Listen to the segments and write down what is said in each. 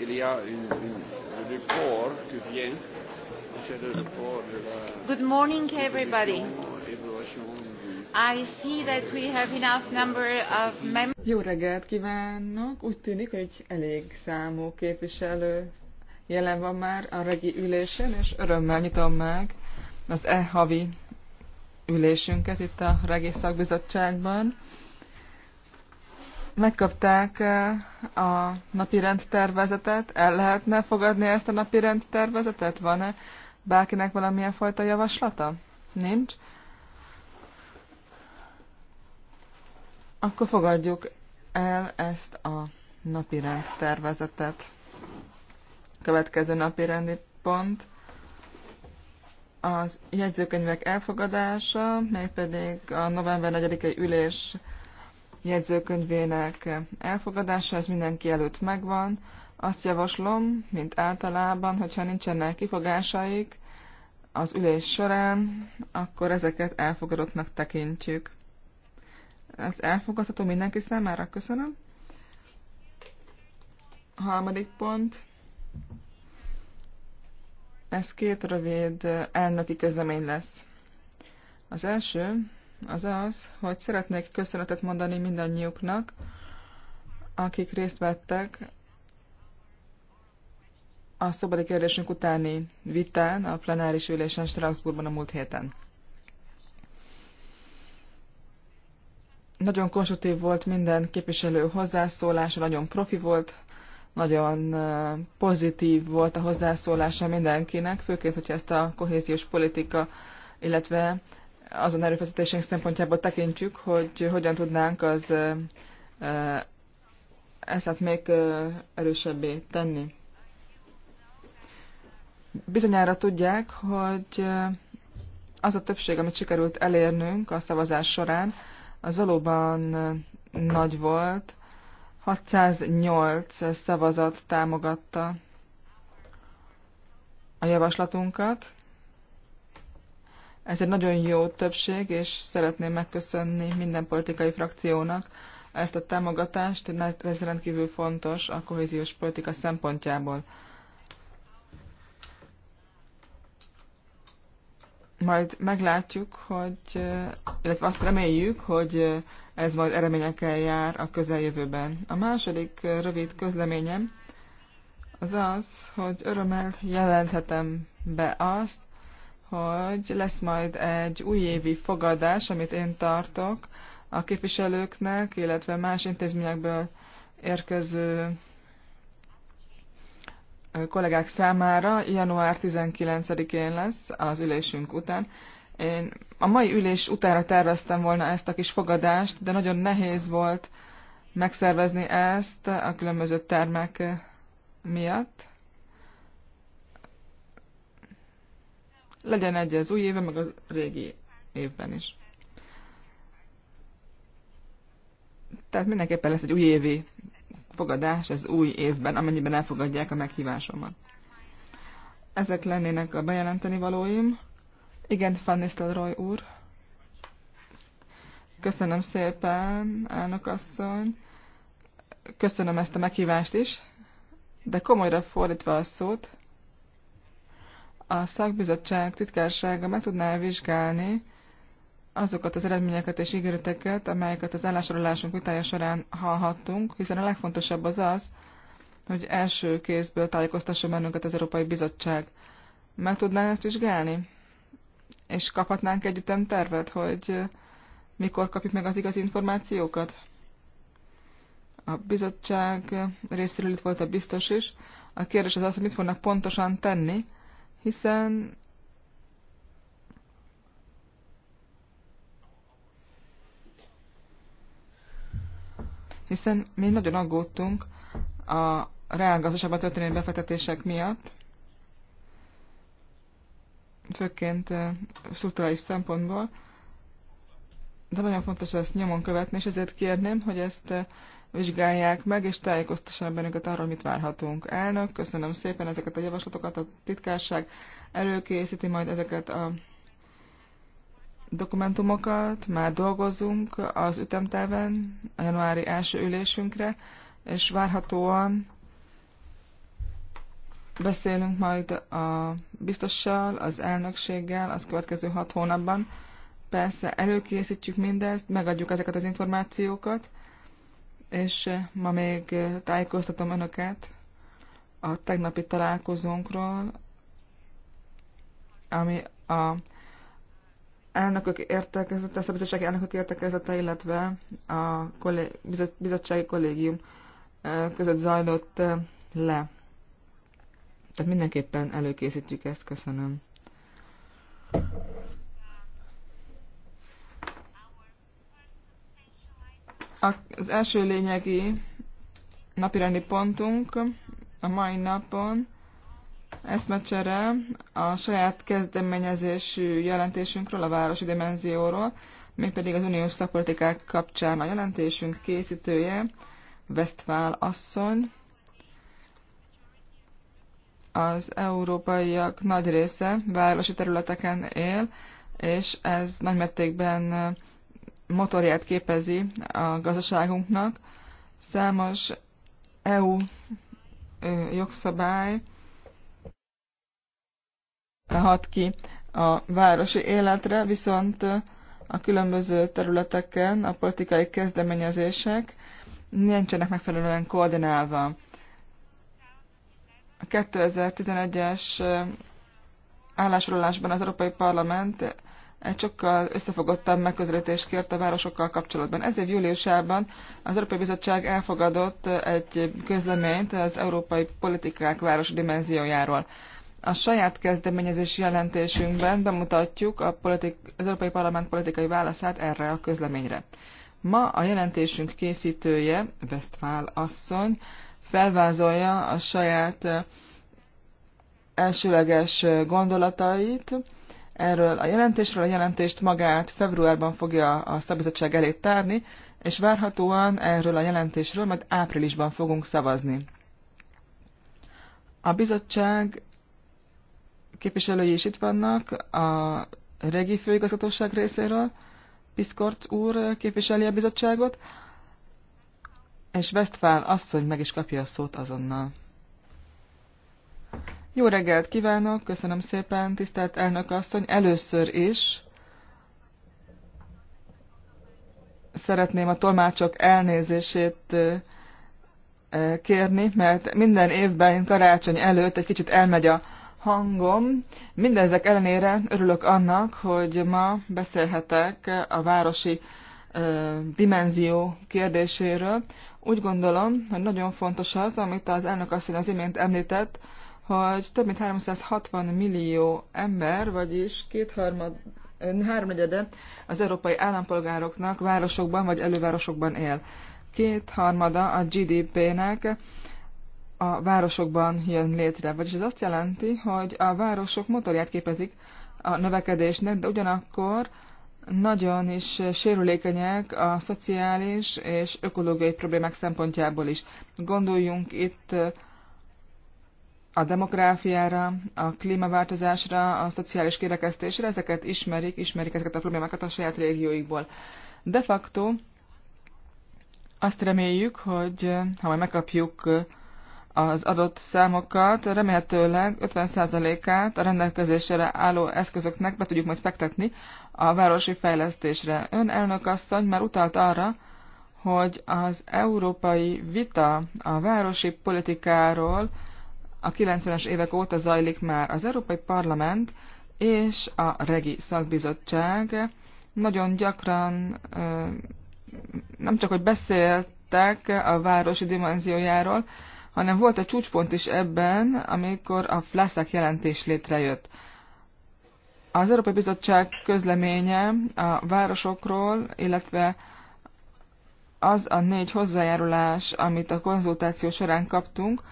il y a une, report qui vient. C'est le report de la. Good morning, everybody. I see that we have enough number of members. Jó reggelt kívánok! Úgy tűnik, hogy elég számú képviselő jelen van már a regi ülésen, és örömmel nyitom meg az e-havi ülésünket itt a regi szakbizottságban. Megkapták eh, a napi rendtervezetet, el lehetne fogadni ezt a napi rendtervezetet? Van-e bárkinek valamilyen fajta javaslata? Nincs? Akkor fogadjuk el ezt a napi rendtervezetet. Következő napi rendi pont az jegyzőkönyvek elfogadása, melypedig a november 4-i ülés jegyzőkönyvének elfogadása, ez mindenki előtt megvan. Azt javaslom, mint általában, hogyha nincsenek kifogásaik az ülés során, akkor ezeket elfogadottnak tekintjük. Ez elfogadható mindenki számára, köszönöm. A harmadik pont. Ez két rövid elnöki közlemény lesz. Az első, az az, hogy szeretnék köszönetet mondani mindannyiuknak, akik részt vettek a szobali kérdésünk utáni vitán, a plenáris ülésen Strasbourgban a múlt héten. Nagyon konstruktív volt minden képviselő hozzászólása, nagyon profi volt, nagyon pozitív volt a hozzászólása mindenkinek, főként, hogyha ezt a kohéziós politika, illetve azon erőfeszítésünk szempontjából tekintjük, hogy hogyan tudnánk az ezt még erősebbé tenni. Bizonyára tudják, hogy az a többség, amit sikerült elérnünk a szavazás során, az valóban nagy volt. 608 szavazat támogatta a javaslatunkat, ez egy nagyon jó többség, és szeretném megköszönni minden politikai frakciónak ezt a támogatást, mert ez rendkívül fontos a kohéziós politika szempontjából. Majd meglátjuk, hogy, illetve azt reméljük, hogy ez majd eredményekkel jár a közeljövőben. A második rövid közleményem az az, hogy örömmel jelenthetem be azt, hogy lesz majd egy újévi fogadás, amit én tartok a képviselőknek, illetve más intézményekből érkező kollégák számára január 19-én lesz az ülésünk után. Én a mai ülés utára terveztem volna ezt a kis fogadást, de nagyon nehéz volt megszervezni ezt a különböző termek miatt. Legyen egy az új éve, meg a régi évben is. Tehát mindenképpen lesz egy új évi fogadás az új évben, amennyiben elfogadják a meghívásomat. Ezek lennének a bejelenteni valóim. Igen, Fanny Stelroy úr. Köszönöm szépen, elnök asszony. Köszönöm ezt a meghívást is, de komolyra fordítva a szót, a szakbizottság titkársága meg tudná vizsgálni azokat az eredményeket és ígéreteket, amelyeket az állásolásunk vitája során hallhattunk, hiszen a legfontosabb az az, hogy első kézből tájékoztassa bennünket az Európai Bizottság. Meg tudná ezt vizsgálni? És kaphatnánk együttem tervet, hogy mikor kapjuk meg az igazi információkat? A bizottság részéről itt volt a biztos is. A kérdés az az, hogy mit fognak pontosan tenni, hiszen hiszen mi nagyon aggódtunk a reálgazdaságban történő befektetések miatt, főként struktúrális szempontból, de nagyon fontos ezt nyomon követni, és ezért kérném, hogy ezt vizsgálják meg, és tájékoztassanak bennünket arról, mit várhatunk. Elnök, köszönöm szépen ezeket a javaslatokat, a titkárság előkészíti majd ezeket a dokumentumokat, már dolgozunk az ütemtelven, a januári első ülésünkre, és várhatóan beszélünk majd a biztossal, az elnökséggel az következő hat hónapban. Persze előkészítjük mindezt, megadjuk ezeket az információkat, és eh, ma még eh, tájékoztatom Önöket a tegnapi találkozónkról, ami a elnökök értekezete, a bizottsági elnökök értekezete, illetve a bizottsági kollégium eh, között zajlott le. Tehát mindenképpen előkészítjük ezt, köszönöm. Az első lényegi napirendi pontunk a mai napon eszmecsere a saját kezdeményezésű jelentésünkről, a városi dimenzióról, mégpedig az uniós szakpolitikák kapcsán a jelentésünk készítője, Westfál asszony. Az európaiak nagy része városi területeken él, és ez nagymértékben motorját képezi a gazdaságunknak. Számos EU jogszabály hat ki a városi életre, viszont a különböző területeken a politikai kezdeményezések nincsenek megfelelően koordinálva. A 2011-es állásolásban az Európai Parlament egy sokkal összefogottabb megközelítést kért a városokkal kapcsolatban. Ez év júliusában az Európai Bizottság elfogadott egy közleményt az európai politikák város dimenziójáról. A saját kezdeményezési jelentésünkben bemutatjuk a politik, az Európai Parlament politikai válaszát erre a közleményre. Ma a jelentésünk készítője, Westphal asszony, felvázolja a saját eh, elsőleges gondolatait, erről a jelentésről. A jelentést magát februárban fogja a szabizottság elé tárni, és várhatóan erről a jelentésről majd áprilisban fogunk szavazni. A bizottság képviselői is itt vannak, a regi főigazgatóság részéről, Piszkort úr képviseli a bizottságot, és Westphal asszony meg is kapja a szót azonnal. Jó reggelt kívánok, köszönöm szépen, tisztelt elnök asszony. Először is szeretném a tolmácsok elnézését kérni, mert minden évben karácsony előtt egy kicsit elmegy a hangom. Mindezek ellenére örülök annak, hogy ma beszélhetek a városi dimenzió kérdéséről. Úgy gondolom, hogy nagyon fontos az, amit az elnök asszony az imént említett, hogy több mint 360 millió ember, vagyis kétharmad, háromnegyede az európai állampolgároknak városokban vagy elővárosokban él. Kétharmada a GDP-nek a városokban jön létre, vagyis ez azt jelenti, hogy a városok motorját képezik a növekedésnek, de ugyanakkor nagyon is sérülékenyek a szociális és ökológiai problémák szempontjából is. Gondoljunk itt a demográfiára, a klímaváltozásra, a szociális kirekesztésre, ezeket ismerik, ismerik ezeket a problémákat a saját régióikból. De facto azt reméljük, hogy ha majd megkapjuk az adott számokat, remélhetőleg 50%-át a rendelkezésre álló eszközöknek be tudjuk majd fektetni a városi fejlesztésre. Ön elnök asszony már utalt arra, hogy az európai vita a városi politikáról a 90-es évek óta zajlik már. Az Európai Parlament és a Regi Szakbizottság nagyon gyakran nem csak, hogy beszéltek a városi dimenziójáról, hanem volt egy csúcspont is ebben, amikor a FLASZAK jelentés létrejött. Az Európai Bizottság közleménye a városokról, illetve az a négy hozzájárulás, amit a konzultáció során kaptunk,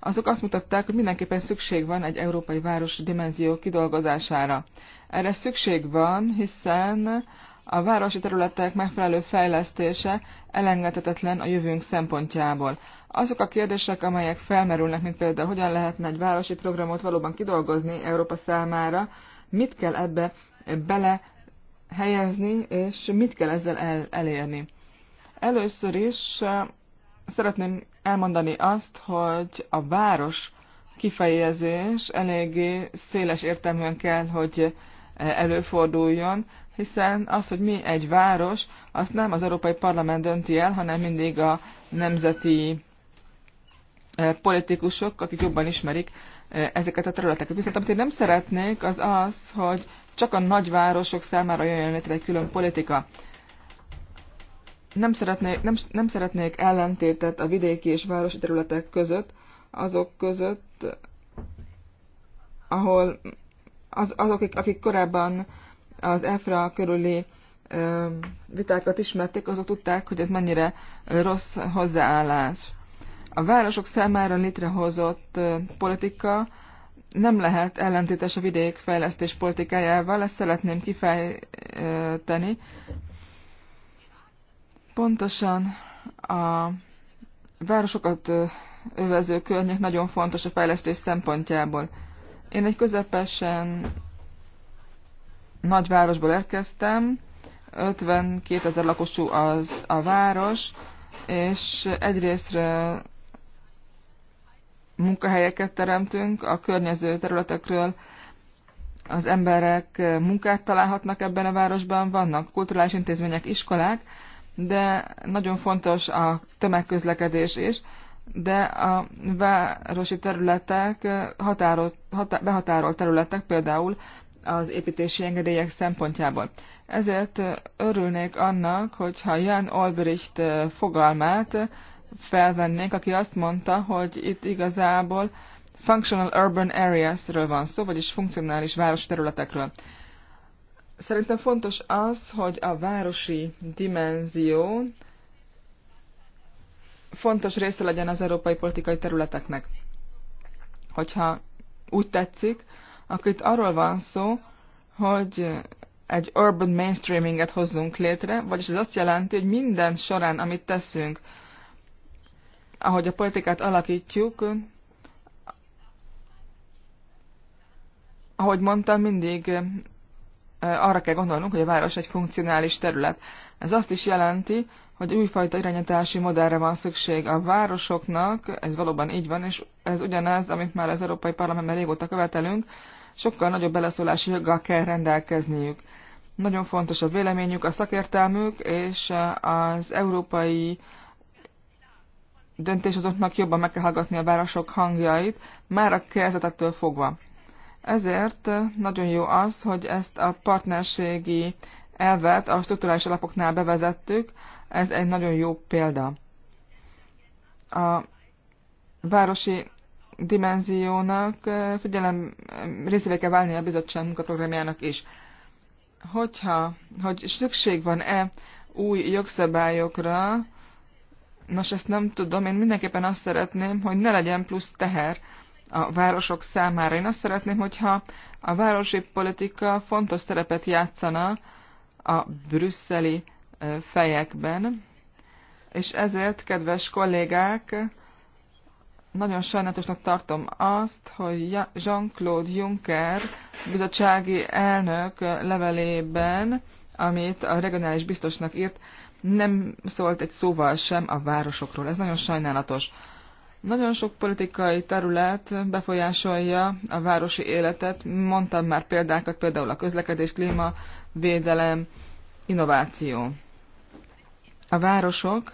azok azt mutatták, hogy mindenképpen szükség van egy európai város dimenzió kidolgozására. Erre szükség van, hiszen a városi területek megfelelő fejlesztése elengedhetetlen a jövőnk szempontjából. Azok a kérdések, amelyek felmerülnek, mint például hogyan lehetne egy városi programot valóban kidolgozni Európa számára, mit kell ebbe bele helyezni, és mit kell ezzel el- elérni. Először is szeretném elmondani azt, hogy a város kifejezés eléggé széles értelműen kell, hogy eh, előforduljon, hiszen az, hogy mi egy város, azt nem az Európai Parlament dönti el, hanem mindig a nemzeti eh, politikusok, akik jobban ismerik eh, ezeket a területeket. Viszont amit én nem szeretnék, az az, hogy csak a nagyvárosok számára jöjjön létre egy külön politika nem szeretnék, nem, nem szeretnék ellentétet a vidéki és városi területek között, azok között, ahol az, azok, akik korábban az EFRA körüli ö, vitákat ismerték, azok tudták, hogy ez mennyire rossz hozzáállás. A városok számára létrehozott ö, politika nem lehet ellentétes a vidék fejlesztés politikájával, ezt szeretném kifejteni, Pontosan a városokat övező környék nagyon fontos a fejlesztés szempontjából. Én egy közepesen nagy városból érkeztem, 52 ezer lakosú az a város, és egyrésztről munkahelyeket teremtünk, a környező területekről az emberek munkát találhatnak ebben a városban, vannak kulturális intézmények, iskolák, de nagyon fontos a tömegközlekedés is, de a városi területek határolt, hatá, behatárolt területek például az építési engedélyek szempontjából. Ezért örülnék annak, hogyha Jan Olbricht fogalmát felvennénk, aki azt mondta, hogy itt igazából functional urban areas-ről van szó, vagyis funkcionális városterületekről. területekről. Szerintem fontos az, hogy a városi dimenzió fontos része legyen az európai politikai területeknek. Hogyha úgy tetszik, akkor itt arról van szó, hogy egy urban mainstreaminget hozzunk létre, vagyis ez azt jelenti, hogy minden során, amit teszünk, ahogy a politikát alakítjuk, ahogy mondtam, mindig arra kell gondolnunk, hogy a város egy funkcionális terület. Ez azt is jelenti, hogy újfajta irányítási modellre van szükség a városoknak, ez valóban így van, és ez ugyanaz, amit már az Európai Parlamentben régóta követelünk, sokkal nagyobb beleszólási joggal kell rendelkezniük. Nagyon fontos a véleményük, a szakértelmük, és az európai döntéshozóknak jobban meg kell hallgatni a városok hangjait, már a kezdetektől fogva. Ezért nagyon jó az, hogy ezt a partnerségi elvet a strukturális alapoknál bevezettük. Ez egy nagyon jó példa. A városi dimenziónak figyelem részévé kell válni a bizottság munkaprogramjának is. Hogyha, hogy szükség van-e új jogszabályokra, nos ezt nem tudom, én mindenképpen azt szeretném, hogy ne legyen plusz teher a városok számára. Én azt szeretném, hogyha a városi politika fontos szerepet játszana a brüsszeli fejekben, és ezért, kedves kollégák, nagyon sajnálatosnak tartom azt, hogy Jean-Claude Juncker bizottsági elnök levelében, amit a regionális biztosnak írt, nem szólt egy szóval sem a városokról. Ez nagyon sajnálatos. Nagyon sok politikai terület befolyásolja a városi életet. Mondtam már példákat, például a közlekedés, klíma, védelem, innováció. A városok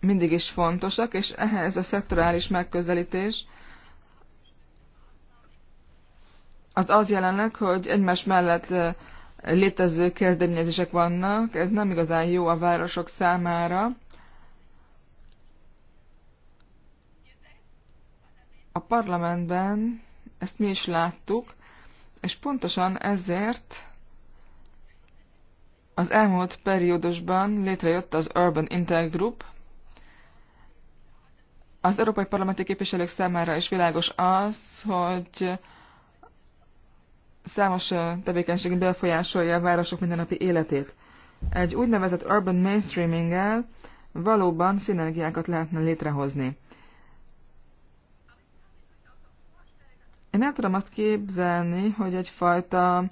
mindig is fontosak, és ehhez a szektorális megközelítés az az jelenleg, hogy egymás mellett létező kezdeményezések vannak, ez nem igazán jó a városok számára. A parlamentben ezt mi is láttuk, és pontosan ezért az elmúlt periódusban létrejött az Urban Intergroup. Az európai parlamenti képviselők számára is világos az, hogy számos tevékenység befolyásolja a városok mindennapi életét. Egy úgynevezett urban mainstreaming-el valóban szinergiákat lehetne létrehozni. Én el tudom azt képzelni, hogy egyfajta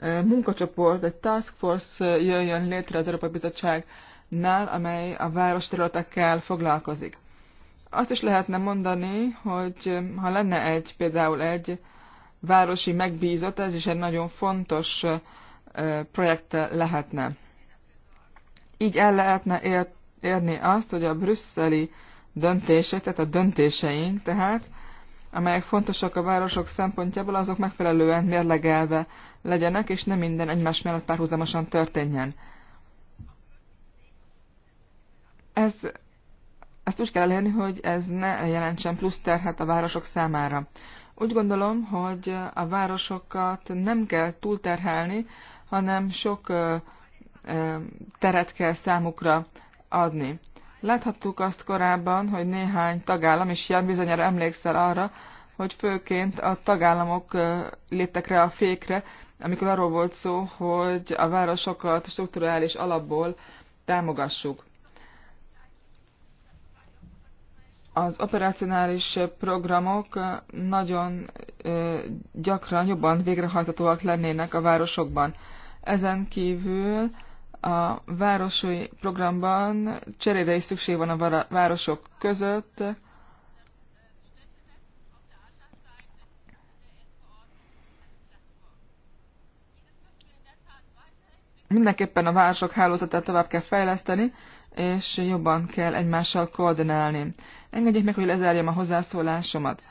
munkacsoport, egy task force jöjjön létre az Európai Bizottságnál, amely a város területekkel foglalkozik. Azt is lehetne mondani, hogy ha lenne egy, például egy városi megbízott, ez is egy nagyon fontos projekt lehetne. Így el lehetne érni azt, hogy a brüsszeli döntések, tehát a döntéseink, tehát amelyek fontosak a városok szempontjából, azok megfelelően mérlegelve legyenek, és nem minden egymás mellett párhuzamosan történjen. Ez, ezt úgy kell elérni, hogy ez ne jelentsen plusz terhet a városok számára. Úgy gondolom, hogy a városokat nem kell túlterhelni, hanem sok teret kell számukra adni. Láthattuk azt korábban, hogy néhány tagállam, és Jan bizonyára emlékszel arra, hogy főként a tagállamok léptek rá a fékre, amikor arról volt szó, hogy a városokat strukturális alapból támogassuk. az operacionális programok nagyon gyakran jobban végrehajthatóak lennének a városokban. Ezen kívül a városi programban cserére is szükség van a városok között. Mindenképpen a városok hálózatát tovább kell fejleszteni, és jobban kell egymással koordinálni. Engedjék meg, hogy lezárjam a hozzászólásomat.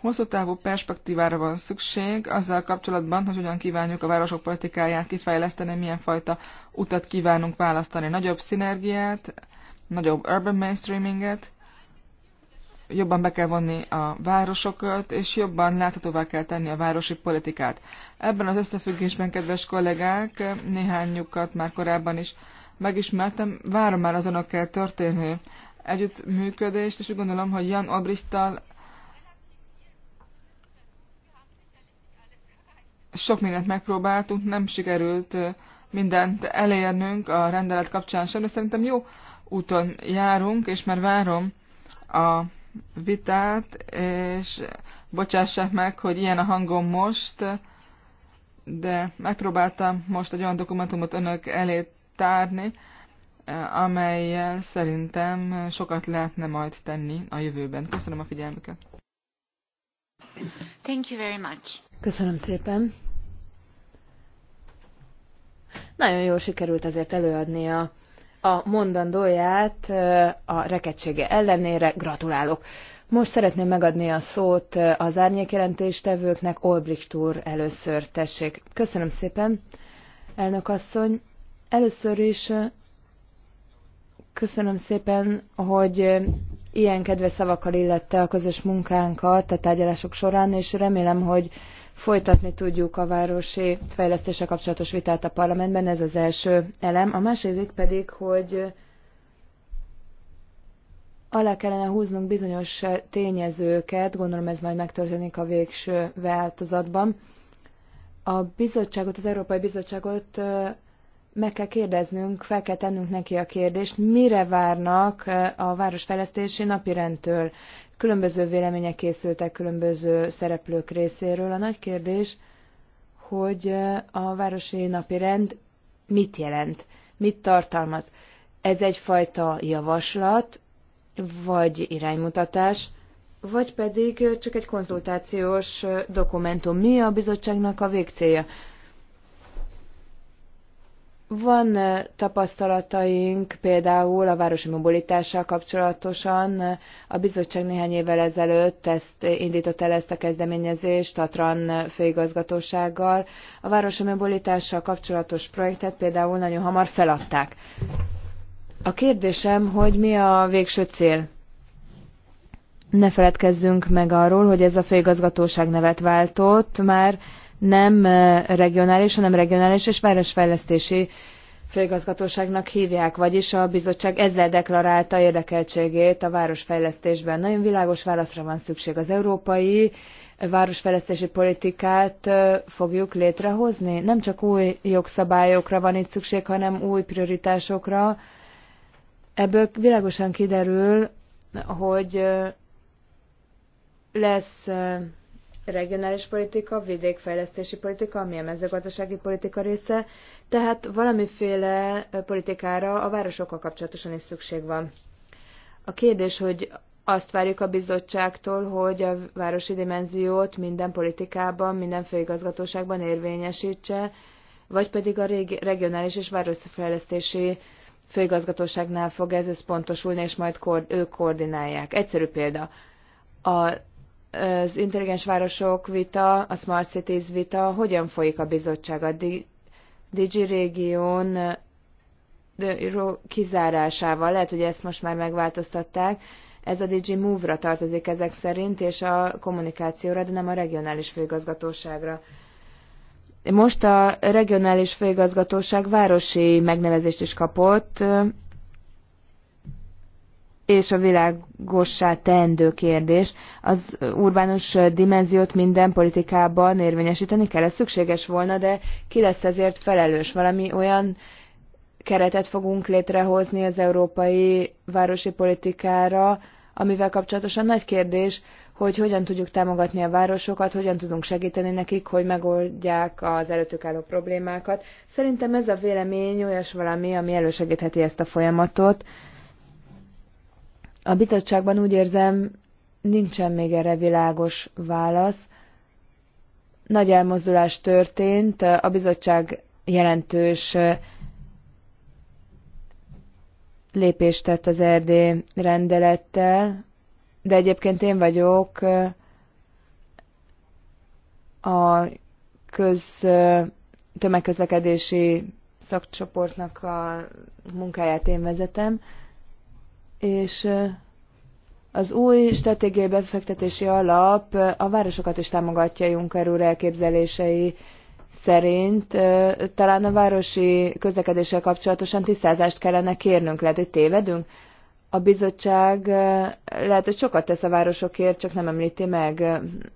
Hosszú távú perspektívára van szükség azzal kapcsolatban, hogy hogyan kívánjuk a városok politikáját kifejleszteni, milyen fajta utat kívánunk választani. Nagyobb szinergiát, nagyobb urban mainstreaminget, jobban be kell vonni a városokat, és jobban láthatóvá kell tenni a városi politikát. Ebben az összefüggésben, kedves kollégák, néhányukat már korábban is megismertem, várom már az önökkel történő együttműködést, és úgy gondolom, hogy Jan Abristal sok mindent megpróbáltunk, nem sikerült mindent elérnünk a rendelet kapcsán sem, de szerintem jó úton járunk, és már várom a vitát, és bocsássák meg, hogy ilyen a hangom most, de megpróbáltam most egy olyan dokumentumot önök elé tárni, amelyel szerintem sokat lehetne majd tenni a jövőben. Köszönöm a figyelmüket. Thank you very much. Köszönöm szépen. Nagyon jól sikerült azért előadni a a mondandóját a rekedsége ellenére. Gratulálok! Most szeretném megadni a szót az árnyékjelentéstevőknek, Olbricht úr először, tessék. Köszönöm szépen, elnök asszony. Először is Köszönöm szépen, hogy ilyen kedves szavakkal illette a közös munkánkat a tárgyalások során, és remélem, hogy folytatni tudjuk a városi fejlesztése kapcsolatos vitát a parlamentben, ez az első elem. A második pedig, hogy alá kellene húznunk bizonyos tényezőket, gondolom ez majd megtörténik a végső változatban. A bizottságot, az Európai Bizottságot meg kell kérdeznünk, fel kell tennünk neki a kérdést, mire várnak a városfejlesztési napirendtől. Különböző vélemények készültek különböző szereplők részéről. A nagy kérdés, hogy a városi napirend mit jelent, mit tartalmaz. Ez egyfajta javaslat, vagy iránymutatás, vagy pedig csak egy konzultációs dokumentum. Mi a bizottságnak a végcélja? Van tapasztalataink például a városi mobilitással kapcsolatosan. A bizottság néhány évvel ezelőtt ezt indított el ezt a kezdeményezést a TRAN főigazgatósággal. A városi mobilitással kapcsolatos projektet például nagyon hamar feladták. A kérdésem, hogy mi a végső cél? Ne feledkezzünk meg arról, hogy ez a főigazgatóság nevet váltott, már nem regionális, hanem regionális és városfejlesztési főigazgatóságnak hívják, vagyis a bizottság ezzel deklarálta érdekeltségét a városfejlesztésben. Nagyon világos válaszra van szükség. Az európai városfejlesztési politikát fogjuk létrehozni. Nem csak új jogszabályokra van itt szükség, hanem új prioritásokra. Ebből világosan kiderül, hogy lesz regionális politika, vidékfejlesztési politika, ami a mezőgazdasági politika része, tehát valamiféle politikára a városokkal kapcsolatosan is szükség van. A kérdés, hogy azt várjuk a bizottságtól, hogy a városi dimenziót minden politikában, minden főigazgatóságban érvényesítse, vagy pedig a regionális és városfejlesztési főigazgatóságnál fog ez összpontosulni, és majd ők koordinálják. Egyszerű példa. A az intelligens városok vita, a Smart Cities vita, hogyan folyik a bizottság a Digi Region kizárásával. Lehet, hogy ezt most már megváltoztatták. Ez a Digi Move-ra tartozik ezek szerint, és a kommunikációra, de nem a regionális főigazgatóságra. Most a regionális főigazgatóság városi megnevezést is kapott, és a világossá teendő kérdés. Az urbánus dimenziót minden politikában érvényesíteni kell, ez szükséges volna, de ki lesz ezért felelős? Valami olyan keretet fogunk létrehozni az európai városi politikára, amivel kapcsolatosan nagy kérdés, hogy hogyan tudjuk támogatni a városokat, hogyan tudunk segíteni nekik, hogy megoldják az előttük álló problémákat. Szerintem ez a vélemény olyas valami, ami elősegítheti ezt a folyamatot a bizottságban úgy érzem, nincsen még erre világos válasz. Nagy elmozdulás történt, a bizottság jelentős lépést tett az RD rendelettel, de egyébként én vagyok a köz tömegközlekedési szakcsoportnak a munkáját én vezetem, és az új stratégiai befektetési alap a városokat is támogatja Juncker úr elképzelései szerint. Talán a városi közlekedéssel kapcsolatosan tisztázást kellene kérnünk, lehet, hogy tévedünk. A bizottság lehet, hogy sokat tesz a városokért, csak nem említi meg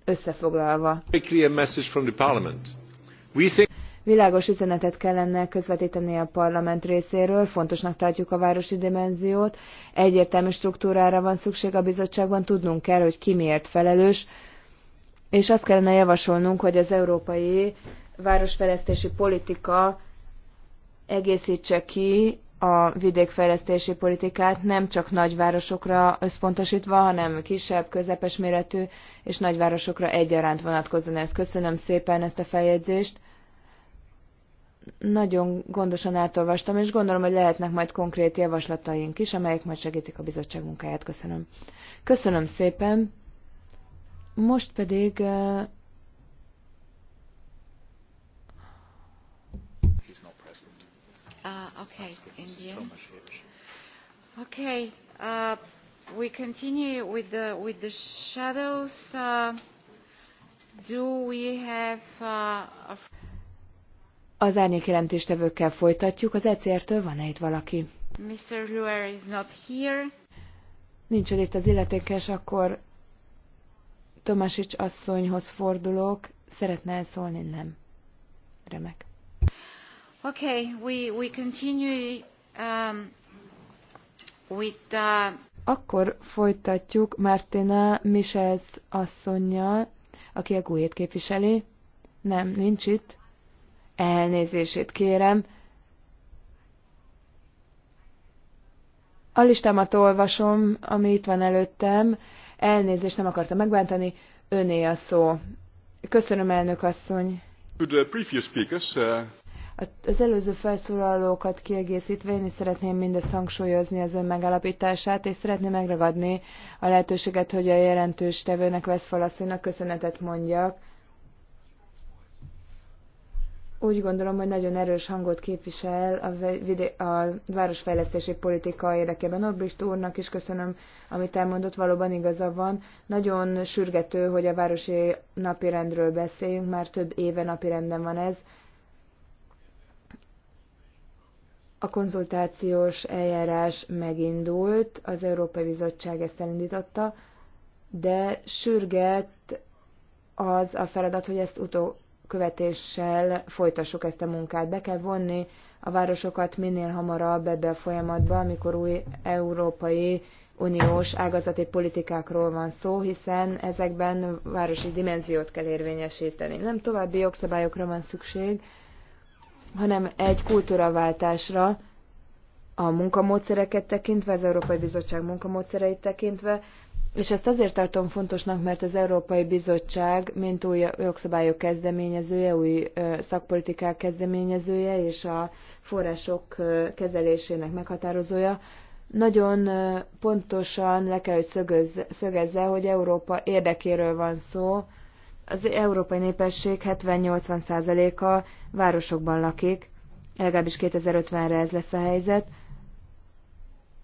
összefoglalva. Világos üzenetet kellene közvetíteni a parlament részéről, fontosnak tartjuk a városi dimenziót, egyértelmű struktúrára van szükség a bizottságban, tudnunk kell, hogy ki miért felelős, és azt kellene javasolnunk, hogy az európai városfejlesztési politika egészítse ki a vidékfejlesztési politikát nem csak nagyvárosokra összpontosítva, hanem kisebb, közepes méretű és nagyvárosokra egyaránt vonatkozóan. ez. Köszönöm szépen ezt a feljegyzést nagyon gondosan átolvastam, és gondolom, hogy lehetnek majd konkrét javaslataink is, amelyek majd segítik a bizottság munkáját. Köszönöm. Köszönöm szépen. Most pedig Uh, uh okay, India. Okay, uh, we continue with the with the shadows. Uh, do we have uh, a az jelentéstevőkkel folytatjuk. Az ECR-től van-e itt valaki? Mr. Luer is not here. Nincs itt az illetékes, akkor Tomasics asszonyhoz fordulok. Szeretne szólni? Nem. Remek. Okay, we, we continue um, with the... Uh, akkor folytatjuk Martina Michels asszonyjal, aki a gue képviseli. Nem, nincs itt elnézését kérem. A listámat olvasom, ami itt van előttem. Elnézést nem akarta megbántani. Öné a szó. Köszönöm, elnök asszony. Uh, az előző felszólalókat kiegészítve én is szeretném mindezt hangsúlyozni az ön megállapítását, és szeretném megragadni a lehetőséget, hogy a jelentős tevőnek Veszfalasszonynak köszönetet mondjak úgy gondolom, hogy nagyon erős hangot képvisel a, vide- a városfejlesztési politika érdekében. Orbist úrnak is köszönöm, amit elmondott, valóban igaza van. Nagyon sürgető, hogy a városi napirendről beszéljünk, már több éve napirenden van ez. A konzultációs eljárás megindult, az Európai Bizottság ezt elindította, de sürget az a feladat, hogy ezt utó, követéssel folytassuk ezt a munkát. Be kell vonni a városokat minél hamarabb ebbe a folyamatba, amikor új európai uniós ágazati politikákról van szó, hiszen ezekben városi dimenziót kell érvényesíteni. Nem további jogszabályokra van szükség, hanem egy kultúraváltásra, a munkamódszereket tekintve, az Európai Bizottság munkamódszereit tekintve, és ezt azért tartom fontosnak, mert az Európai Bizottság, mint új jogszabályok kezdeményezője, új szakpolitikák kezdeményezője és a források kezelésének meghatározója, nagyon pontosan le kell, hogy szögezze, hogy Európa érdekéről van szó. Az európai népesség 70-80%-a városokban lakik, legalábbis 2050-re ez lesz a helyzet,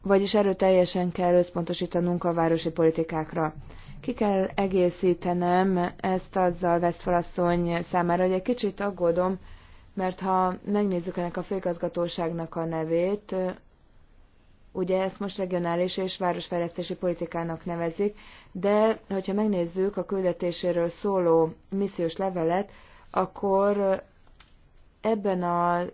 vagyis erőteljesen kell összpontosítanunk a városi politikákra. Ki kell egészítenem ezt azzal Veszfalasszony számára, hogy egy kicsit aggódom, mert ha megnézzük ennek a főigazgatóságnak a nevét, ugye ezt most regionális és városfejlesztési politikának nevezik, de hogyha megnézzük a küldetéséről szóló missziós levelet, akkor ebben a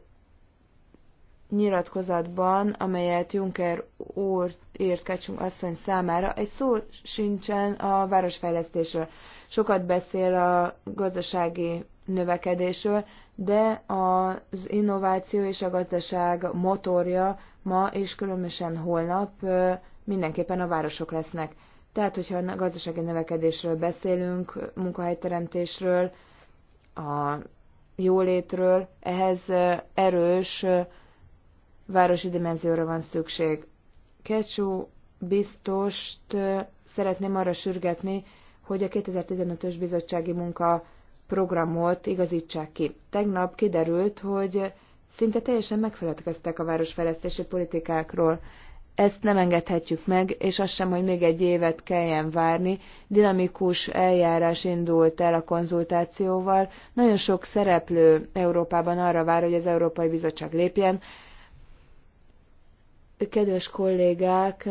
nyilatkozatban, amelyet Juncker úr írt Kacsunk asszony számára, egy szó sincsen a városfejlesztésről. Sokat beszél a gazdasági növekedésről, de az innováció és a gazdaság motorja ma és különösen holnap mindenképpen a városok lesznek. Tehát, hogyha a gazdasági növekedésről beszélünk, munkahelyteremtésről, a jólétről, ehhez erős városi dimenzióra van szükség. Kecsú biztost szeretném arra sürgetni, hogy a 2015-ös bizottsági munka programot igazítsák ki. Tegnap kiderült, hogy szinte teljesen megfeledkeztek a városfejlesztési politikákról. Ezt nem engedhetjük meg, és azt sem, hogy még egy évet kelljen várni. Dinamikus eljárás indult el a konzultációval. Nagyon sok szereplő Európában arra vár, hogy az Európai Bizottság lépjen, Kedves kollégák,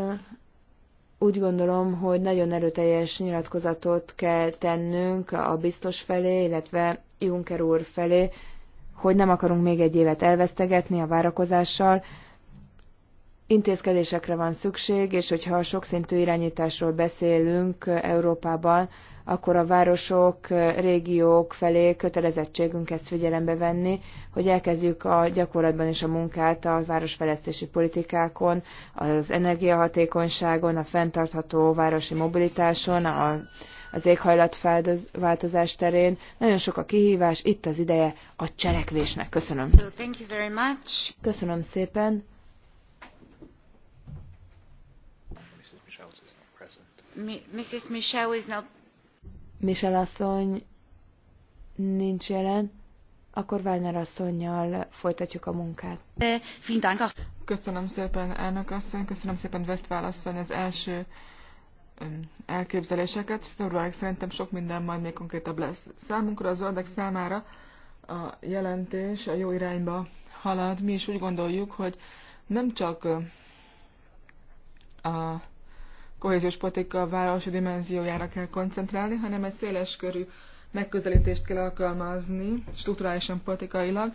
úgy gondolom, hogy nagyon erőteljes nyilatkozatot kell tennünk a biztos felé, illetve Juncker úr felé, hogy nem akarunk még egy évet elvesztegetni a várakozással, intézkedésekre van szükség, és hogyha sokszintű irányításról beszélünk Európában, akkor a városok, régiók felé kötelezettségünk ezt figyelembe venni, hogy elkezdjük a gyakorlatban is a munkát a városfejlesztési politikákon, az energiahatékonyságon, a fenntartható városi mobilitáson, a, az éghajlatváltozás terén. Nagyon sok a kihívás, itt az ideje a cselekvésnek. Köszönöm. So, thank you very much. Köszönöm szépen. Mrs. Michelle is not Michel asszony nincs jelen, akkor Werner asszonynal folytatjuk a munkát. Köszönöm szépen, elnök asszony, köszönöm szépen Westphal asszony az első elképzeléseket. Februárig szerintem sok minden majd még konkrétabb lesz. Számunkra, az zöldek számára a jelentés a jó irányba halad. Mi is úgy gondoljuk, hogy nem csak a kohéziós politika városi dimenziójára kell koncentrálni, hanem egy széles körű megközelítést kell alkalmazni, strukturálisan politikailag,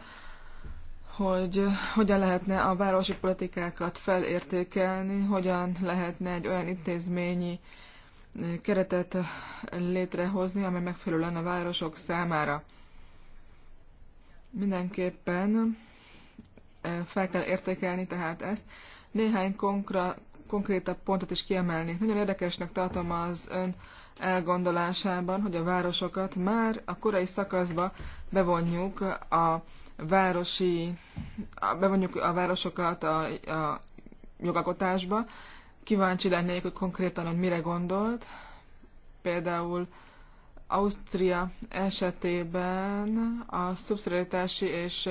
hogy hogyan lehetne a városi politikákat felértékelni, hogyan lehetne egy olyan intézményi keretet létrehozni, amely megfelelő lenne a városok számára. Mindenképpen eh, fel kell értékelni tehát ezt. Néhány konkrét konkrétabb pontot is kiemelnék. Nagyon érdekesnek tartom az ön elgondolásában, hogy a városokat már a korai szakaszba bevonjuk a városi, a, bevonjuk a városokat a, a jogalkotásba. Kíváncsi lennék, hogy konkrétan, hogy mire gondolt. Például Ausztria esetében a szubszidiaritási és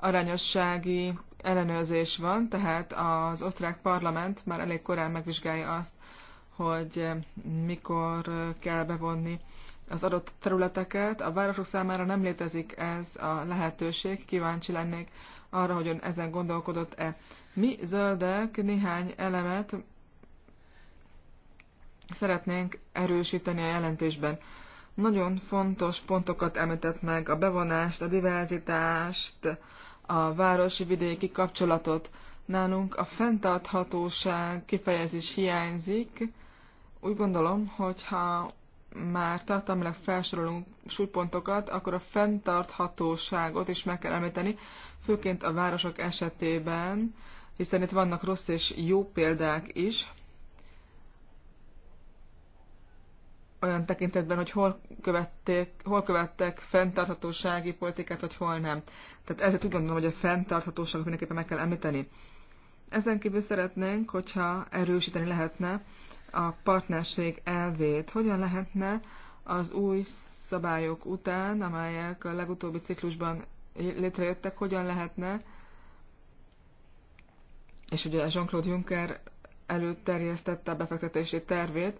arányossági ellenőrzés van, tehát az osztrák parlament már elég korán megvizsgálja azt, hogy mikor kell bevonni az adott területeket. A városok számára nem létezik ez a lehetőség. Kíváncsi lennék arra, hogy ön ezen gondolkodott-e. Mi zöldek néhány elemet szeretnénk erősíteni a jelentésben. Nagyon fontos pontokat említett meg, a bevonást, a diverzitást, a városi-vidéki kapcsolatot. Nálunk a fenntarthatóság kifejezés hiányzik. Úgy gondolom, hogyha már tartalmilag felsorolunk súlypontokat, akkor a fenntarthatóságot is meg kell említeni, főként a városok esetében, hiszen itt vannak rossz és jó példák is. olyan tekintetben, hogy hol, követték, hol követtek fenntarthatósági politikát, vagy hol nem. Tehát ezért úgy gondolom, hogy a fenntarthatóságot mindenképpen meg kell említeni. Ezen kívül szeretnénk, hogyha erősíteni lehetne a partnerség elvét. Hogyan lehetne az új szabályok után, amelyek a legutóbbi ciklusban létrejöttek, hogyan lehetne, és ugye Jean-Claude Juncker előterjesztette a befektetési tervét,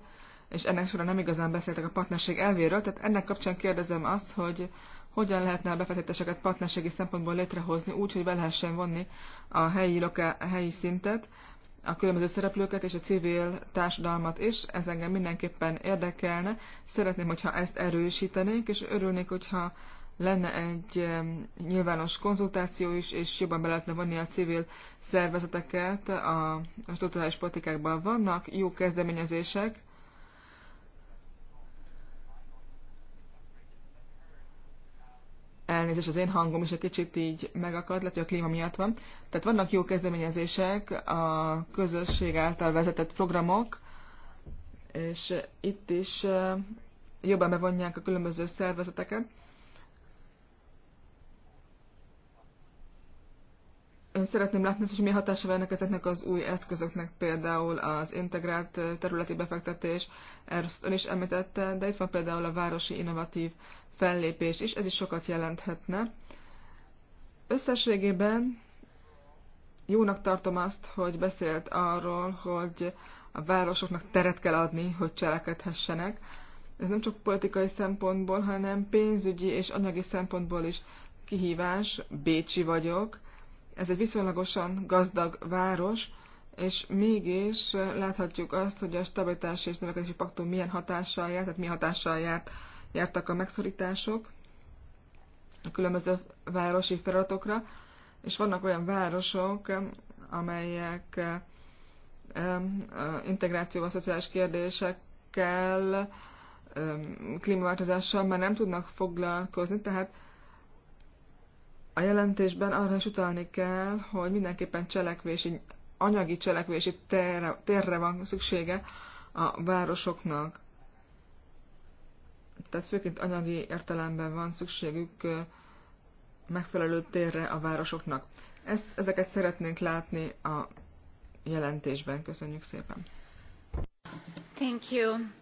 és ennek során nem igazán beszéltek a partnerség elvéről, tehát ennek kapcsán kérdezem azt, hogy hogyan lehetne a befektetéseket partnerségi szempontból létrehozni úgy, hogy be lehessen vonni a helyi, loká, a helyi szintet, a különböző szereplőket és a civil társadalmat is. Ez engem mindenképpen érdekelne. Szeretném, hogyha ezt erősítenék, és örülnék, hogyha lenne egy nyilvános konzultáció is, és jobban be lehetne vonni a civil szervezeteket, a, a strukturális politikákban vannak jó kezdeményezések, elnézés az én hangom is egy kicsit így megakad lehet, hogy a klíma miatt van. Tehát vannak jó kezdeményezések, a közösség által vezetett programok, és itt is jobban bevonják a különböző szervezeteket. Ön szeretném látni, hogy mi hatása van ezeknek az új eszközöknek, például az integrált területi befektetés, ezt ön is említette, de itt van például a városi innovatív fellépés is, ez is sokat jelenthetne. Összességében jónak tartom azt, hogy beszélt arról, hogy a városoknak teret kell adni, hogy cselekedhessenek. Ez nem csak politikai szempontból, hanem pénzügyi és anyagi szempontból is kihívás. Bécsi vagyok. Ez egy viszonylagosan gazdag város, és mégis láthatjuk azt, hogy a stabilitási és növekedési paktum milyen hatással járt, tehát mi hatással járt jártak a megszorítások a különböző városi feladatokra, és vannak olyan városok, amelyek eh, integrációval, szociális kérdésekkel, klímaváltozással már nem tudnak foglalkozni, tehát a jelentésben arra is utalni kell, hogy mindenképpen cselekvési, anyagi cselekvési térre, térre van szüksége a városoknak tehát főként anyagi értelemben van szükségük megfelelő térre a városoknak. Ezt, ezeket szeretnénk látni a jelentésben. Köszönjük szépen. Thank you. Um...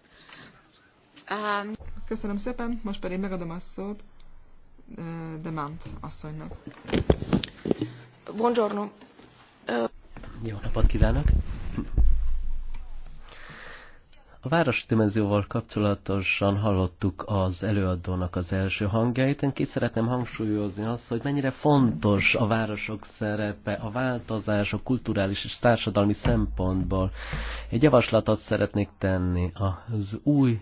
Köszönöm szépen, most pedig megadom a szót Demant asszonynak. Buongiorno. Jó napot kívánok! A városi dimenzióval kapcsolatosan hallottuk az előadónak az első hangjait. Én ki szeretném hangsúlyozni azt, hogy mennyire fontos a városok szerepe, a változás, a kulturális és társadalmi szempontból. Egy javaslatot szeretnék tenni az új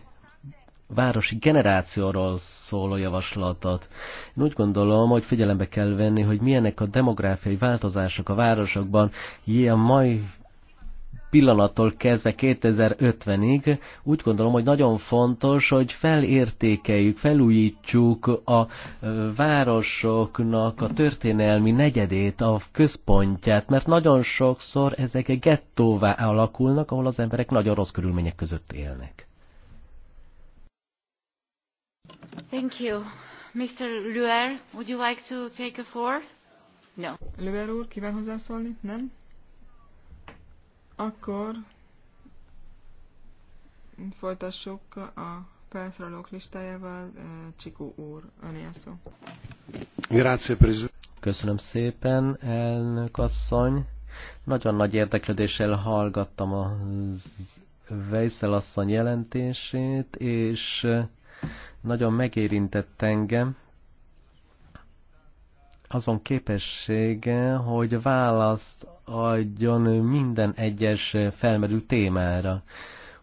városi generációról szóló javaslatot. Én úgy gondolom, hogy figyelembe kell venni, hogy milyenek a demográfiai változások a városokban, ilyen mai pillanattól kezdve 2050-ig úgy gondolom, hogy nagyon fontos, hogy felértékeljük, felújítsuk a városoknak a történelmi negyedét, a központját, mert nagyon sokszor ezek gettóvá alakulnak, ahol az emberek nagyon rossz körülmények között élnek. Thank you. Mr. Luer, would you like to take a floor? No. Luer úr, kíván hozzászólni? Nem? Akkor folytassuk a felszólalók listájával. Csikó úr, önél szó. Grazie, Köszönöm szépen, elnök asszony. Nagyon nagy érdeklődéssel hallgattam a Vejszel asszony jelentését, és nagyon megérintett engem azon képessége, hogy választ adjon minden egyes felmerül témára.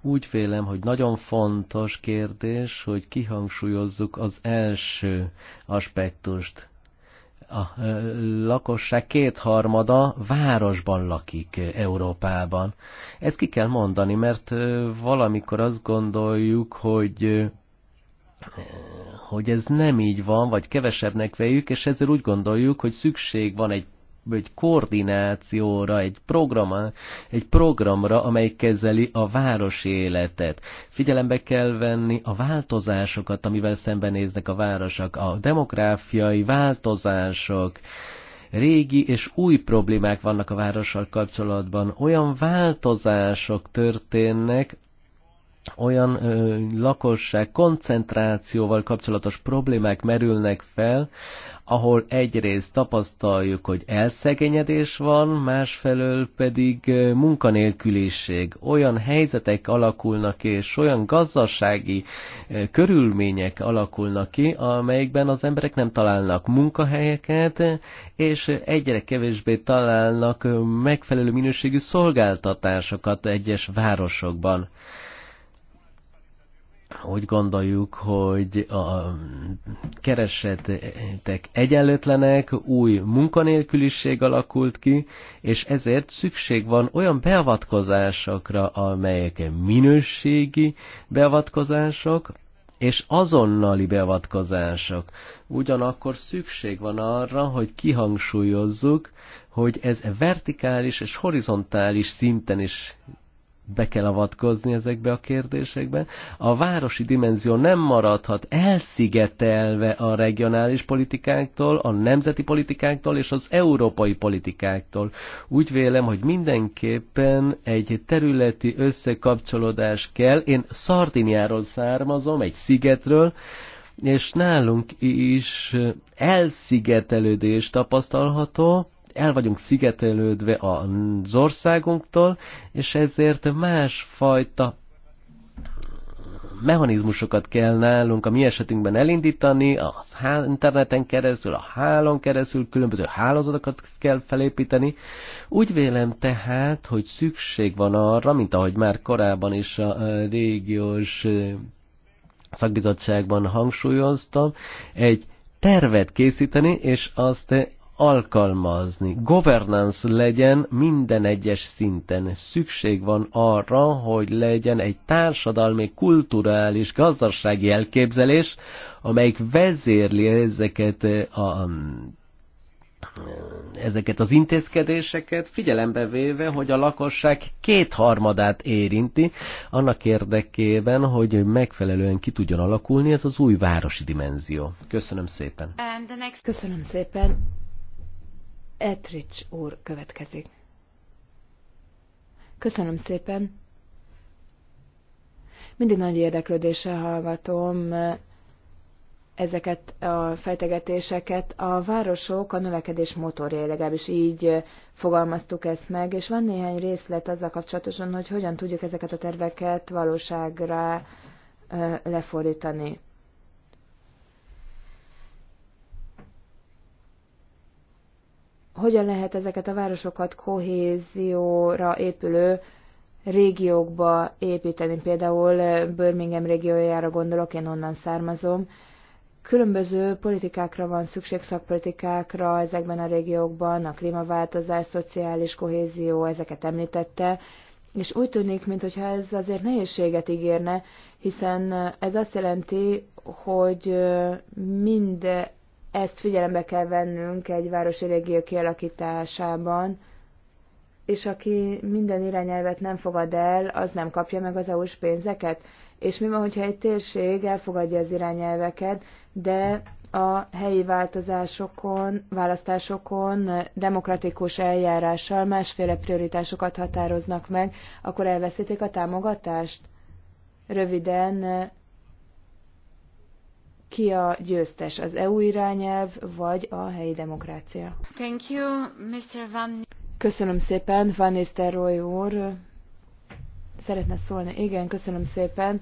Úgy vélem, hogy nagyon fontos kérdés, hogy kihangsúlyozzuk az első aspektust. A lakosság kétharmada városban lakik Európában. Ezt ki kell mondani, mert valamikor azt gondoljuk, hogy hogy ez nem így van, vagy kevesebbnek vejük, és ezzel úgy gondoljuk, hogy szükség van egy egy koordinációra, egy, programa, egy programra, amely kezeli a városi életet. Figyelembe kell venni a változásokat, amivel szembenéznek a városok, a demográfiai változások, régi és új problémák vannak a várossal kapcsolatban. Olyan változások történnek, olyan ö, lakosság koncentrációval kapcsolatos problémák merülnek fel, ahol egyrészt tapasztaljuk, hogy elszegényedés van, másfelől pedig munkanélküliség. Olyan helyzetek alakulnak és olyan gazdasági körülmények alakulnak ki, amelyekben az emberek nem találnak munkahelyeket, és egyre kevésbé találnak megfelelő minőségű szolgáltatásokat egyes városokban úgy gondoljuk, hogy a keresetek egyenlőtlenek, új munkanélküliség alakult ki, és ezért szükség van olyan beavatkozásokra, amelyek minőségi beavatkozások, és azonnali beavatkozások. Ugyanakkor szükség van arra, hogy kihangsúlyozzuk, hogy ez vertikális és horizontális szinten is be kell avatkozni ezekbe a kérdésekbe. A városi dimenzió nem maradhat elszigetelve a regionális politikáktól, a nemzeti politikáktól és az európai politikáktól. Úgy vélem, hogy mindenképpen egy területi összekapcsolódás kell. Én Szardiniáról származom, egy szigetről, és nálunk is elszigetelődés tapasztalható, el vagyunk szigetelődve az országunktól, és ezért másfajta mechanizmusokat kell nálunk a mi esetünkben elindítani, az interneten keresztül, a hálón keresztül, különböző hálózatokat kell felépíteni. Úgy vélem tehát, hogy szükség van arra, mint ahogy már korábban is a régiós szakbizottságban hangsúlyoztam, egy tervet készíteni, és azt alkalmazni. Governance legyen minden egyes szinten. Szükség van arra, hogy legyen egy társadalmi, kulturális, gazdasági elképzelés, amelyik vezérli ezeket a ezeket az intézkedéseket figyelembe véve, hogy a lakosság kétharmadát érinti, annak érdekében, hogy megfelelően ki tudjon alakulni ez az új városi dimenzió. Köszönöm szépen. Köszönöm szépen. Etrich úr következik. Köszönöm szépen. Mindig nagy érdeklődéssel hallgatom eh, ezeket a fejtegetéseket. A városok a növekedés motorja, legalábbis így eh, fogalmaztuk ezt meg, és van néhány részlet azzal kapcsolatosan, hogy hogyan tudjuk ezeket a terveket valóságra eh, lefordítani. hogyan lehet ezeket a városokat kohézióra épülő régiókba építeni. Például eh, Birmingham régiójára gondolok, én onnan származom. Különböző politikákra van szükség, szakpolitikákra ezekben a régiókban, a klímaváltozás, szociális kohézió, ezeket említette, és úgy tűnik, mintha ez azért nehézséget ígérne, hiszen ez azt jelenti, hogy eh, mind ezt figyelembe kell vennünk egy városi régió kialakításában, és aki minden irányelvet nem fogad el, az nem kapja meg az EU-s pénzeket. És mi van, hogyha egy térség elfogadja az irányelveket, de a helyi változásokon, választásokon demokratikus eljárással másféle prioritásokat határoznak meg, akkor elveszítik a támogatást? Röviden ki a győztes, az EU irányelv vagy a helyi demokrácia. Thank you, Mr. Van... Köszönöm szépen, Van Nistelrooy úr. Szeretne szólni? Igen, köszönöm szépen.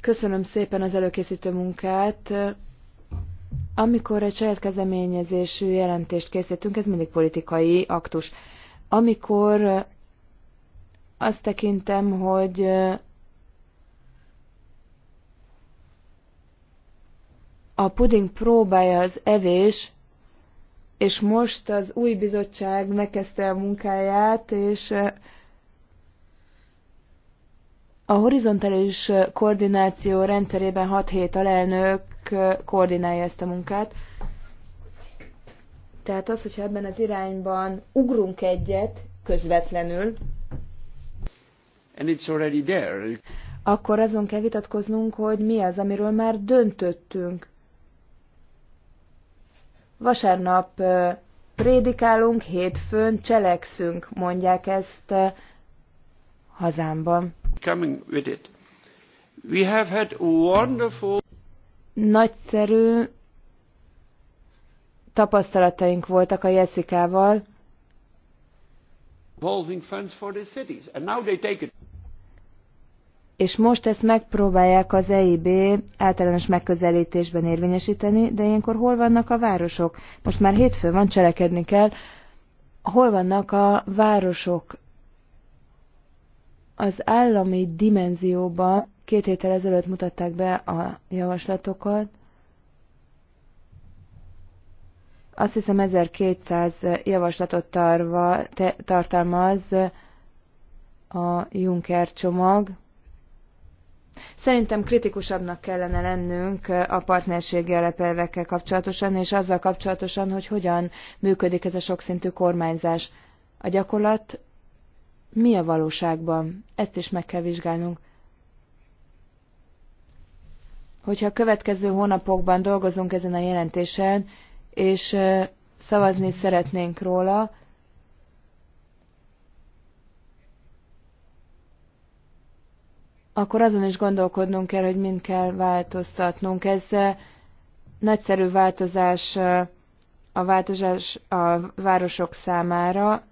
Köszönöm szépen az előkészítő munkát. Amikor egy saját kezdeményezésű jelentést készítünk, ez mindig politikai aktus. Amikor azt tekintem, hogy a puding próbája az evés, és most az új bizottság megkezdte a munkáját, és a horizontális koordináció rendszerében 6-7 alelnök koordinálja ezt a munkát. Tehát az, hogyha ebben az irányban ugrunk egyet közvetlenül, And it's already there. akkor azon kell vitatkoznunk, hogy mi az, amiről már döntöttünk. Vasárnap prédikálunk, hétfőn cselekszünk, mondják ezt hazámban. Coming with it. We have had wonderful... Nagyszerű tapasztalataink voltak a Jessica-val és most ezt megpróbálják az EIB általános megközelítésben érvényesíteni, de ilyenkor hol vannak a városok? Most már hétfő van, cselekedni kell. Hol vannak a városok? Az állami dimenzióba két héttel ezelőtt mutatták be a javaslatokat. Azt hiszem 1200 javaslatot tarva, te, tartalmaz a Juncker csomag, Szerintem kritikusabbnak kellene lennünk a partnerségi alapelvekkel kapcsolatosan, és azzal kapcsolatosan, hogy hogyan működik ez a sokszintű kormányzás. A gyakorlat mi a valóságban? Ezt is meg kell vizsgálnunk. Hogyha a következő hónapokban dolgozunk ezen a jelentésen, és szavazni szeretnénk róla, akkor azon is gondolkodnunk kell, hogy mind kell változtatnunk. Ez eh, nagyszerű változás eh, a változás a városok számára,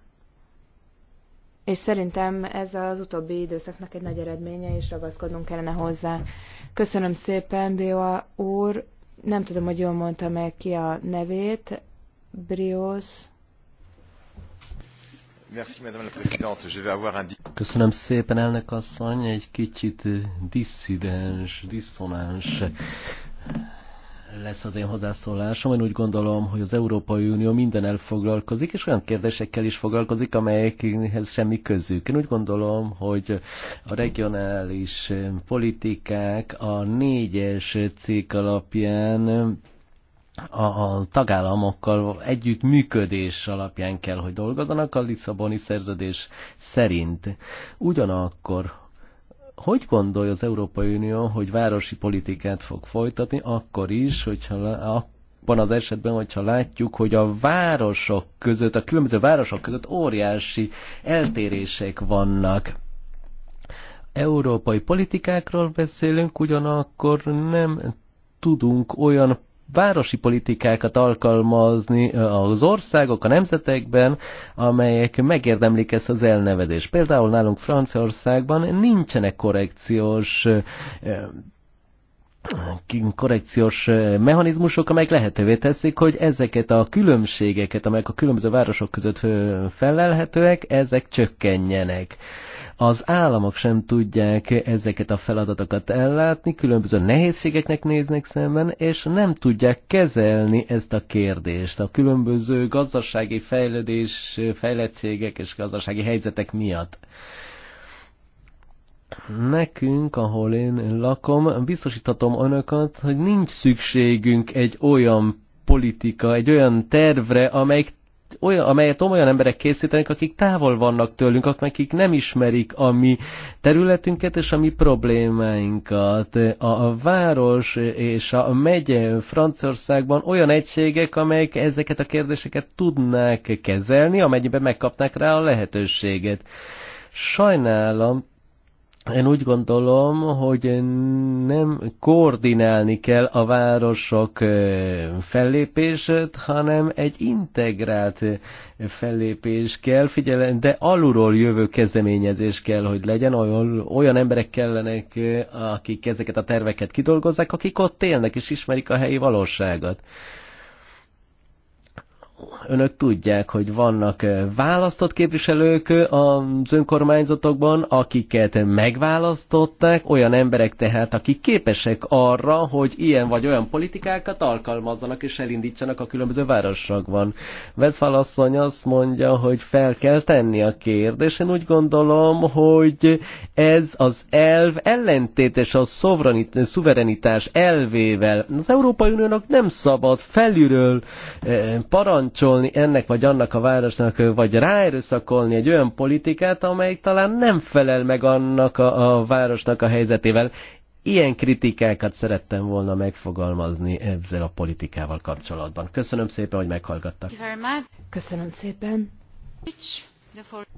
és szerintem ez az utóbbi időszaknak egy nagy eredménye, és ragaszkodnunk kellene hozzá. Köszönöm szépen, Bioa úr. Nem tudom, hogy jól mondtam meg ki a nevét. Brios. Köszönöm szépen, elnök asszony, egy kicsit disszidens, diszonáns lesz az én hozzászólásom. Én úgy gondolom, hogy az Európai Unió minden elfoglalkozik, és olyan kérdésekkel is foglalkozik, amelyekhez semmi közük. Én úgy gondolom, hogy a regionális politikák a négyes cég alapján a a tagállamokkal együtt működés alapján kell, hogy dolgozzanak a Lisszaboni szerződés szerint. Ugyanakkor hogy gondolja az Európai Unió, hogy városi politikát fog folytatni, akkor is, hogyha van az esetben, hogyha látjuk, hogy a városok között, a különböző városok között óriási eltérések vannak európai politikákról beszélünk, ugyanakkor nem tudunk olyan városi politikákat alkalmazni az országok, a nemzetekben, amelyek megérdemlik ezt az elnevezést. Például nálunk Franciaországban nincsenek korrekciós korrekciós mechanizmusok, amelyek lehetővé teszik, hogy ezeket a különbségeket, amelyek a különböző városok között felelhetőek, ezek csökkenjenek az államok sem tudják ezeket a feladatokat ellátni, különböző nehézségeknek néznek szemben, és nem tudják kezelni ezt a kérdést a különböző gazdasági fejlődés, fejlettségek és gazdasági helyzetek miatt. Nekünk, ahol én lakom, biztosíthatom önöket, hogy nincs szükségünk egy olyan politika, egy olyan tervre, amelyik olyan, amelyet olyan emberek készítenek, akik távol vannak tőlünk, akik nem ismerik a mi területünket és a mi problémáinkat. A város és a megye Franciaországban olyan egységek, amelyek ezeket a kérdéseket tudnák kezelni, amennyiben megkapnák rá a lehetőséget. Sajnálom, én úgy gondolom, hogy nem koordinálni kell a városok fellépését, hanem egy integrált fellépés kell, figyelem, de alulról jövő kezdeményezés kell, hogy legyen, olyan, olyan emberek kellenek, akik ezeket a terveket kidolgozzák, akik ott élnek és ismerik a helyi valóságot önök tudják, hogy vannak eh, választott képviselők eh, az önkormányzatokban, akiket megválasztották, olyan emberek tehát, akik képesek arra, hogy ilyen vagy olyan politikákat alkalmazzanak és elindítsanak a különböző városokban. Veszfál asszony azt mondja, hogy fel kell tenni a kérdés. Én úgy gondolom, hogy ez az elv ellentétes a szuverenitás elvével. Az Európai Uniónak nem szabad felülről eh, parancs parancsolni ennek vagy annak a városnak, vagy ráerőszakolni egy olyan politikát, amely talán nem felel meg annak a, a városnak a helyzetével. Ilyen kritikákat szerettem volna megfogalmazni ezzel a politikával kapcsolatban. Köszönöm szépen, hogy meghallgattak. Köszönöm szépen.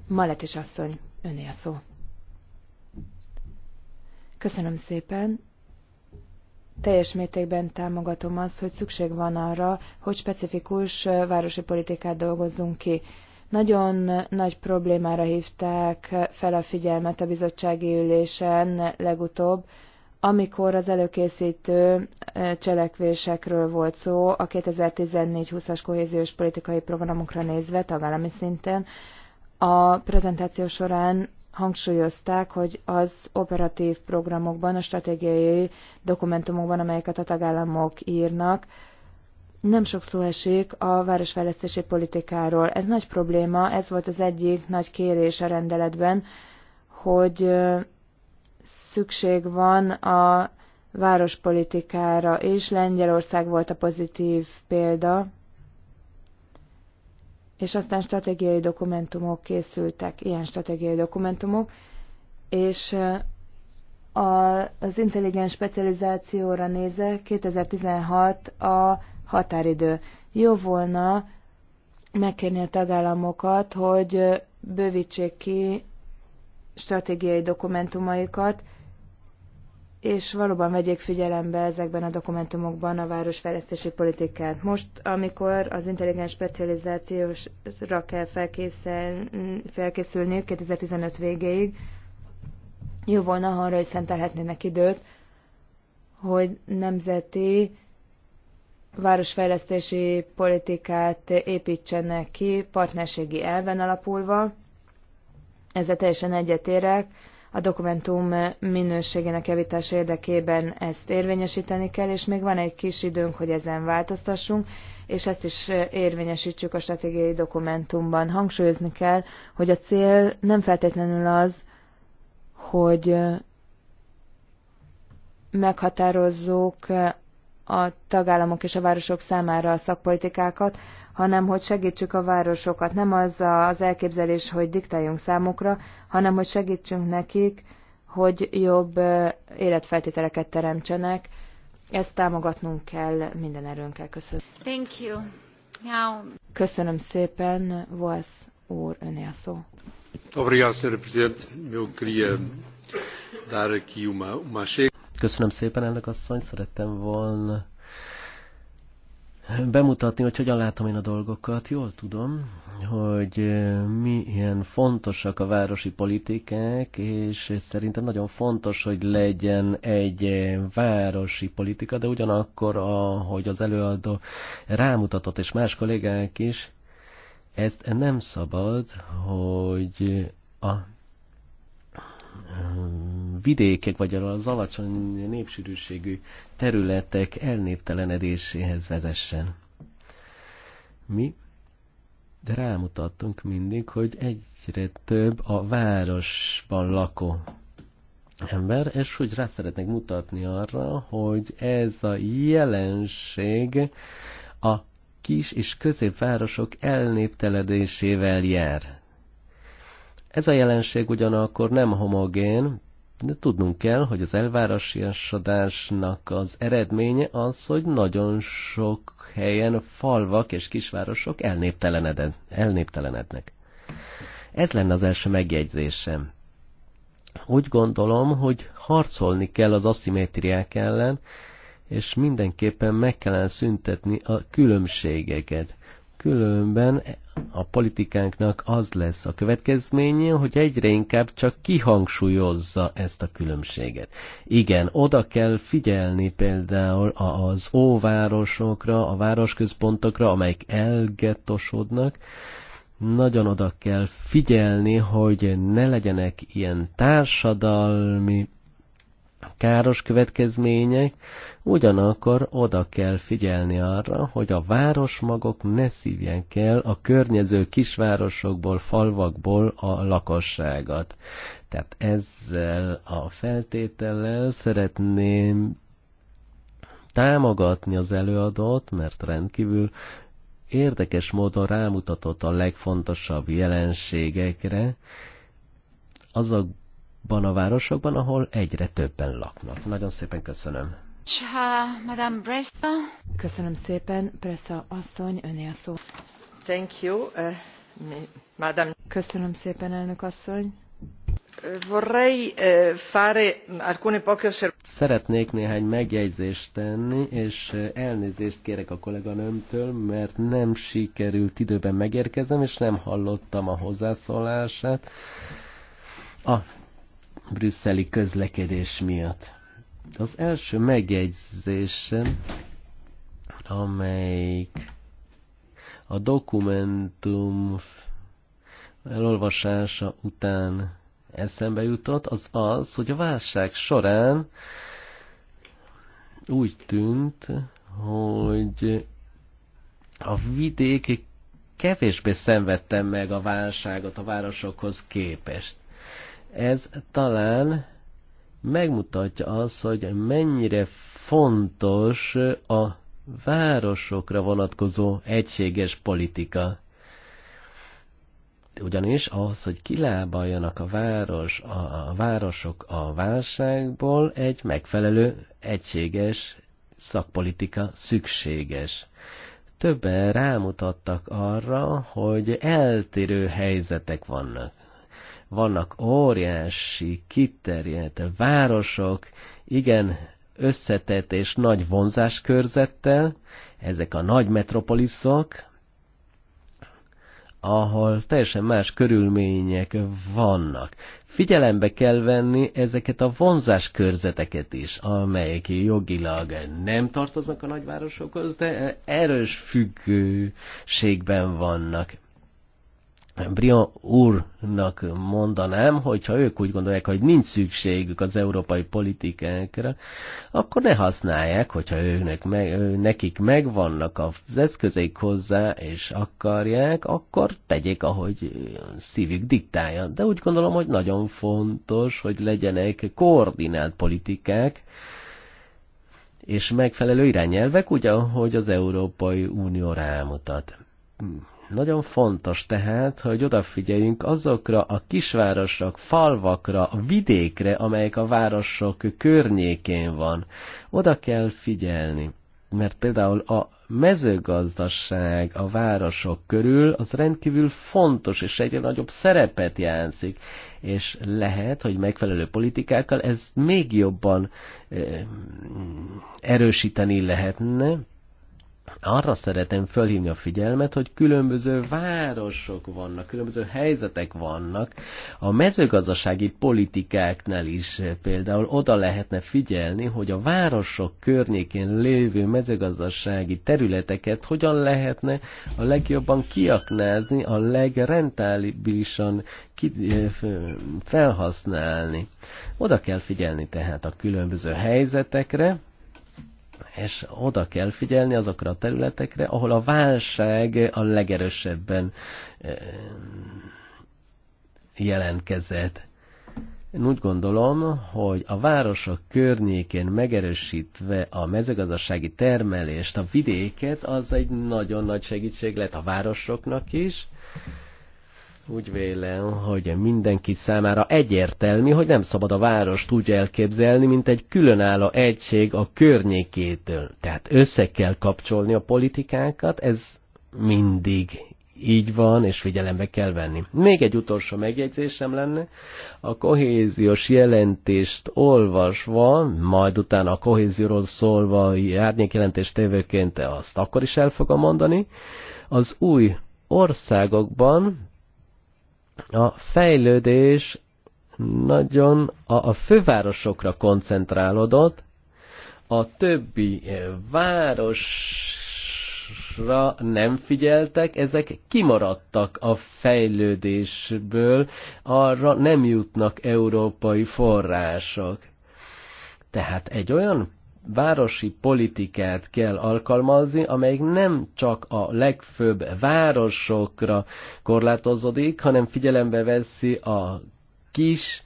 Malet is asszony, öné a szó. Köszönöm szépen teljes mértékben támogatom azt, hogy szükség van arra, hogy specifikus városi politikát dolgozzunk ki. Nagyon nagy problémára hívták fel a figyelmet a bizottsági ülésen legutóbb, amikor az előkészítő cselekvésekről volt szó a 2014-20-as kohéziós politikai programokra nézve tagállami szinten, a prezentáció során hangsúlyozták, hogy az operatív programokban, a stratégiai dokumentumokban, amelyeket a tagállamok írnak, nem sok szó esik a városfejlesztési politikáról. Ez nagy probléma, ez volt az egyik nagy kérés a rendeletben, hogy szükség van a várospolitikára, és Lengyelország volt a pozitív példa, és aztán stratégiai dokumentumok készültek, ilyen stratégiai dokumentumok, és a, az intelligens specializációra nézve 2016 a határidő. Jó volna megkérni a tagállamokat, hogy bővítsék ki stratégiai dokumentumaikat, és valóban vegyék figyelembe ezekben a dokumentumokban a városfejlesztési politikát. Most, amikor az intelligens specializációsra kell felkészülni 2015 végéig, jó volna arra, hogy szentelhetnének időt, hogy nemzeti városfejlesztési politikát építsenek ki, partnerségi elven alapulva. Ezzel teljesen egyetérek a dokumentum minőségének javítása érdekében ezt érvényesíteni kell, és még van egy kis időnk, hogy ezen változtassunk, és ezt is érvényesítsük a stratégiai dokumentumban. Hangsúlyozni kell, hogy a cél nem feltétlenül az, hogy meghatározzuk a tagállamok és a városok számára a szakpolitikákat, hanem hogy segítsük a városokat. Nem az az elképzelés, hogy diktáljunk számukra, hanem hogy segítsünk nekik, hogy jobb életfeltételeket teremtsenek. Ezt támogatnunk kell minden erőnkkel. Köszönöm. Thank you. Now... Köszönöm szépen, Vosz úr, öné a szó. Köszönöm szépen, elnök asszony, szerettem volna bemutatni, hogy hogyan látom én a dolgokat. Jól tudom, hogy eh, milyen fontosak a városi politikák, és szerintem nagyon fontos, hogy legyen egy eh, városi politika, de ugyanakkor, ahogy az előadó rámutatott, és más kollégák is, ezt nem szabad, hogy a vidékek, vagy az alacsony népsűrűségű területek elnéptelenedéséhez vezessen. Mi de rámutattunk mindig, hogy egyre több a városban lakó ember, és hogy rá szeretnék mutatni arra, hogy ez a jelenség a kis és középvárosok elnéptelenedésével jár. Ez a jelenség ugyanakkor nem homogén, de tudnunk kell, hogy az elvárásodásnak az eredménye az, hogy nagyon sok helyen falvak és kisvárosok elnéptelenednek. Ez lenne az első megjegyzésem. Úgy gondolom, hogy harcolni kell az aszimétriák ellen, és mindenképpen meg kellene szüntetni a különbségeket. Különben a politikánknak az lesz a következménye, hogy egyre inkább csak kihangsúlyozza ezt a különbséget. Igen, oda kell figyelni például az óvárosokra, a városközpontokra, amelyek elgettosodnak, nagyon oda kell figyelni, hogy ne legyenek ilyen társadalmi káros következmények, ugyanakkor oda kell figyelni arra, hogy a városmagok ne szívják el a környező kisvárosokból, falvakból a lakosságot. Tehát ezzel a feltétellel szeretném támogatni az előadót, mert rendkívül érdekes módon rámutatott a legfontosabb jelenségekre, azok azokban a városokban, ahol egyre többen laknak. Nagyon szépen köszönöm. Csá, Madame Bressa. Köszönöm szépen, Bressa asszony, öné a szó. Thank you, uh, Madame. Köszönöm szépen, elnök asszony. Vorrei uh, fare alcune poche Szeretnék néhány megjegyzést tenni, és uh, elnézést kérek a kolléganőmtől, mert nem sikerült időben megérkezem, és nem hallottam a hozzászólását. A brüsszeli közlekedés miatt. Az első megjegyzésem, amelyik a dokumentum elolvasása után eszembe jutott, az az, hogy a válság során úgy tűnt, hogy a vidék kevésbé szenvedtem meg a válságot a városokhoz képest. Ez talán megmutatja azt, hogy mennyire fontos a városokra vonatkozó egységes politika. Ugyanis ahhoz, hogy kilábaljanak a, város, a városok a válságból, egy megfelelő egységes szakpolitika szükséges. Többen rámutattak arra, hogy eltérő helyzetek vannak vannak óriási, kiterjedt városok, igen összetett és nagy vonzáskörzettel, ezek a nagy metropoliszok, ahol teljesen más körülmények vannak. Figyelembe kell venni ezeket a vonzáskörzeteket is, amelyek jogilag nem tartoznak a nagyvárosokhoz, de erős függőségben vannak Brian úrnak mondanám, hogy ha ők úgy gondolják, hogy nincs szükségük az európai politikákra, akkor ne használják, hogyha őknek meg, nekik megvannak az eszközeik hozzá, és akarják, akkor tegyék, ahogy szívük diktálja. De úgy gondolom, hogy nagyon fontos, hogy legyenek koordinált politikák, és megfelelő irányelvek, ugye, ahogy az Európai Unió rámutat nagyon fontos tehát, hogy odafigyeljünk azokra a kisvárosok, falvakra, a vidékre, amelyek a városok környékén van. Oda kell figyelni, mert például a mezőgazdaság a városok körül az rendkívül fontos és egyre nagyobb szerepet játszik, és lehet, hogy megfelelő politikákkal ez még jobban eh, erősíteni lehetne, arra szeretem felhívni a figyelmet, hogy különböző városok vannak, különböző helyzetek vannak. A mezőgazdasági politikáknál is például oda lehetne figyelni, hogy a városok környékén lévő mezőgazdasági területeket hogyan lehetne a legjobban kiaknázni, a legrentálisan eh, felhasználni. Oda kell figyelni tehát a különböző helyzetekre, és oda kell figyelni azokra a területekre, ahol a válság a legerősebben eh, jelentkezett. Én úgy gondolom, hogy a városok környékén megerősítve a mezőgazdasági termelést, a vidéket, az egy nagyon nagy segítség lett a városoknak is, úgy vélem, hogy mindenki számára egyértelmű, hogy nem szabad a várost úgy elképzelni, mint egy különálló egység a környékétől. Tehát össze kell kapcsolni a politikákat, ez mindig így van, és figyelembe kell venni. Még egy utolsó megjegyzésem lenne, a kohéziós jelentést olvasva, majd utána a kohézióról szólva árnyékjelentést tévőként azt akkor is el fogom mondani, az új országokban a fejlődés nagyon a, a fővárosokra koncentrálódott, a többi eh, városra nem figyeltek, ezek kimaradtak a fejlődésből, arra nem jutnak európai források. Tehát egy olyan városi politikát kell alkalmazni, amelyik nem csak a legfőbb városokra korlátozódik, hanem figyelembe veszi a kis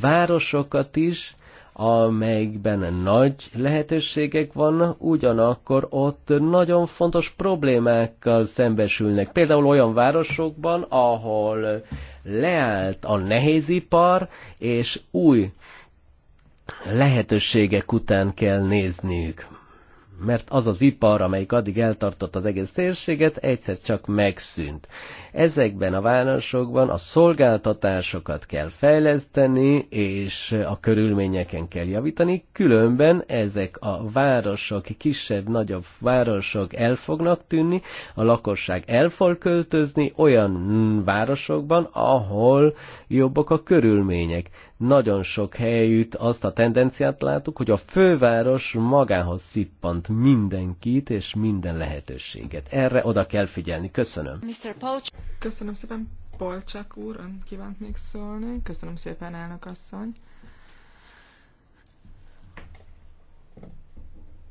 városokat is, amelyikben nagy lehetőségek vannak, ugyanakkor ott nagyon fontos problémákkal szembesülnek. Például olyan városokban, ahol leállt a nehézipar, és új lehetőségek után kell nézniük. Mert az az ipar, amelyik addig eltartott az egész térséget, egyszer csak megszűnt. Ezekben a városokban a szolgáltatásokat kell fejleszteni, és a körülményeken kell javítani, különben ezek a városok, kisebb-nagyobb városok el fognak tűnni, a lakosság el fog költözni olyan városokban, ahol jobbak a körülmények nagyon sok helyütt azt a tendenciát látuk, hogy a főváros magához szippant mindenkit és minden lehetőséget. Erre oda kell figyelni. Köszönöm. Mr. Polch. Köszönöm szépen, Polcsak úr, ön kívánt még szólni. Köszönöm szépen, elnök asszony.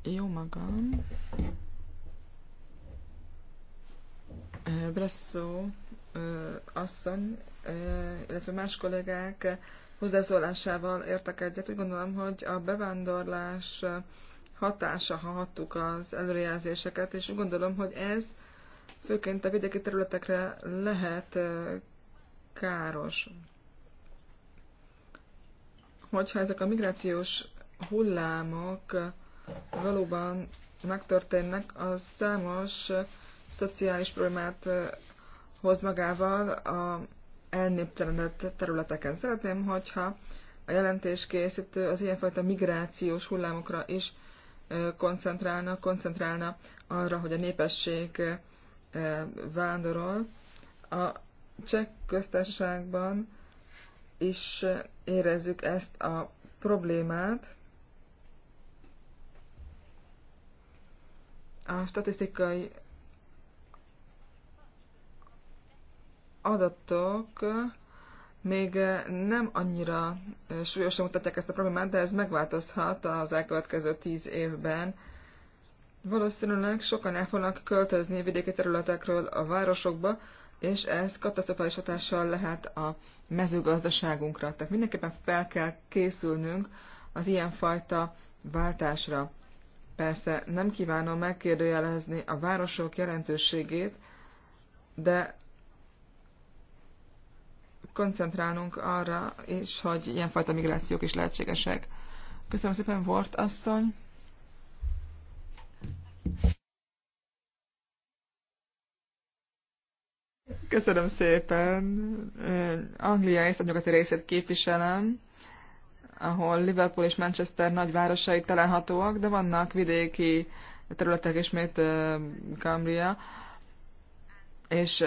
Jó magam. Bresszó asszony, illetve más kollégák hozzászólásával értek egyet. Úgy gondolom, hogy a bevándorlás hatása, ha hattuk az előrejelzéseket, és úgy gondolom, hogy ez főként a vidéki területekre lehet káros. Hogyha ezek a migrációs hullámok valóban megtörténnek, az számos szociális problémát hoz magával a elnéptelenedett területeken. Szeretném, hogyha a jelentés készítő az ilyenfajta migrációs hullámokra is koncentrálna, koncentrálna arra, hogy a népesség vándorol. A cseh köztársaságban is érezzük ezt a problémát. A statisztikai adatok még nem annyira súlyosan mutatják ezt a problémát, de ez megváltozhat az elkövetkező tíz évben. Valószínűleg sokan el fognak költözni vidéki területekről a városokba, és ez katasztrofális hatással lehet a mezőgazdaságunkra. Tehát mindenképpen fel kell készülnünk az ilyenfajta váltásra. Persze nem kívánom megkérdőjelezni a városok jelentőségét, de koncentrálnunk arra is, hogy ilyenfajta migrációk is lehetségesek. Köszönöm szépen, Vort asszony! Köszönöm szépen! Anglia északnyugati részét képviselem, ahol Liverpool és Manchester nagyvárosai találhatóak, de vannak vidéki területek ismét Cambria, és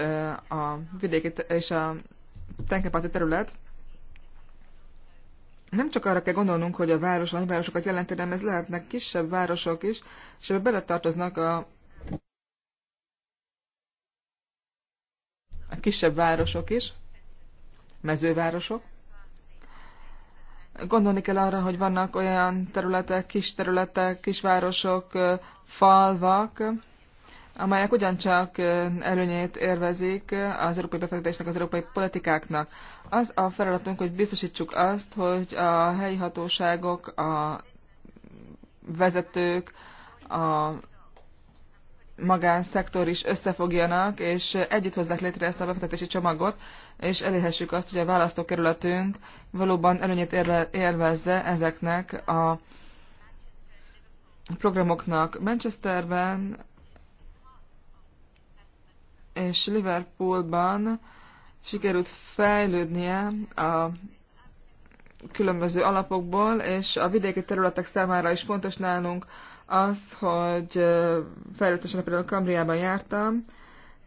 a vidéki és a tengerparti terület, nem csak arra kell gondolnunk, hogy a város, a nagyvárosokat jelenti, de ez lehetnek kisebb városok is, és ebbe beletartoznak a, a kisebb városok is, mezővárosok. Gondolni kell arra, hogy vannak olyan területek, kis területek, kisvárosok, falvak, amelyek ugyancsak előnyét érvezik az európai befektetésnek, az európai politikáknak. Az a feladatunk, hogy biztosítsuk azt, hogy a helyi hatóságok, a vezetők, a magánszektor is összefogjanak, és együtt hozzák létre ezt a befektetési csomagot, és elérhessük azt, hogy a választókerületünk valóban előnyét élvezze ezeknek a programoknak. Manchesterben és Liverpoolban sikerült fejlődnie a különböző alapokból, és a vidéki területek számára is fontos nálunk az, hogy fejlődésen például Kambriában jártam,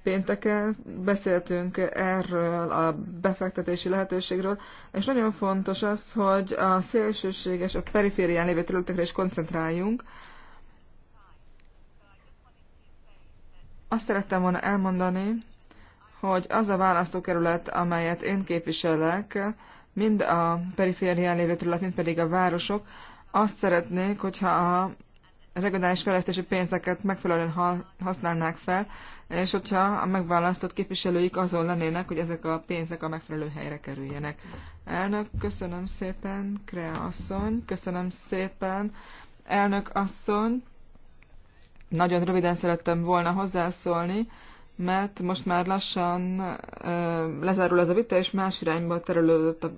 pénteken beszéltünk erről a befektetési lehetőségről, és nagyon fontos az, hogy a szélsőséges, a periférián lévő területekre is koncentráljunk, Azt szerettem volna elmondani, hogy az a választókerület, amelyet én képviselek, mind a periférián lévő terület, mind pedig a városok, azt szeretnék, hogyha a regionális fejlesztési pénzeket megfelelően használnák fel, és hogyha a megválasztott képviselőik azon lennének, hogy ezek a pénzek a megfelelő helyre kerüljenek. Elnök, köszönöm szépen, Krea asszony, köszönöm szépen, elnök asszony. Nagyon röviden szerettem volna hozzászólni, mert most már lassan lezárul ez a vita, és más irányba terülődött a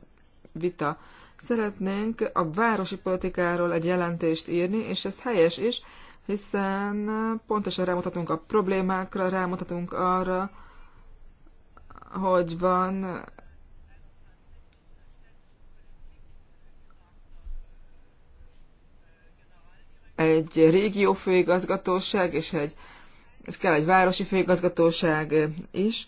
vita. Szeretnénk a városi politikáról egy jelentést írni, és ez helyes is, hiszen pontosan rámutatunk a problémákra, rámutatunk arra, hogy van egy régió főigazgatóság, és egy, ez kell egy városi főigazgatóság is.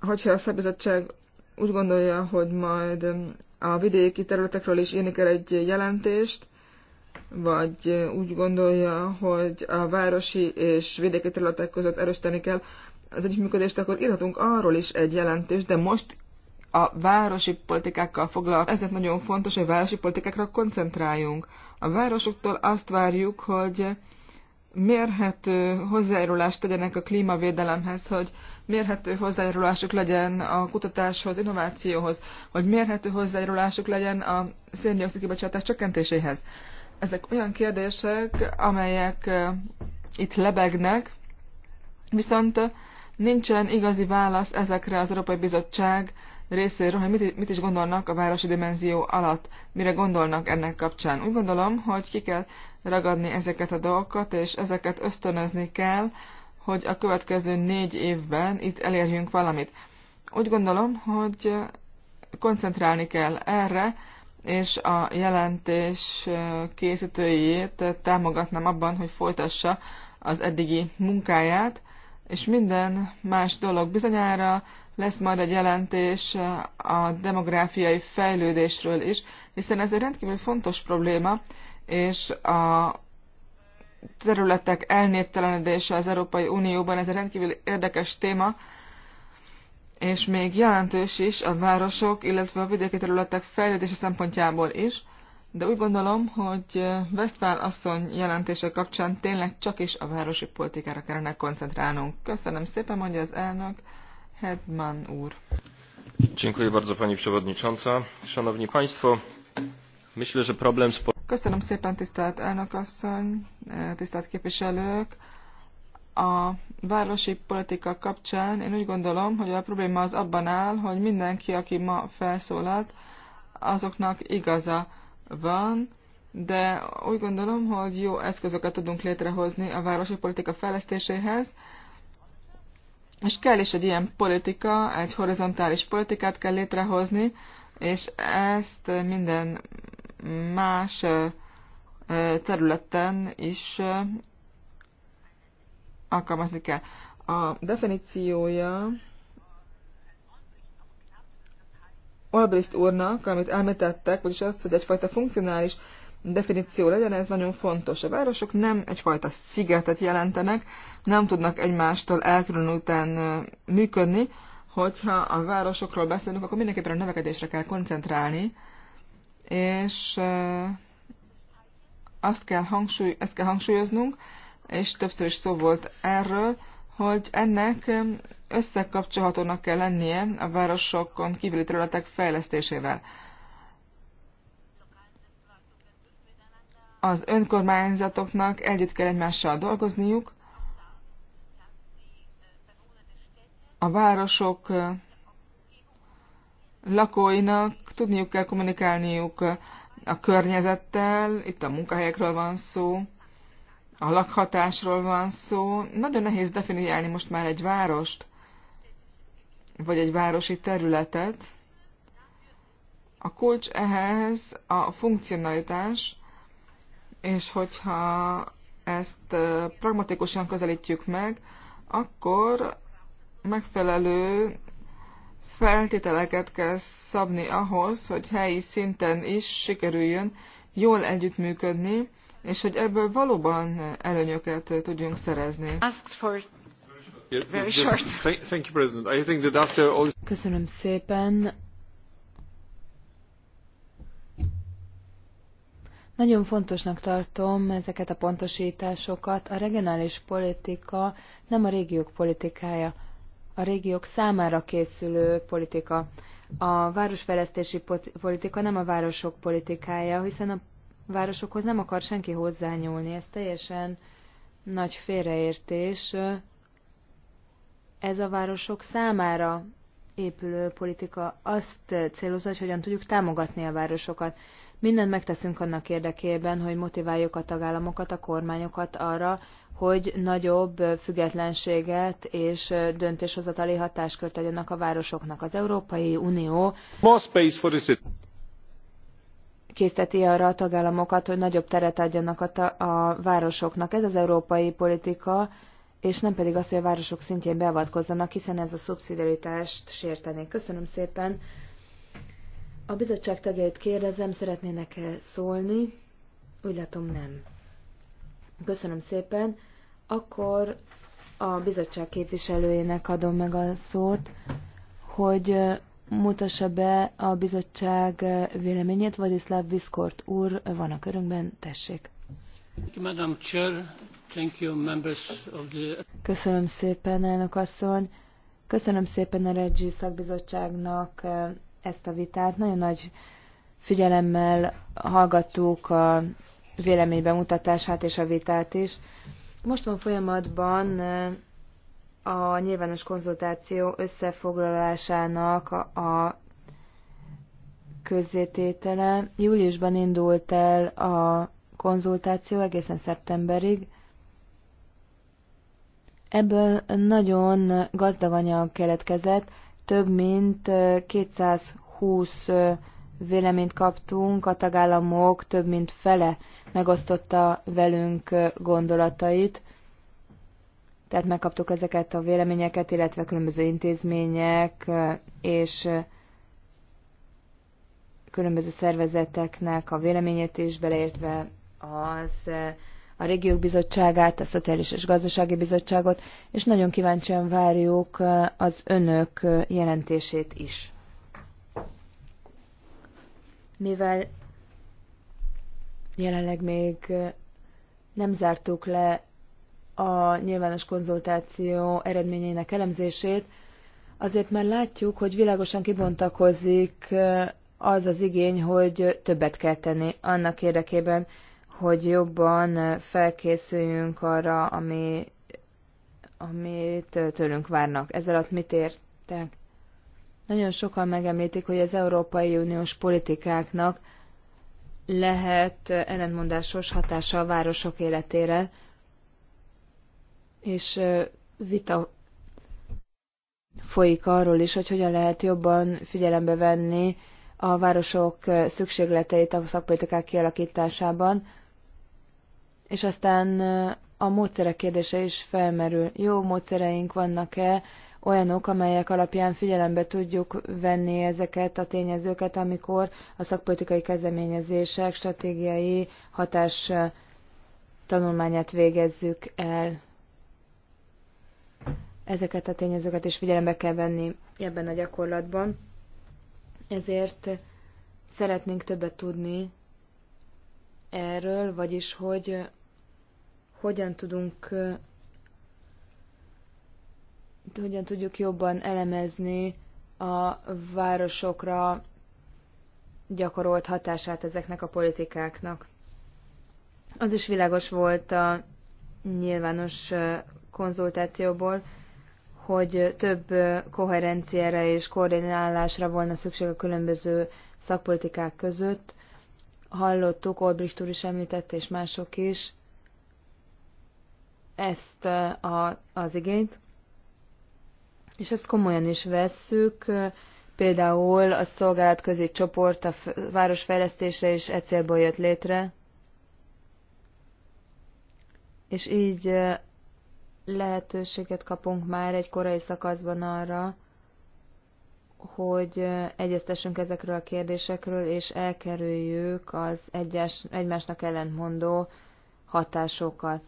Hogyha a szabizottság úgy gondolja, hogy majd a vidéki területekről is írni kell egy jelentést, vagy úgy gondolja, hogy a városi és vidéki területek között erősíteni kell az együttműködést, akkor írhatunk arról is egy jelentést, de most a városi politikákkal foglalkozik. Ezért nagyon fontos, hogy városi politikákra koncentráljunk. A városoktól azt várjuk, hogy mérhető hozzájárulást tegyenek a klímavédelemhez, hogy mérhető hozzájárulásuk legyen a kutatáshoz, innovációhoz, hogy mérhető hozzájárulásuk legyen a széndiokszid kibocsátás csökkentéséhez. Ezek olyan kérdések, amelyek itt lebegnek, viszont nincsen igazi válasz ezekre az Európai Bizottság részéről, hogy mit, mit is gondolnak a városi dimenzió alatt, mire gondolnak ennek kapcsán. Úgy gondolom, hogy ki kell ragadni ezeket a dolgokat, és ezeket ösztönözni kell, hogy a következő négy évben itt elérjünk valamit. Úgy gondolom, hogy koncentrálni kell erre, és a jelentés készítőjét támogatnám abban, hogy folytassa az eddigi munkáját, és minden más dolog bizonyára lesz majd egy jelentés a demográfiai fejlődésről is, hiszen ez egy rendkívül fontos probléma, és a területek elnéptelenedése az Európai Unióban, ez egy rendkívül érdekes téma, és még jelentős is a városok, illetve a vidéki területek fejlődése szempontjából is, de úgy gondolom, hogy Westphal asszony jelentése kapcsán tényleg csak is a városi politikára kellene koncentrálnunk. Köszönöm szépen, mondja az elnök. Hedman úr. Dziękuję bardzo pani przewodnicząca. Szanowni państwo, myślę, że problem Köszönöm szépen, tisztelt elnökasszony, e, tisztelt képviselők. A városi politika kapcsán én úgy gondolom, hogy a probléma az abban áll, hogy mindenki, aki ma felszólalt, azoknak igaza van, de úgy gondolom, hogy jó eszközöket tudunk létrehozni a városi politika fejlesztéséhez, és kell is egy ilyen politika, egy horizontális politikát kell létrehozni, és ezt minden más területen is alkalmazni kell. A definíciója Albrecht úrnak, amit elmetettek, vagyis az hogy egyfajta funkcionális definíció legyen, ez nagyon fontos. A városok nem egyfajta szigetet jelentenek, nem tudnak egymástól elkülönül után működni, hogyha a városokról beszélünk, akkor mindenképpen a növekedésre kell koncentrálni, és azt kell, hangsúly, ezt kell hangsúlyoznunk, és többször is szó volt erről, hogy ennek összekapcsolhatónak kell lennie a városokon kívüli területek fejlesztésével. az önkormányzatoknak együtt kell egymással dolgozniuk, a városok lakóinak tudniuk kell kommunikálniuk a környezettel, itt a munkahelyekről van szó, a lakhatásról van szó. Nagyon nehéz definiálni most már egy várost, vagy egy városi területet. A kulcs ehhez a funkcionalitás, és hogyha ezt pragmatikusan közelítjük meg, akkor megfelelő feltételeket kell szabni ahhoz, hogy helyi szinten is sikerüljön jól együttműködni, és hogy ebből valóban előnyöket tudjunk szerezni. Köszönöm szépen. Nagyon fontosnak tartom ezeket a pontosításokat. A regionális politika nem a régiók politikája, a régiók számára készülő politika. A városfejlesztési politika nem a városok politikája, hiszen a városokhoz nem akar senki hozzányúlni. Ez teljesen nagy félreértés. Ez a városok számára épülő politika azt célozza, hogy hogyan tudjuk támogatni a városokat. Mindent megteszünk annak érdekében, hogy motiváljuk a tagállamokat, a kormányokat arra, hogy nagyobb függetlenséget és döntéshozatali hatáskört adjanak a városoknak. Az Európai Unió készteti arra a tagállamokat, hogy nagyobb teret adjanak a, ta- a városoknak. Ez az európai politika, és nem pedig az, hogy a városok szintjén beavatkozzanak, hiszen ez a szubszidiaritást sértené. Köszönöm szépen! A bizottság tagjait kérdezem, szeretnének-e szólni? Úgy látom nem. Köszönöm szépen. Akkor a bizottság képviselőjének adom meg a szót, hogy mutassa be a bizottság véleményét. Vladislav Viszkort úr van a körünkben, tessék. Köszönöm szépen, elnök asszony. Köszönöm szépen a Regi szakbizottságnak ezt a vitát. Nagyon nagy figyelemmel hallgattuk a mutatását és a vitát is. Most van folyamatban eh, a nyilvános konzultáció összefoglalásának a, a közzététele. Júliusban indult el a konzultáció egészen szeptemberig. Ebből nagyon gazdag anyag keletkezett, több mint 220 véleményt kaptunk, a tagállamok több mint fele megosztotta velünk gondolatait, tehát megkaptuk ezeket a véleményeket, illetve különböző intézmények és különböző szervezeteknek a véleményét is, beleértve az a Régiók Bizottságát, a Szociális és Gazdasági Bizottságot, és nagyon kíváncsian várjuk az önök jelentését is. Mivel jelenleg még nem zártuk le a nyilvános konzultáció eredményeinek elemzését, azért már látjuk, hogy világosan kibontakozik az az igény, hogy többet kell tenni annak érdekében, hogy jobban felkészüljünk arra, ami, amit tőlünk várnak. Ez alatt mit értek? Nagyon sokan megemlítik, hogy az Európai Uniós politikáknak lehet ellentmondásos hatása a városok életére, és vita folyik arról is, hogy hogyan lehet jobban figyelembe venni a városok szükségleteit a szakpolitikák kialakításában. És aztán a módszerek kérdése is felmerül. Jó módszereink vannak-e, olyanok, amelyek alapján figyelembe tudjuk venni ezeket a tényezőket, amikor a szakpolitikai kezdeményezések stratégiai hatás tanulmányát végezzük el. Ezeket a tényezőket is figyelembe kell venni ebben a gyakorlatban. Ezért szeretnénk többet tudni erről, vagyis hogy hogyan tudunk hogyan tudjuk jobban elemezni a városokra gyakorolt hatását ezeknek a politikáknak. Az is világos volt a nyilvános konzultációból, hogy több koherenciára és koordinálásra volna szükség a különböző szakpolitikák között. Hallottuk, Olbricht úr is említette, és mások is, ezt a, az igényt, és ezt komolyan is vesszük, például a szolgálatközi csoport a városfejlesztése is e célból jött létre, és így lehetőséget kapunk már egy korai szakaszban arra, hogy egyeztessünk ezekről a kérdésekről, és elkerüljük az egyes, egymásnak ellentmondó hatásokat.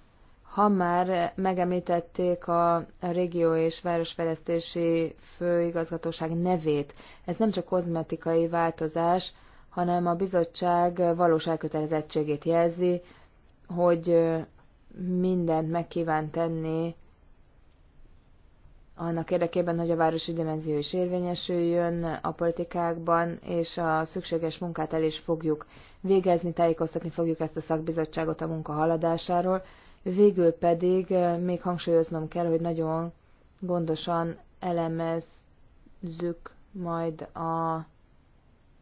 Ha már megemlítették a régió és városfejlesztési főigazgatóság nevét, ez nem csak kozmetikai változás, hanem a bizottság valós elkötelezettségét jelzi, hogy mindent meg kíván tenni annak érdekében, hogy a városi dimenzió is érvényesüljön a politikákban, és a szükséges munkát el is fogjuk végezni, tájékoztatni fogjuk ezt a szakbizottságot a munka haladásáról, Végül pedig még hangsúlyoznom kell, hogy nagyon gondosan elemezzük majd a,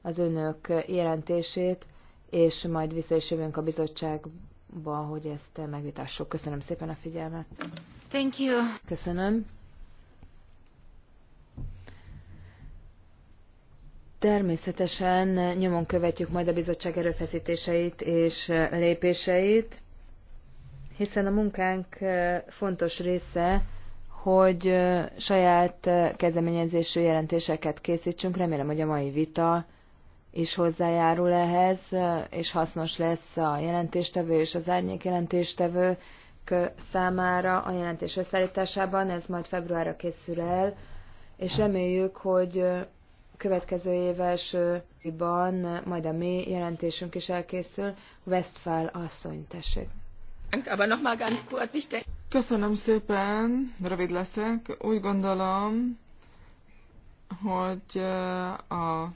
az önök jelentését, és majd vissza is jövünk a bizottságba, hogy ezt megvitassuk. Köszönöm szépen a figyelmet. Thank you. Köszönöm. Természetesen nyomon követjük majd a bizottság erőfeszítéseit és lépéseit hiszen a munkánk fontos része, hogy saját kezdeményezésű jelentéseket készítsünk. Remélem, hogy a mai vita is hozzájárul ehhez, és hasznos lesz a jelentéstevő és az árnyék jelentéstevő számára a jelentés összeállításában. Ez majd februárra készül el, és reméljük, hogy következő éves majd a mi jelentésünk is elkészül. Westfál asszony, tessék. Köszönöm szépen, rövid leszek. Úgy gondolom, hogy eh, a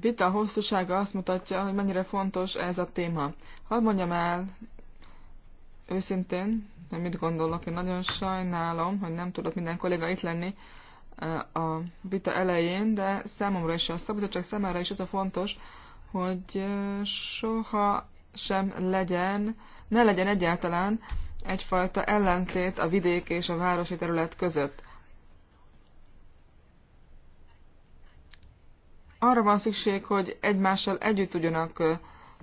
vita hosszúsága azt mutatja, hogy mennyire fontos ez a téma. Hadd mondjam el őszintén, hogy mit gondolok. Én nagyon sajnálom, hogy nem tudott minden kolléga itt lenni eh, a vita elején, de számomra is a szabadság számára is az a fontos, hogy eh, soha sem legyen, ne legyen egyáltalán egyfajta ellentét a vidék és a városi terület között. Arra van szükség, hogy egymással együtt tudjanak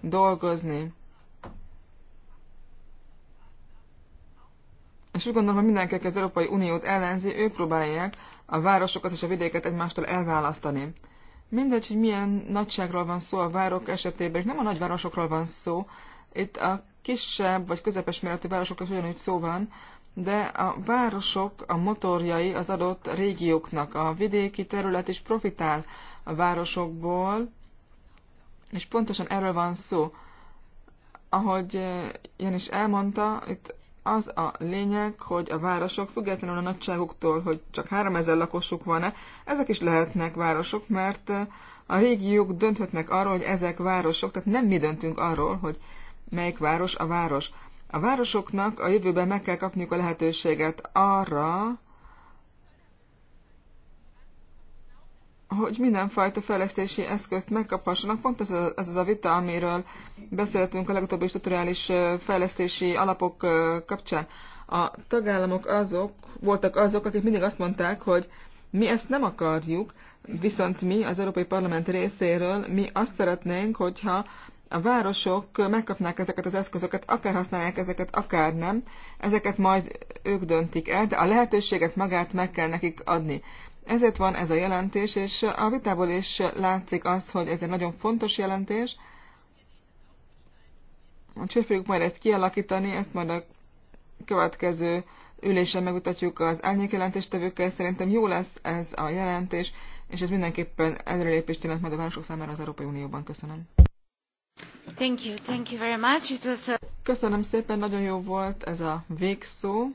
dolgozni. És úgy gondolom, hogy mindenki, aki az Európai Uniót ellenzi, ők próbálják a városokat és a vidéket egymástól elválasztani. Mindegy, hogy milyen nagyságról van szó a várok esetében, itt nem a nagyvárosokról van szó, itt a kisebb vagy közepes méretű városok is ugyanúgy szó van, de a városok a motorjai az adott régióknak. A vidéki terület is profitál a városokból, és pontosan erről van szó. Ahogy eh, Jan is elmondta, itt az a lényeg, hogy a városok függetlenül a nagyságuktól, hogy csak 3000 lakosuk van-e, ezek is lehetnek városok, mert eh, a régiók dönthetnek arról, hogy ezek városok, tehát nem mi döntünk arról, hogy melyik város a város. A városoknak a jövőben meg kell kapniuk a lehetőséget arra, hogy mindenfajta fejlesztési eszközt megkaphassanak. Pont ez, a, ez az a vita, amiről beszéltünk a legutóbbi strukturális fejlesztési alapok kapcsán. A tagállamok azok, voltak azok, akik mindig azt mondták, hogy mi ezt nem akarjuk, viszont mi az Európai Parlament részéről, mi azt szeretnénk, hogyha a városok megkapnák ezeket az eszközöket, akár használják ezeket, akár nem, ezeket majd ők döntik el, de a lehetőséget magát meg kell nekik adni. Ezért van ez a jelentés, és a vitából is látszik az, hogy ez egy nagyon fontos jelentés. Úgyhogy fogjuk majd ezt kialakítani, ezt majd a következő ülésen megmutatjuk az árnyékjelentéstevőkkel. Szerintem jó lesz ez a jelentés, és ez mindenképpen előrelépést jelent majd a városok számára az Európai Unióban. Köszönöm. Thank you, thank you very much. It was a... Köszönöm szépen, nagyon jó volt ez a végszó.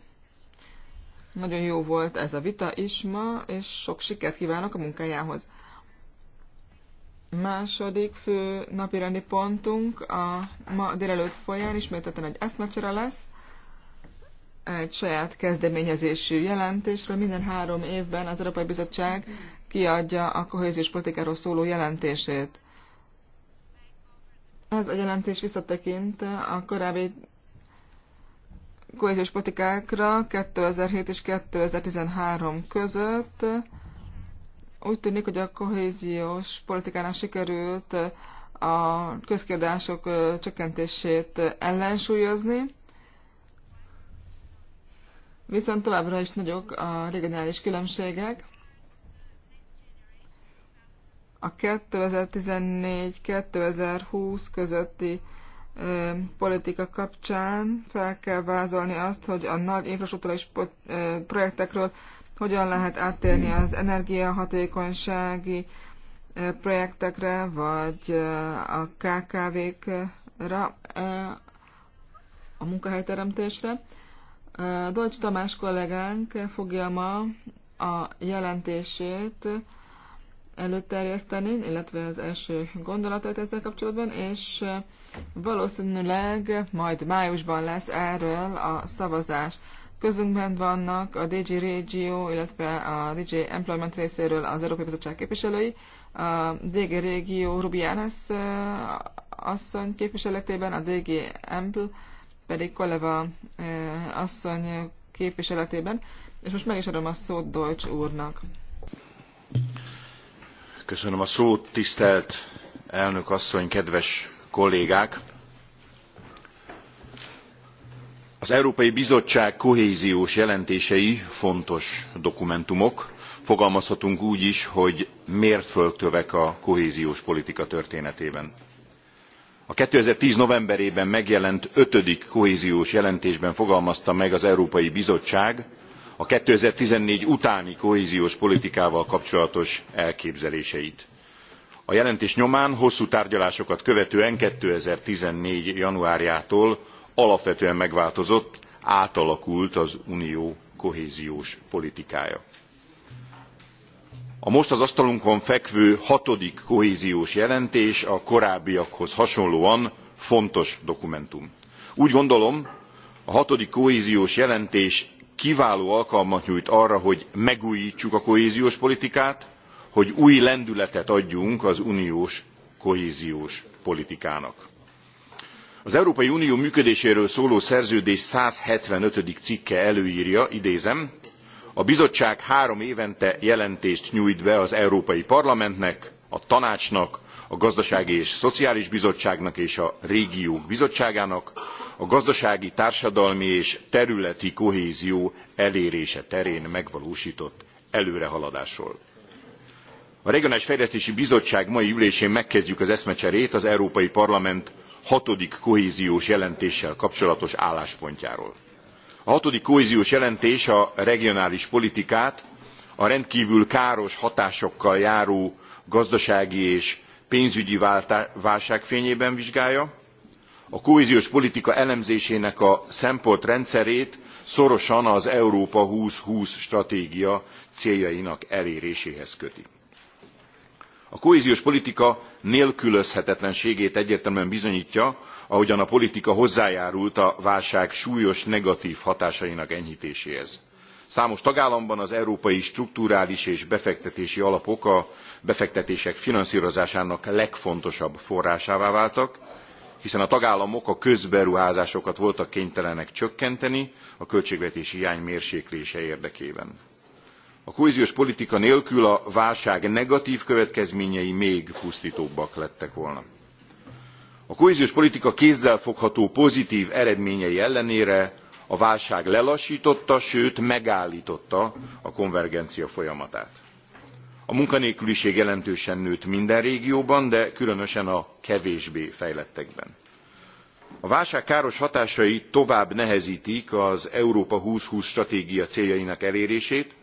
Nagyon jó volt ez a vita is ma, és sok sikert kívánok a munkájához. Második fő napirendi pontunk a ma délelőtt folyán ismételten egy eszmecsere lesz, egy saját kezdeményezésű jelentésről. Minden három évben az Európai Bizottság kiadja a kohéziós politikáról szóló jelentését. Ez a jelentés visszatekint a korábbi kohéziós politikákra 2007 és 2013 között. Úgy tűnik, hogy a kohéziós politikának sikerült a közkiadások csökkentését ellensúlyozni, viszont továbbra is nagyok a regionális különbségek. A 2014-2020 közötti politika kapcsán fel kell vázolni azt, hogy a nagy infrastruktúrális projektekről hogyan lehet áttérni az energiahatékonysági projektekre, vagy a KKV-kra, a munkahelyteremtésre. Dolcs Tamás kollégánk fogja ma a jelentését előterjeszteni, illetve az első gondolatait ezzel kapcsolatban, és valószínűleg majd májusban lesz erről a szavazás. Közünkben vannak a DG Regio, illetve a DG Employment részéről az Európai Bizottság képviselői, a DG Regio Rubianes asszony képviseletében, a DG Empl pedig Koleva asszony képviseletében, és most meg is adom a szót Deutsch úrnak. Köszönöm a szót, tisztelt elnök asszony, kedves kollégák! Az Európai Bizottság kohéziós jelentései fontos dokumentumok. Fogalmazhatunk úgy is, hogy mérföldkövek a kohéziós politika történetében a two thousand and ten novemberében megjelent ötödik kohéziós jelentésben fogalmazta meg az európai bizottság a two thousand and fourteen utáni kohéziós politikával kapcsolatos elképzeléseit. a jelentés nyomán hosszú tárgyalásokat követően two thousand and fourteen januárjától alapvetően megváltozott átalakult az unió kohéziós politikája. a most az asztalunkon fekvő hatodik kohéziós jelentés a korábbiakhoz hasonlóan fontos dokumentum. úgy gondolom a hatodik kohéziós jelentés kiváló alkalmat nyújt arra hogy megújtsuk a kohéziós politikát hogy új lendületet adjunk az uniós kohéziós politikának. az európai unió működéséről szóló szerződés one hundred and seventy five cikke előrja idézem a bizottság három évente jelentést nyújt be az európai parlamentnek a tanácsnak a Gazdasági és Szociális Bizottságnak és a Régiók Bizottságának a gazdasági, társadalmi és területi kohézió elérése terén megvalósított előrehaladásról. A Regionális Fejlesztési Bizottság mai ülésén megkezdjük az eszmecserét az Európai Parlament hatodik kohéziós jelentéssel kapcsolatos álláspontjáról. A hatodik kohéziós jelentés a regionális politikát a rendkívül káros hatásokkal járó gazdasági és pénzügyi válság fényében vizsgálja a kohéziós politika elemzésének a szempontrendszerét szorosan az európa two thousand and twenty stratégia céljainak eléréséhez köti. a kohéziós politika nélkülözhetetlenségét egyértelműen bizonytja ahogyan a politika hozzájárult a válság súlyos negatv hatásainak enyhtéséhez. számos tagállamban az európai strukturális és befektetési alapok a befektetések finanszrozásának legfontosabb forrásává váltak hiszen a tagállamok a közberuházásokat voltak kénytelenek csökkenteni a költségvetési hiány mérséklése érdekében. a kohéziós politika nélkül a válság negatv következményei még puszttóbbak lettek volna. a kohéziós politika kézzelfogható pozitv eredményei ellenére a válság lelasstotta sőt megálltotta a konvergencia folyamatát a munkanélküliség jelentősen nőtt minden régióban de különösen a kevésbé fejlettekben. a válság káros hatásai tovább neheztik az európa two thousand and twenty stratégia céljainak elérését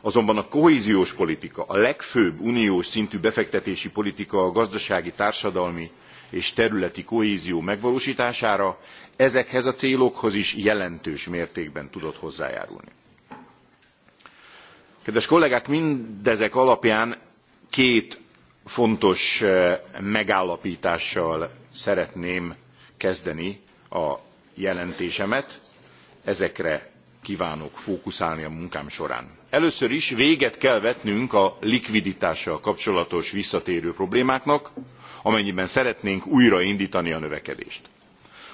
azonban a kohéziós politika a legfőbb uniós szintű befektetési politika a gazdasági társadalmi és területi kohézió megvalóstására ezekhez a célokhoz is jelentős mértékben tudott hozzájárulni. Kedves kollégák, mindezek alapján két fontos eh, megállapítással szeretném kezdeni a jelentésemet. Ezekre kívánok fókuszálni a munkám során. Először is véget kell vetnünk a likviditással kapcsolatos visszatérő problémáknak, amennyiben szeretnénk újraindtani a növekedést.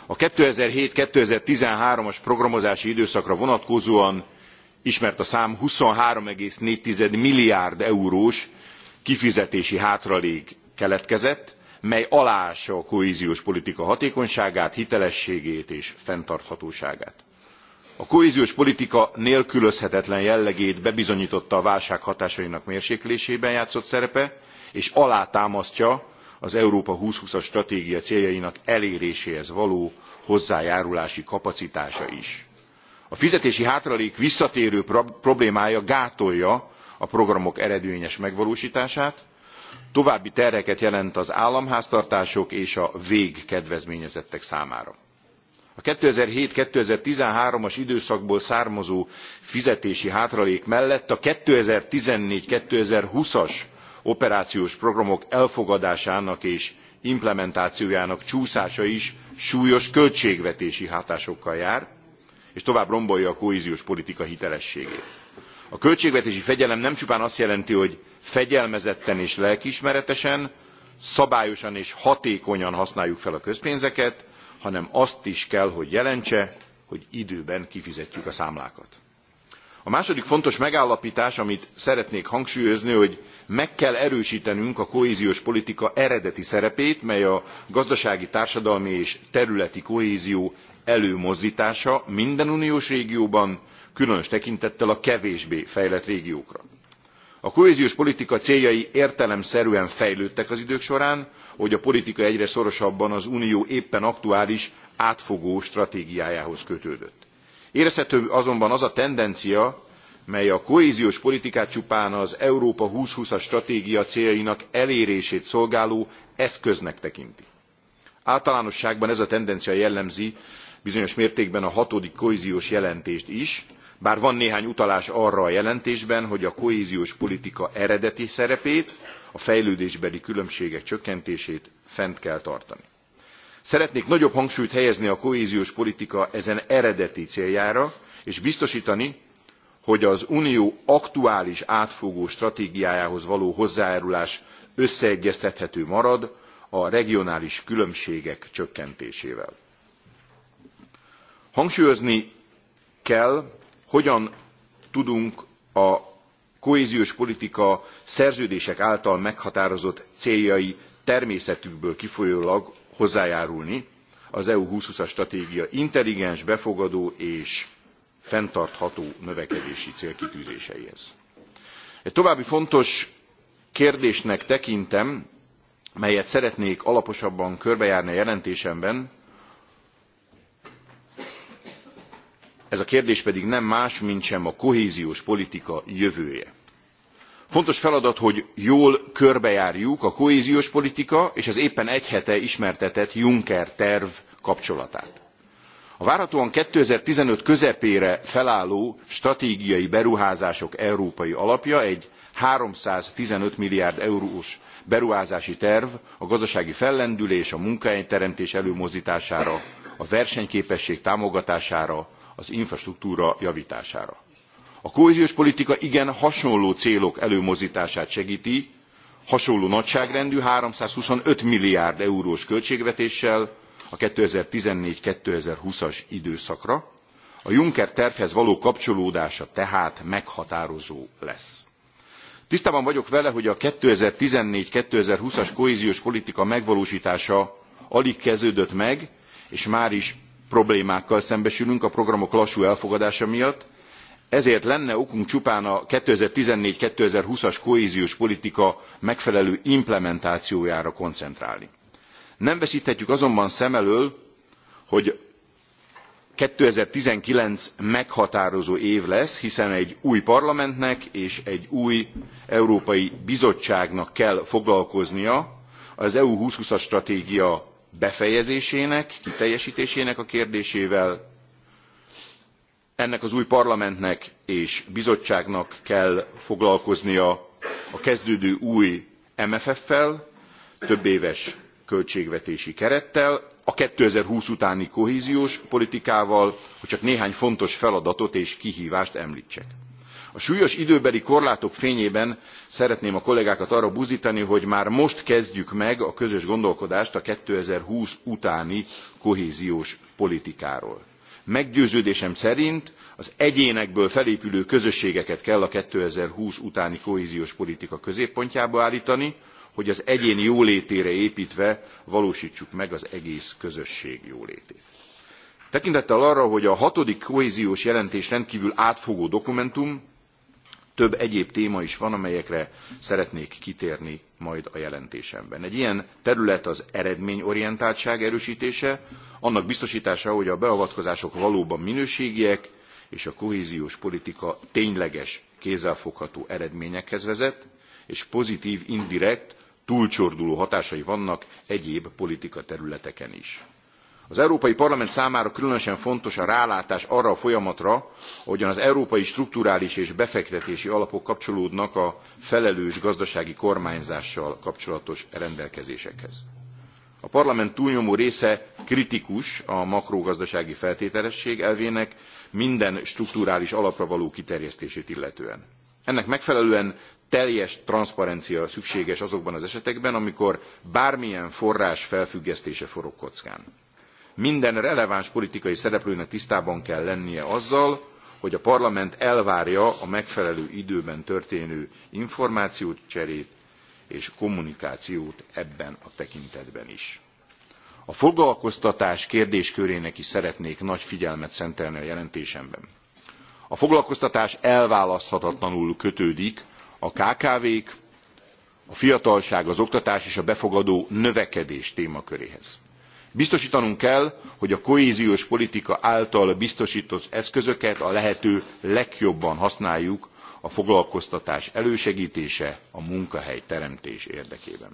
A 2007-2013-as programozási időszakra vonatkozóan ismert a szám twenty three four milliárd eurós kifizetési hátralék keletkezett mely aláássa a kohéziós politika hatékonyságát hitelességét és fenntarthatóságát. a kohéziós politika nélkülözhetetlen jellegét bebizonytotta a válság hatásainak mérséklésében játszott szerepe és alátámasztja az európa two thousand and twenty as stratégia céljainak eléréséhez való hozzájárulási kapacitása is a fizetési hátralék visszatérő problémája gátolja a programok eredményes megvalóstását további terheket jelent az államháztartások és a végkedvezményezettek számára. a two thousand and seven two thousand and thirteen as időszakból származó fizetési hátralék mellett a two thousand and fourteen two thousand and twenty as operációs programok elfogadásának és implementációjának csúszása is súlyos költségvetési hatásokkal jár és tovább rombolja a kohéziós politika hitelességét. a költségvetési fegyelem nem csupán azt jelenti hogy fegyelmezetten és lelkiismeretesen szabályosan és hatékonyan használjuk fel a közpénzeket hanem azt is kell hogy jelentse hogy időben kifizetjük a számlákat. a második fontos megállaptás amit szeretnék hangsúlyozni hogy meg kell erőstenünk a kohéziós politika eredeti szerepét mely a gazdasági társadalmi és területi kohézió előmozdtása minden uniós régióban különös tekintettel a kevésbé fejlett régiókra. a kohéziós politika céljai értelemszerűen fejlődtek az idők során ahogy a politika egyre szorosabban az unió éppen aktuális átfogó stratégiájához kötődött. érezhető azonban az a tendencia mely a kohéziós politikát csupán az európa two thousand and twenty as stratégia céljainak elérését szolgáló eszköznek tekinti. általánosságban ez a tendencia jellemzi bizonyos mértékben a hatodik kohéziós jelentést is bár van néhány utalás arra a jelentésben hogy a kohéziós politika eredeti szerepét a fejlődésbeli különbségek csökkentését fent kell tartani. szeretnék nagyobb hangsúlyt helyezni a kohéziós politika ezen eredeti céljára és biztostani hogy az unió aktuális átfogó stratégiájához való hozzájárulás összeegyeztethető marad a regionális különbségek csökkentésével hangsúlyozni kell hogyan tudunk a kohéziós politika szerződések által meghatározott céljai természetükből kifolyólag hozzájárulni az eu two thousand and twenty as stratégia intelligens befogadó és fenntartható növekedési célkitűzéseihez. egy további fontos kérdésnek tekintem melyet szeretnék alaposabban körbejárni a jelentésemben ez a kérdés pedig nem más mintsem a kohéziós politika jövője. fontos feladat hogy jól körbejárjuk a kohéziós politika és az éppen egy hete ismertetett juncker terv kapcsolatát. a várhatóan two thousand and fifteen közepére felálló stratégiai beruházások európai alapja egy three hundred and fifteen milliárd eurós beruházási terv a gazdasági fellendülés a munkahelyteremtés előmozdtására a versenyképesség támogatására az infrastruktúra javtására. a kohéziós politika igen hasonló célok előmozdtását segti hasonló nagyságrendű three hundred and twenty five milliárd eurós költségvetéssel a two thousand and fourteen two thousand and twenty as időszakra a juncker tervhez való kapcsolódása tehát meghatározó lesz. tisztában vagyok vele hogy a two thousand and fourteen two thousand and twenty as kohéziós politika megvalóstása alig kezdődött meg és máris problémákkal szembesülünk a programok lassú elfogadása miatt ezért lenne okunk csupán a two thousand and fourteen two thousand and twenty as kohéziós politika megfelelő implementációjára koncentrálni. nem veszthetjük azonban szem elől hogy two thousand and nineteen meghatározó év lesz hiszen egy új parlamentnek és egy új európai bizottságnak kell foglalkoznia az eu two thousand and twenty as stratégia befejezésének, kiteljesítésének a kérdésével. Ennek az új parlamentnek és bizottságnak kell foglalkoznia a kezdődő új MFF-fel, többéves költségvetési kerettel, a 2020 utáni kohéziós politikával, hogy csak néhány fontos feladatot és kihívást említsek a súlyos időbeli korlátok fényében szeretném a kollégákat arra buzdtani hogy már most kezdjük meg a közös gondolkodást a two thousand and twenty utáni kohéziós politikáról. meggyőződésem szerint az egyénekből felépülő közösségeket kell a two thousand and twenty utáni kohéziós politika középpontjába álltani hogy az egyén jólétére éptve valóstsuk meg az egész közösség jólétét tekintettel arra hogy a hatodik kohéziós jelentés rendkvül átfogó dokumentum több egyéb téma is van, amelyekre szeretnék kitérni majd a jelentésemben. Egy ilyen terület az eredményorientáltság erősítése, annak biztosítása, hogy a beavatkozások valóban minőségiek, és a kohéziós politika tényleges, kézzelfogható eredményekhez vezet, és pozitív, indirekt, túlcsorduló hatásai vannak egyéb politikaterületeken is az európai parlament számára különösen fontos a rálátás arra a folyamatra ahogyan az európai strukturális és befektetési alapok kapcsolódnak a felelős gazdasági kormányzással kapcsolatos rendelkezésekhez. a parlament túlnyomó része kritikus a makrogazdasági feltételesség elvének minden strukturális alapra való kiterjesztését illetően. ennek megfelelően teljes transzparencia szükséges azokban az esetekben amikor bármilyen forrás felfüggesztése forog kockán minden releváns politikai szereplőnek tisztában kell lennie azzal hogy a parlament elvárja a megfelelő időben történő információcserét és kommunikációt ebben a tekintetben is. a foglalkoztatás kérdéskörének is szeretnék nagy figyelmet szentelni a jelentésemben. a foglalkoztatás elválaszthatatlanul kötődik a kkv k a fiatalság az oktatás és a befogadó növekedés témaköréhez biztostanunk kell hogy a kohéziós politika által biztostott eszközöket a lehető legjobban használjuk a foglalkoztatás elősegtése a munkahelyteremtés érdekében.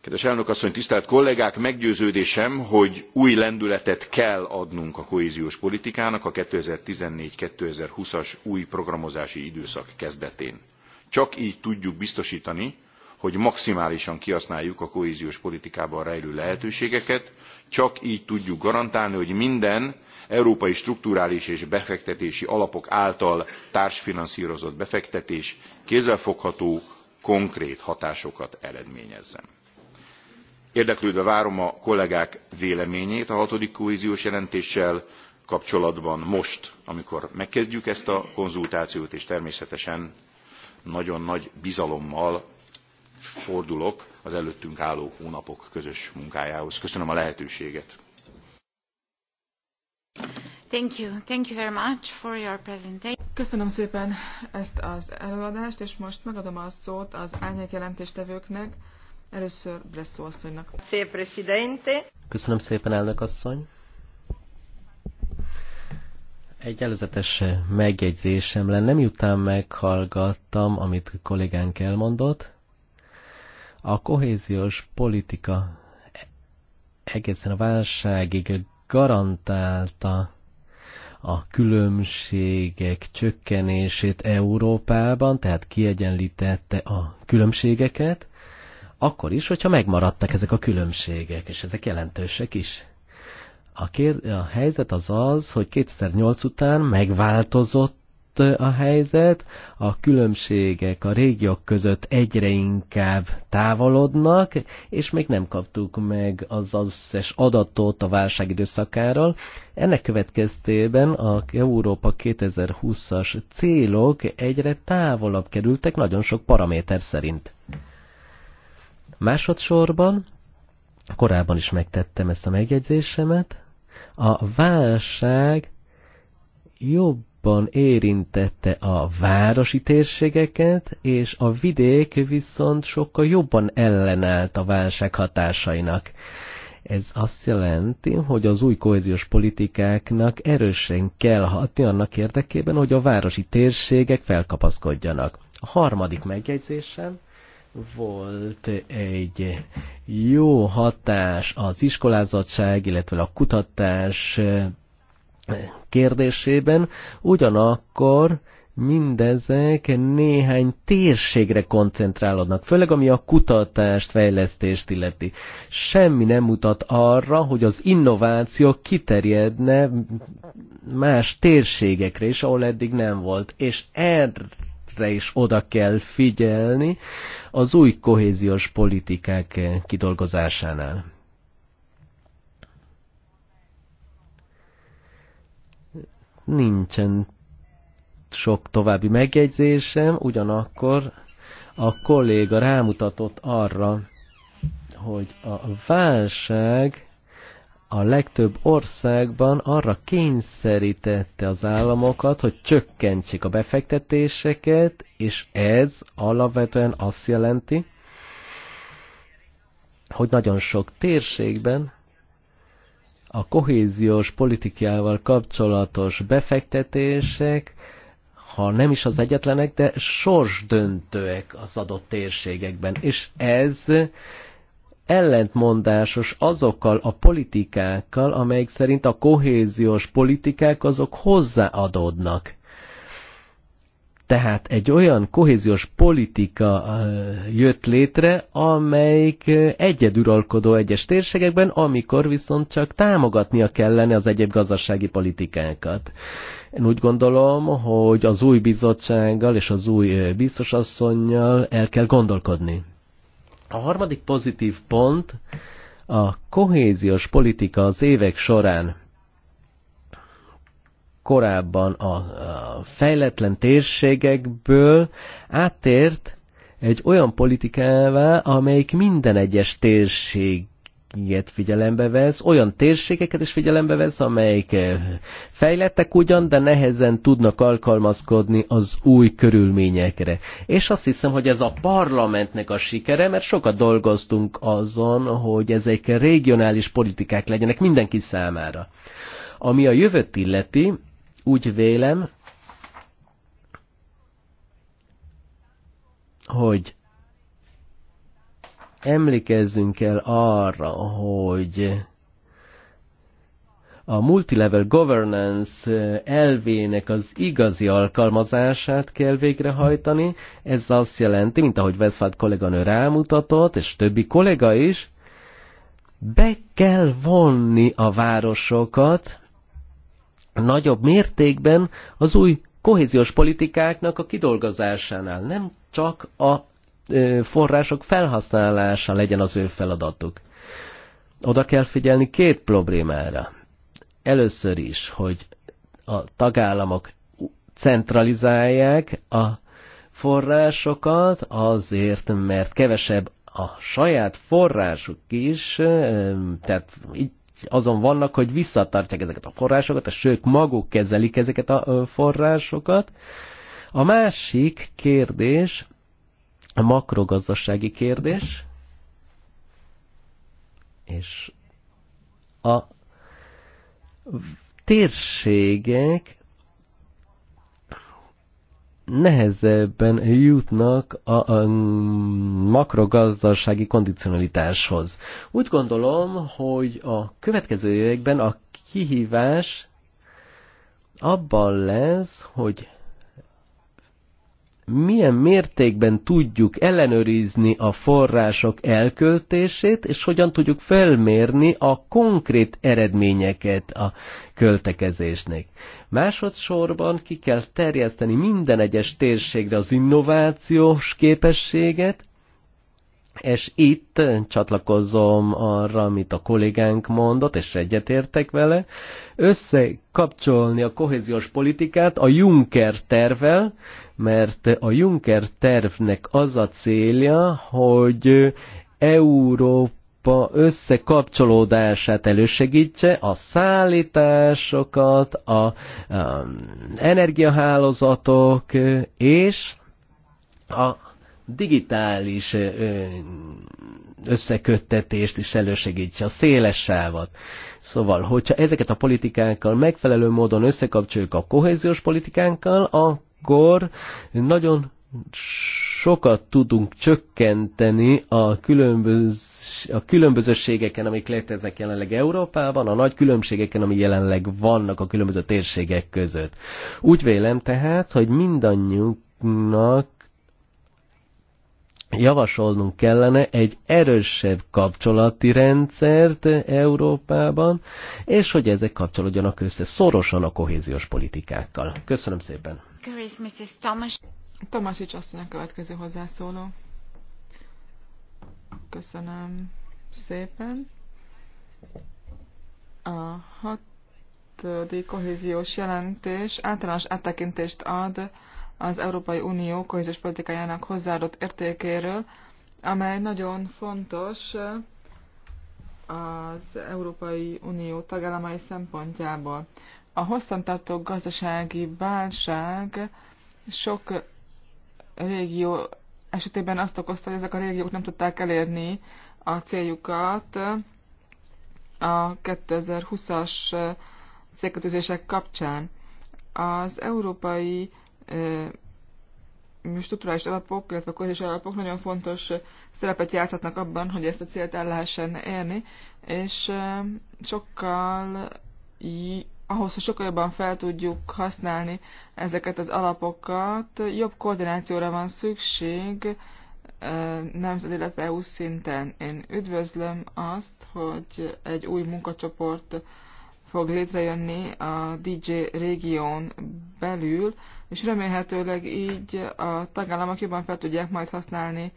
kedves elnök asszony tisztelt kollégák meggyőződésem hogy új lendületet kell adnunk a kohéziós politikának a two thousand and fourteen two thousand and twenty as új programozási időszak kezdetén. csak gy tudjuk biztostani hogy maximálisan kihasználjuk a kohéziós politikában rejlő lehetőségeket, csak így tudjuk garantálni, hogy minden európai strukturális és befektetési alapok által társfinanszrozott befektetés kézzelfogható, konkrét hatásokat eredményezzen. Érdeklődve várom a kollégák véleményét a hatodik kohéziós jelentéssel kapcsolatban most, amikor megkezdjük ezt a konzultációt, és természetesen nagyon nagy bizalommal fordulok az előttünk álló hónapok közös munkájához. Köszönöm a lehetőséget. Thank you. Thank you very much for your presentation. Köszönöm szépen ezt az előadást, és most megadom a szót az álnyék jelentéstevőknek. Először Bresszó asszonynak. Köszönöm szépen, elnök asszony. Egy előzetes megjegyzésem lenne, miután meghallgattam, amit kollégánk elmondott. A kohéziós politika egészen a válságig garantálta a különbségek csökkenését Európában, tehát kiegyenlítette a különbségeket, akkor is, hogyha megmaradtak ezek a különbségek, és ezek jelentősek is. A, kér, a helyzet az az, hogy 2008 után megváltozott a helyzet, a különbségek a régiók között egyre inkább távolodnak, és még nem kaptuk meg az összes adatot a válság időszakáról. Ennek következtében a Európa 2020-as célok egyre távolabb kerültek nagyon sok paraméter szerint. Másodszorban, korábban is megtettem ezt a megjegyzésemet, a válság jobb nagyban érintette a városi térségeket, és a vidék viszont sokkal jobban ellenállt a válság hatásainak. Ez azt jelenti, hogy az új kohéziós politikáknak erősen kell hatni annak érdekében, hogy a városi térségek felkapaszkodjanak. A harmadik megjegyzésem, volt egy jó hatás az iskolázottság, illetve a kutatás kérdésében, ugyanakkor mindezek néhány térségre koncentrálódnak, főleg ami a kutatást, fejlesztést illeti. Semmi nem mutat arra, hogy az innováció kiterjedne más térségekre is, ahol eddig nem volt. És erre is oda kell figyelni az új kohéziós politikák kidolgozásánál. Nincsen sok további megjegyzésem, ugyanakkor a kolléga rámutatott arra, hogy a válság a legtöbb országban arra kényszerítette az államokat, hogy csökkentsék a befektetéseket, és ez alapvetően azt jelenti, hogy nagyon sok térségben a kohéziós politikával kapcsolatos befektetések, ha nem is az egyetlenek, de sorsdöntőek az adott térségekben. És ez ellentmondásos azokkal a politikákkal, amelyek szerint a kohéziós politikák azok hozzáadódnak tehát egy olyan kohéziós politika jött létre, amelyik egyeduralkodó egyes térségekben, amikor viszont csak támogatnia kellene az egyéb gazdasági politikákat. Én úgy gondolom, hogy az új bizottsággal és az új biztosasszonynal el kell gondolkodni. A harmadik pozitív pont a kohéziós politika az évek során korábban a, a fejletlen térségekből áttért egy olyan politikává, amelyik minden egyes térség ilyet figyelembe vesz, olyan térségeket is figyelembe vesz, amelyik fejlettek ugyan, de nehezen tudnak alkalmazkodni az új körülményekre. És azt hiszem, hogy ez a parlamentnek a sikere, mert sokat dolgoztunk azon, hogy ezek regionális politikák legyenek mindenki számára. Ami a jövőt illeti, úgy vélem, hogy emlékezzünk el arra, hogy a multilevel governance elvének az igazi alkalmazását kell végrehajtani. Ez azt jelenti, mint ahogy Westphal kolléganő rámutatott, és többi kollega is, be kell vonni a városokat, nagyobb mértékben az új kohéziós politikáknak a kidolgozásánál, nem csak a források felhasználása legyen az ő feladatuk. Oda kell figyelni két problémára. Először is, hogy a tagállamok centralizálják a forrásokat azért, mert kevesebb a saját forrásuk is, tehát így azon vannak, hogy visszatartják ezeket a forrásokat, és ők maguk kezelik ezeket a forrásokat. A másik kérdés, a makrogazdasági kérdés, és a térségek nehezebben jutnak a, a makrogazdasági kondicionalitáshoz. Úgy gondolom, hogy a következő években a kihívás abban lesz, hogy milyen mértékben tudjuk ellenőrizni a források elköltését, és hogyan tudjuk felmérni a konkrét eredményeket a költekezésnek. Másodszorban ki kell terjeszteni minden egyes térségre az innovációs képességet, és itt csatlakozom arra, amit a kollégánk mondott, és egyetértek vele, összekapcsolni a kohéziós politikát a Juncker tervvel, mert a Juncker tervnek az a célja, hogy Európa összekapcsolódását elősegítse, a szállításokat, a, a energiahálózatok és a digitális összeköttetést is elősegítse, a széles sávat. Szóval, hogyha ezeket a politikákkal megfelelő módon összekapcsoljuk a kohéziós politikánkkal, akkor nagyon sokat tudunk csökkenteni a, különböz, a különbözőségeken, amik léteznek jelenleg Európában, a nagy különbségeken, ami jelenleg vannak a különböző térségek között. Úgy vélem tehát, hogy mindannyiunknak javasolnunk kellene egy erősebb kapcsolati rendszert Európában, és hogy ezek kapcsolódjanak össze szorosan a kohéziós politikákkal. Köszönöm szépen! Tomasics asszony a következő hozzászóló. Köszönöm szépen. A hatodik kohéziós jelentés általános áttekintést ad az Európai Unió kohéziós politikájának hozzáadott értékéről, amely nagyon fontos eh, az Európai Unió tagállamai szempontjából. A hosszantartó gazdasági válság sok régió esetében azt okozta, hogy ezek a régiók nem tudták elérni a céljukat a 2020-as célkötözések kapcsán. Az Európai strukturális alapok, illetve közös alapok nagyon fontos szerepet játszhatnak abban, hogy ezt a célt el lehessen érni, és sokkal ahhoz, hogy sokkal jobban fel tudjuk használni ezeket az alapokat, jobb koordinációra van szükség nemzet, illetve EU szinten. Én üdvözlöm azt, hogy egy új munkacsoport fog létrejönni a DJ régión belül, és remélhetőleg így a tagállamok jobban fel tudják majd használni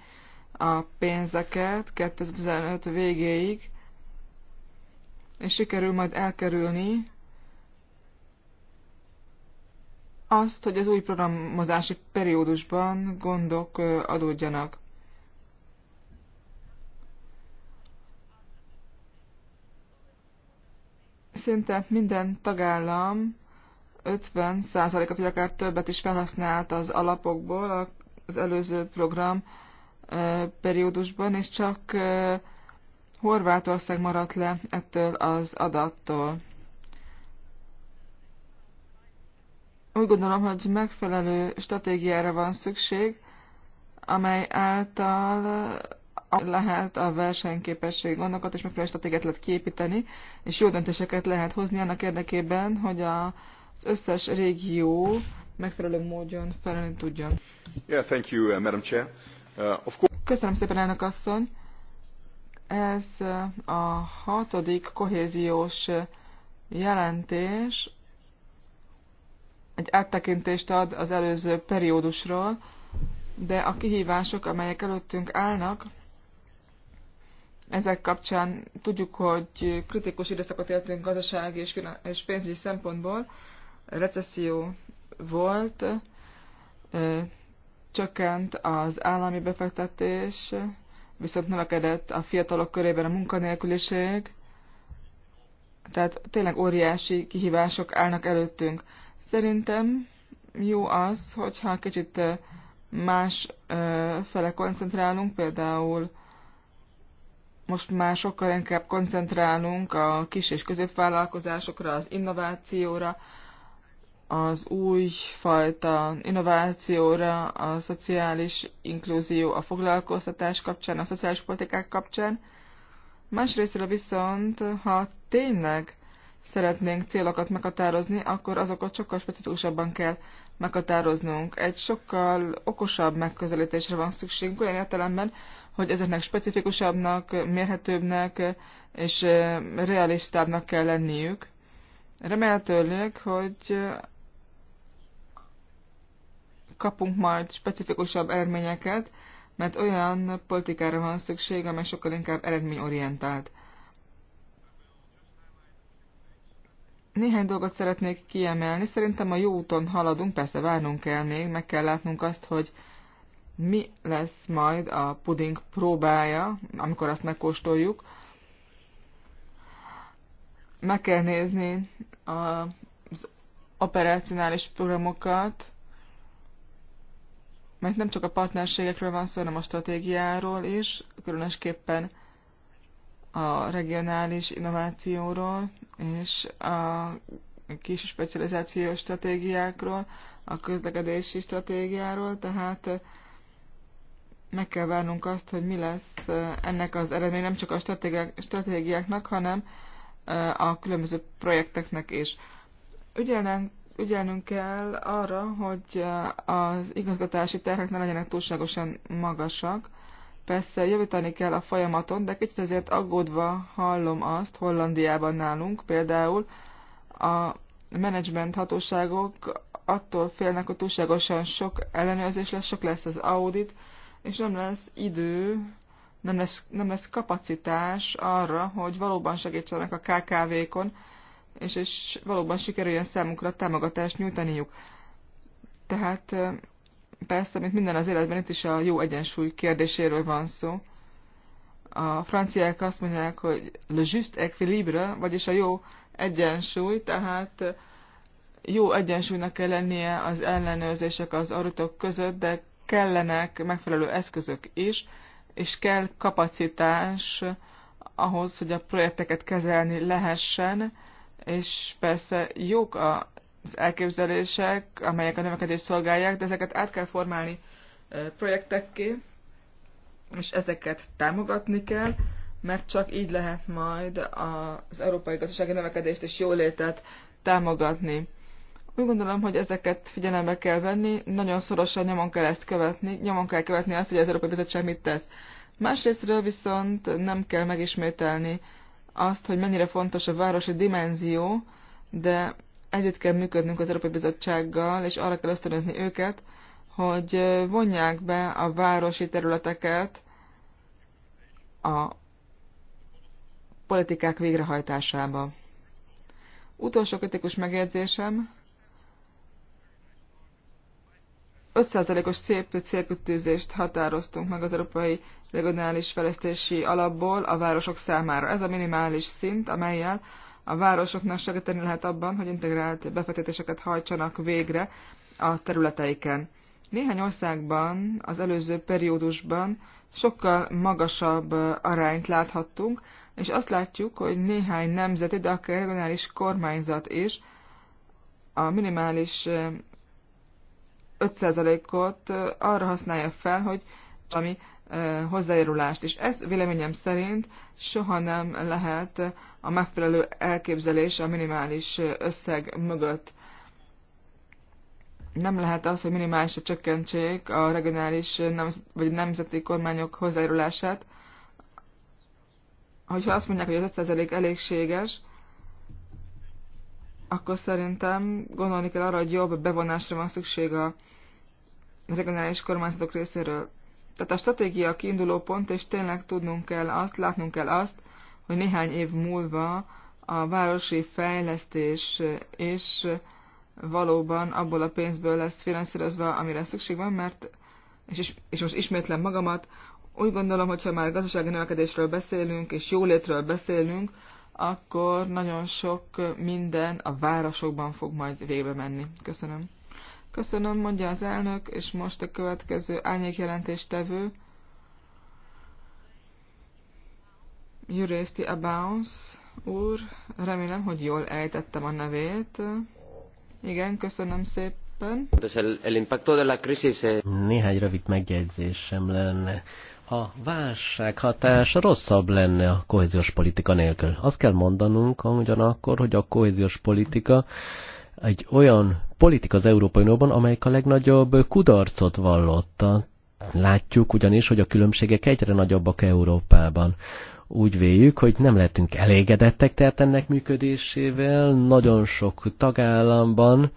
a pénzeket 2015 végéig, és sikerül majd elkerülni azt, hogy az új programozási periódusban gondok adódjanak. szinte minden tagállam 50%-a, vagy akár többet is felhasznált az alapokból az előző program periódusban, és csak Horvátország maradt le ettől az adattól. Úgy gondolom, hogy megfelelő stratégiára van szükség, amely által lehet a versenyképesség gondokat, és megfelelő stratégiát lehet képíteni, és jó döntéseket lehet hozni annak érdekében, hogy a, az összes régió megfelelő módon felelni tudjon. Yeah, thank you, uh, Madam Chair. Uh, of course... Köszönöm szépen, elnök asszony. Ez uh, a hatodik kohéziós uh, jelentés egy áttekintést ad az előző periódusról, de a kihívások, amelyek előttünk állnak, ezek kapcsán tudjuk, hogy kritikus időszakot éltünk gazdasági és, és pénzügyi szempontból. Recesszió volt, csökkent az állami befektetés, viszont növekedett a fiatalok körében a munkanélküliség, tehát tényleg óriási kihívások állnak előttünk. Szerintem jó az, hogyha kicsit más fele koncentrálunk, például most már sokkal inkább koncentrálunk a kis és középvállalkozásokra, az innovációra, az új fajta innovációra, a szociális inkluzió, a foglalkoztatás kapcsán, a szociális politikák kapcsán. Másrésztről viszont, ha tényleg szeretnénk célokat meghatározni, akkor azokat sokkal specifikusabban kell meghatároznunk. Egy sokkal okosabb megközelítésre van szükségünk olyan értelemben, hogy ezeknek specifikusabbnak, mérhetőbbnek és realistábbnak kell lenniük. Remélhetőleg, hogy kapunk majd specifikusabb eredményeket, mert olyan politikára van szükség, amely sokkal inkább eredményorientált. Néhány dolgot szeretnék kiemelni. Szerintem a jó úton haladunk, persze várnunk kell még, meg kell látnunk azt, hogy mi lesz majd a puding próbája, amikor azt megkóstoljuk. Meg kell nézni az operacionális programokat, mert nem csak a partnerségekről van szó, hanem a stratégiáról is, különösképpen a regionális innovációról és a kis specializációs stratégiákról, a közlekedési stratégiáról, tehát meg kell várnunk azt, hogy mi lesz ennek az eredmény nem csak a stratégiáknak, hanem a különböző projekteknek is. Ügyelnünk, ügyelnünk kell arra, hogy az igazgatási terhek ne legyenek túlságosan magasak. Persze javítani kell a folyamaton, de kicsit azért aggódva hallom azt Hollandiában nálunk például, a menedzsment hatóságok attól félnek, hogy túlságosan sok ellenőrzés lesz, sok lesz az audit, és nem lesz idő, nem lesz, nem lesz kapacitás arra, hogy valóban segítsenek a KKV-kon, és, és valóban sikerüljön számukra támogatást nyújtaniuk. Tehát persze, mint minden az életben, itt is a jó egyensúly kérdéséről van szó. A franciák azt mondják, hogy le juste équilibre, vagyis a jó egyensúly, tehát jó egyensúlynak kell lennie az ellenőrzések az adatok között, de kellenek megfelelő eszközök is, és kell kapacitás ahhoz, hogy a projekteket kezelni lehessen, és persze jók az elképzelések, amelyek a növekedést szolgálják, de ezeket át kell formálni projektekké, és ezeket támogatni kell, mert csak így lehet majd az európai gazdasági növekedést és jólétet támogatni. Úgy gondolom, hogy ezeket figyelembe kell venni, nagyon szorosan nyomon kell ezt követni, nyomon kell követni azt, hogy az Európai Bizottság mit tesz. Másrésztről viszont nem kell megismételni azt, hogy mennyire fontos a városi dimenzió, de együtt kell működnünk az Európai Bizottsággal, és arra kell ösztönözni őket, hogy vonják be a városi területeket a politikák végrehajtásába. Utolsó kritikus megjegyzésem, 5%-os célkütőzést határoztunk meg az Európai Regionális Fejlesztési Alapból a városok számára. Ez a minimális szint, amelyel a városoknak segíteni lehet abban, hogy integrált befektetéseket hajtsanak végre a területeiken. Néhány országban az előző periódusban sokkal magasabb arányt láthattunk, és azt látjuk, hogy néhány nemzeti, de akár regionális kormányzat is a minimális 5%-ot arra használja fel, hogy valami hozzájárulást. És ez véleményem szerint soha nem lehet a megfelelő elképzelés a minimális összeg mögött. Nem lehet az, hogy minimális a csökkentsék a regionális vagy nemzeti kormányok hozzájárulását. Hogyha azt mondják, hogy az 5% elégséges, akkor szerintem gondolni kell arra, hogy jobb bevonásra van szükség a regionális kormányzatok részéről. Tehát a stratégia kiinduló pont, és tényleg tudnunk kell azt, látnunk kell azt, hogy néhány év múlva a városi fejlesztés és valóban abból a pénzből lesz finanszírozva, amire szükség van, mert, és, is és most ismétlem magamat, úgy gondolom, hogyha már gazdasági növekedésről beszélünk, és jólétről beszélünk, akkor nagyon sok minden a városokban fog majd végbe menni. Köszönöm. Köszönöm, mondja az elnök, és most a következő árnyékjelentéstevő. Jurészti Abounce úr, remélem, hogy jól ejtettem a nevét. Igen, köszönöm szépen. Néhány rövid megjegyzésem lenne. A válság hatása rosszabb lenne a kohéziós politika nélkül. Azt kell mondanunk ugyanakkor, hogy a kohéziós politika egy olyan politika az Európai Unióban, amelyik a legnagyobb kudarcot vallotta. Látjuk ugyanis, hogy a különbségek egyre nagyobbak Európában. Úgy véljük, hogy nem lettünk elégedettek tehát ennek működésével. Nagyon sok tagállamban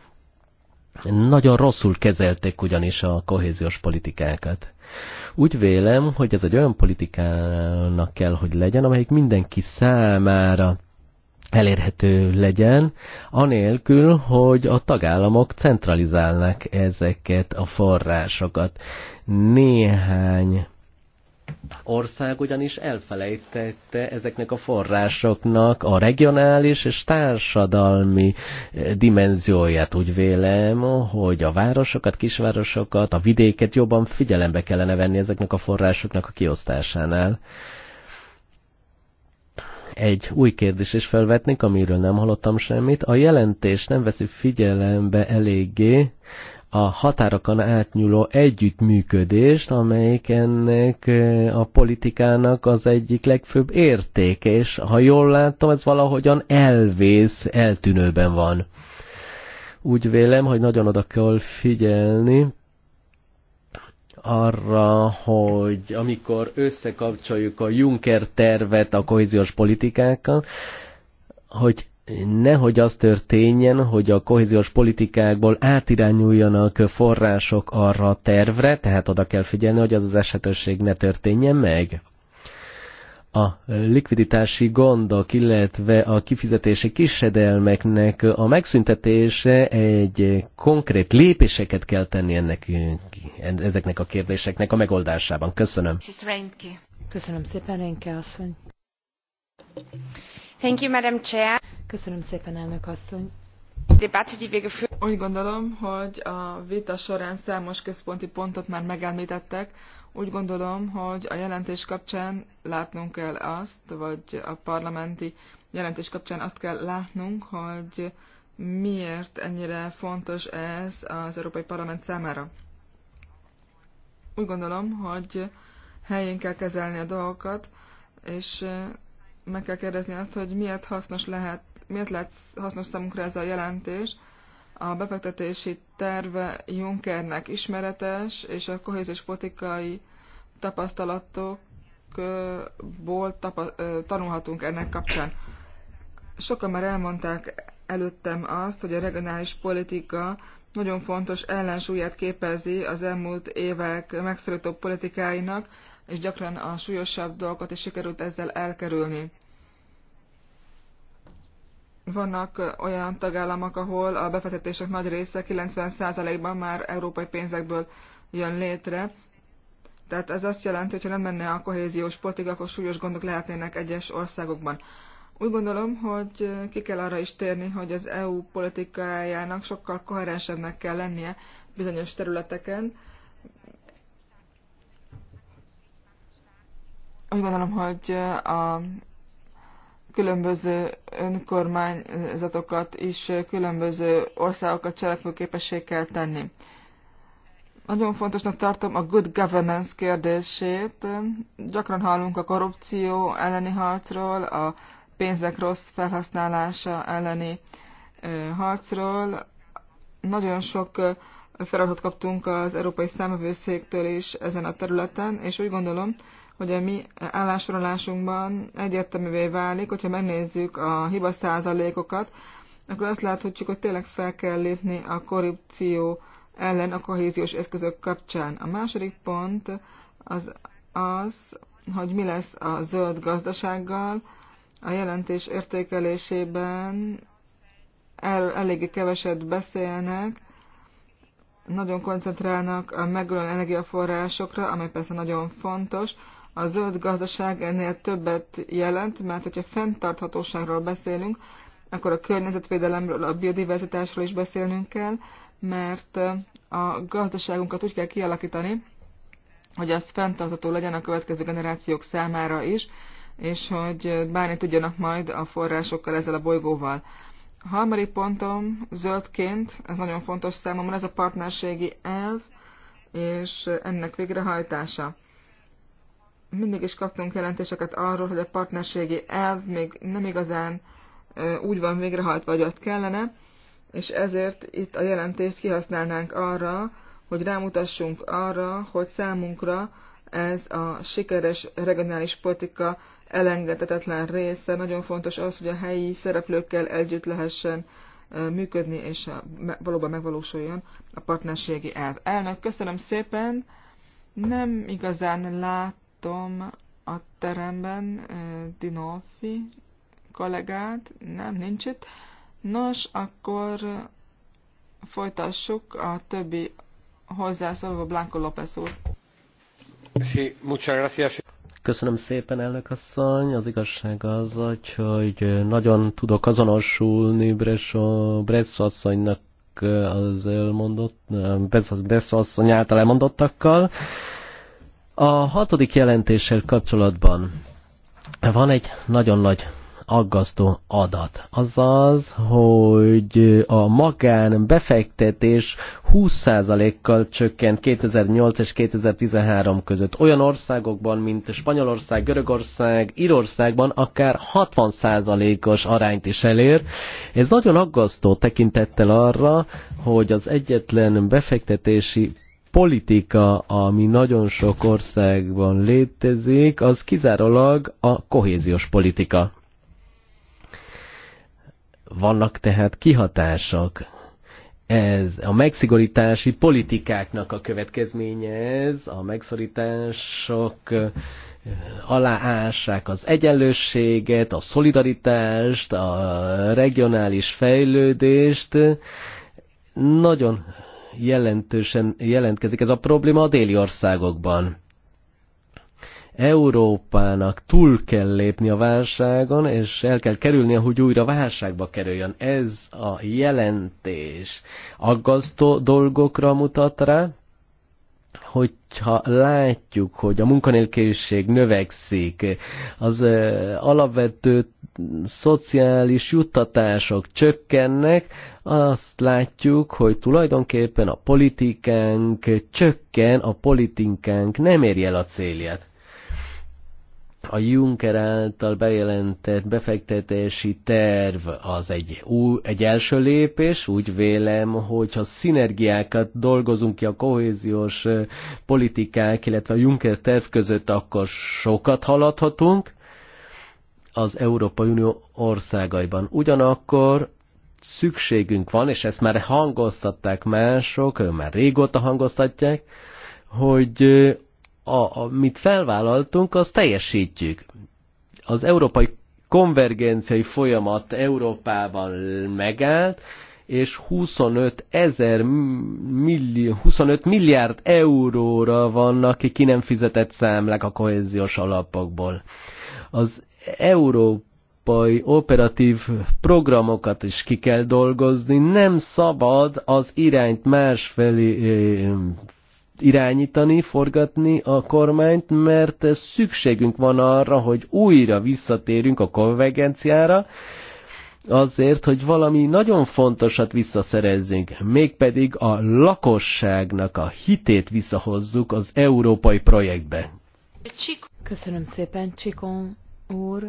nagyon rosszul kezelték ugyanis a kohéziós politikákat. Úgy vélem, hogy ez egy olyan politikának kell, hogy legyen, amelyik mindenki számára elérhető legyen, anélkül, hogy a tagállamok centralizálnak ezeket a forrásokat. Néhány ország ugyanis elfelejtette ezeknek a forrásoknak a regionális és társadalmi eh, dimenzióját. Úgy vélem, hogy a városokat, kisvárosokat, a vidéket jobban figyelembe kellene venni ezeknek a forrásoknak a kiosztásánál egy új kérdés is felvetnék, amiről nem hallottam semmit. A jelentés nem veszi figyelembe eléggé a határokon átnyúló együttműködést, amelyik ennek a politikának az egyik legfőbb értéke, és ha jól látom, ez valahogyan elvész, eltűnőben van. Úgy vélem, hogy nagyon oda kell figyelni arra, hogy amikor összekapcsoljuk a Juncker tervet a kohéziós politikákkal, hogy nehogy az történjen, hogy a kohéziós politikákból átirányuljanak források arra a tervre, tehát oda kell figyelni, hogy az az esetőség ne történjen meg a likviditási gondok, illetve a kifizetési kisedelmeknek a megszüntetése egy konkrét lépéseket kell tenni ennek, ezeknek a kérdéseknek a megoldásában. Köszönöm. Köszönöm szépen, Renke asszony. Thank you, Madam Chair. Köszönöm szépen, elnök asszony. Úgy gondolom, hogy a vita során számos központi pontot már megelmítettek, úgy gondolom, hogy a jelentés kapcsán látnunk kell azt, vagy a parlamenti jelentés kapcsán azt kell látnunk, hogy miért ennyire fontos ez az Európai Parlament számára. Úgy gondolom, hogy helyén kell kezelni a dolgokat, és meg kell kérdezni azt, hogy miért hasznos lehet, miért lesz hasznos számunkra ez a jelentés, a befektetési terve Junckernek ismeretes, és a kohéziós politikai tapasztalatokból tapa- tanulhatunk ennek kapcsán. Sokan már elmondták előttem azt, hogy a regionális politika nagyon fontos ellensúlyát képezi az elmúlt évek megszorító politikáinak, és gyakran a súlyosabb dolgokat is sikerült ezzel elkerülni vannak olyan tagállamok, ahol a befektetések nagy része 90%-ban már európai pénzekből jön létre. Tehát ez azt jelenti, hogy ha nem menne a kohéziós politika, akkor súlyos gondok lehetnének egyes országokban. Úgy gondolom, hogy ki kell arra is térni, hogy az EU politikájának sokkal koherensebbnek kell lennie bizonyos területeken. Úgy gondolom, hogy a különböző önkormányzatokat is különböző országokat cselekvőképessé kell tenni. Nagyon fontosnak tartom a good governance kérdését. Gyakran hallunk a korrupció elleni harcról, a pénzek rossz felhasználása elleni harcról. Nagyon sok feladatot kaptunk az Európai Számövőszéktől is ezen a területen, és úgy gondolom, hogy a mi állásfoglalásunkban egyértelművé válik, hogyha megnézzük a hiba százalékokat, akkor azt láthatjuk, hogy tényleg fel kell lépni a korrupció ellen a kohéziós eszközök kapcsán. A második pont az az, hogy mi lesz a zöld gazdasággal. A jelentés értékelésében erről eléggé keveset beszélnek, nagyon koncentrálnak a megújuló energiaforrásokra, amely persze nagyon fontos, a zöld gazdaság ennél többet jelent, mert hogyha fenntarthatóságról beszélünk, akkor a környezetvédelemről, a biodiverzitásról is beszélnünk kell, mert a gazdaságunkat úgy kell kialakítani, hogy az fenntartható legyen a következő generációk számára is, és hogy bánni tudjanak majd a forrásokkal ezzel a bolygóval. A harmadik pontom zöldként, ez nagyon fontos számomra, ez a partnerségi elv és ennek végrehajtása mindig is kaptunk jelentéseket arról, hogy a partnerségi elv még nem igazán úgy van végrehajtva, vagy ott kellene, és ezért itt a jelentést kihasználnánk arra, hogy rámutassunk arra, hogy számunkra ez a sikeres regionális politika elengedhetetlen része. Nagyon fontos az, hogy a helyi szereplőkkel együtt lehessen működni, és valóban megvalósuljon a partnerségi elv. Elnök, köszönöm szépen! Nem igazán lát látom a teremben Dinolfi kollégát, nem, nincs itt. Nos, akkor folytassuk a többi hozzászólva Blanco López úr. Köszönöm szépen, elnök asszony. Az igazság az, hogy nagyon tudok azonosulni Bresso, Bresso asszonynak az elmondott, Bresso asszony által elmondottakkal. A hatodik jelentéssel kapcsolatban van egy nagyon nagy aggasztó adat. Azaz, hogy a magán befektetés 20%-kal csökkent 2008 és 2013 között. Olyan országokban, mint Spanyolország, Görögország, Írországban akár 60%-os arányt is elér. Ez nagyon aggasztó tekintettel arra, hogy az egyetlen befektetési politika, ami nagyon sok országban létezik, az kizárólag a kohéziós politika. Vannak tehát kihatások. Ez a megszigorítási politikáknak a következménye ez, a megszorítások aláássák az egyenlősséget, a szolidaritást, a regionális fejlődést. Nagyon jelentősen jelentkezik ez a probléma a déli országokban. Európának túl kell lépni a válságon, és el kell kerülnie, hogy újra válságba kerüljön. Ez a jelentés aggasztó dolgokra mutat rá, hogyha látjuk, hogy a munkanélküliség növekszik, az alapvető szociális juttatások csökkennek, azt látjuk, hogy tulajdonképpen a politikánk csökken, a politikánk nem érje el a célját a Juncker által bejelentett befektetési terv az egy, új, egy első lépés, úgy vélem, hogyha szinergiákat dolgozunk ki a kohéziós politikák, illetve a Juncker terv között, akkor sokat haladhatunk az Európai Unió országaiban. Ugyanakkor szükségünk van, és ezt már hangoztatták mások, már régóta hangoztatják, hogy a, amit felvállaltunk, azt teljesítjük. Az európai konvergenciai folyamat Európában megállt, és 25, ezer millió, 25 milliárd euróra vannak ki, ki nem fizetett számlák a kohéziós alapokból. Az európai operatív programokat is ki kell dolgozni, nem szabad az irányt másfelé irányítani, forgatni a kormányt, mert szükségünk van arra, hogy újra visszatérünk a konvergenciára, azért, hogy valami nagyon fontosat visszaszerezzünk, mégpedig a lakosságnak a hitét visszahozzuk az európai projektbe. Köszönöm szépen, Csikon úr.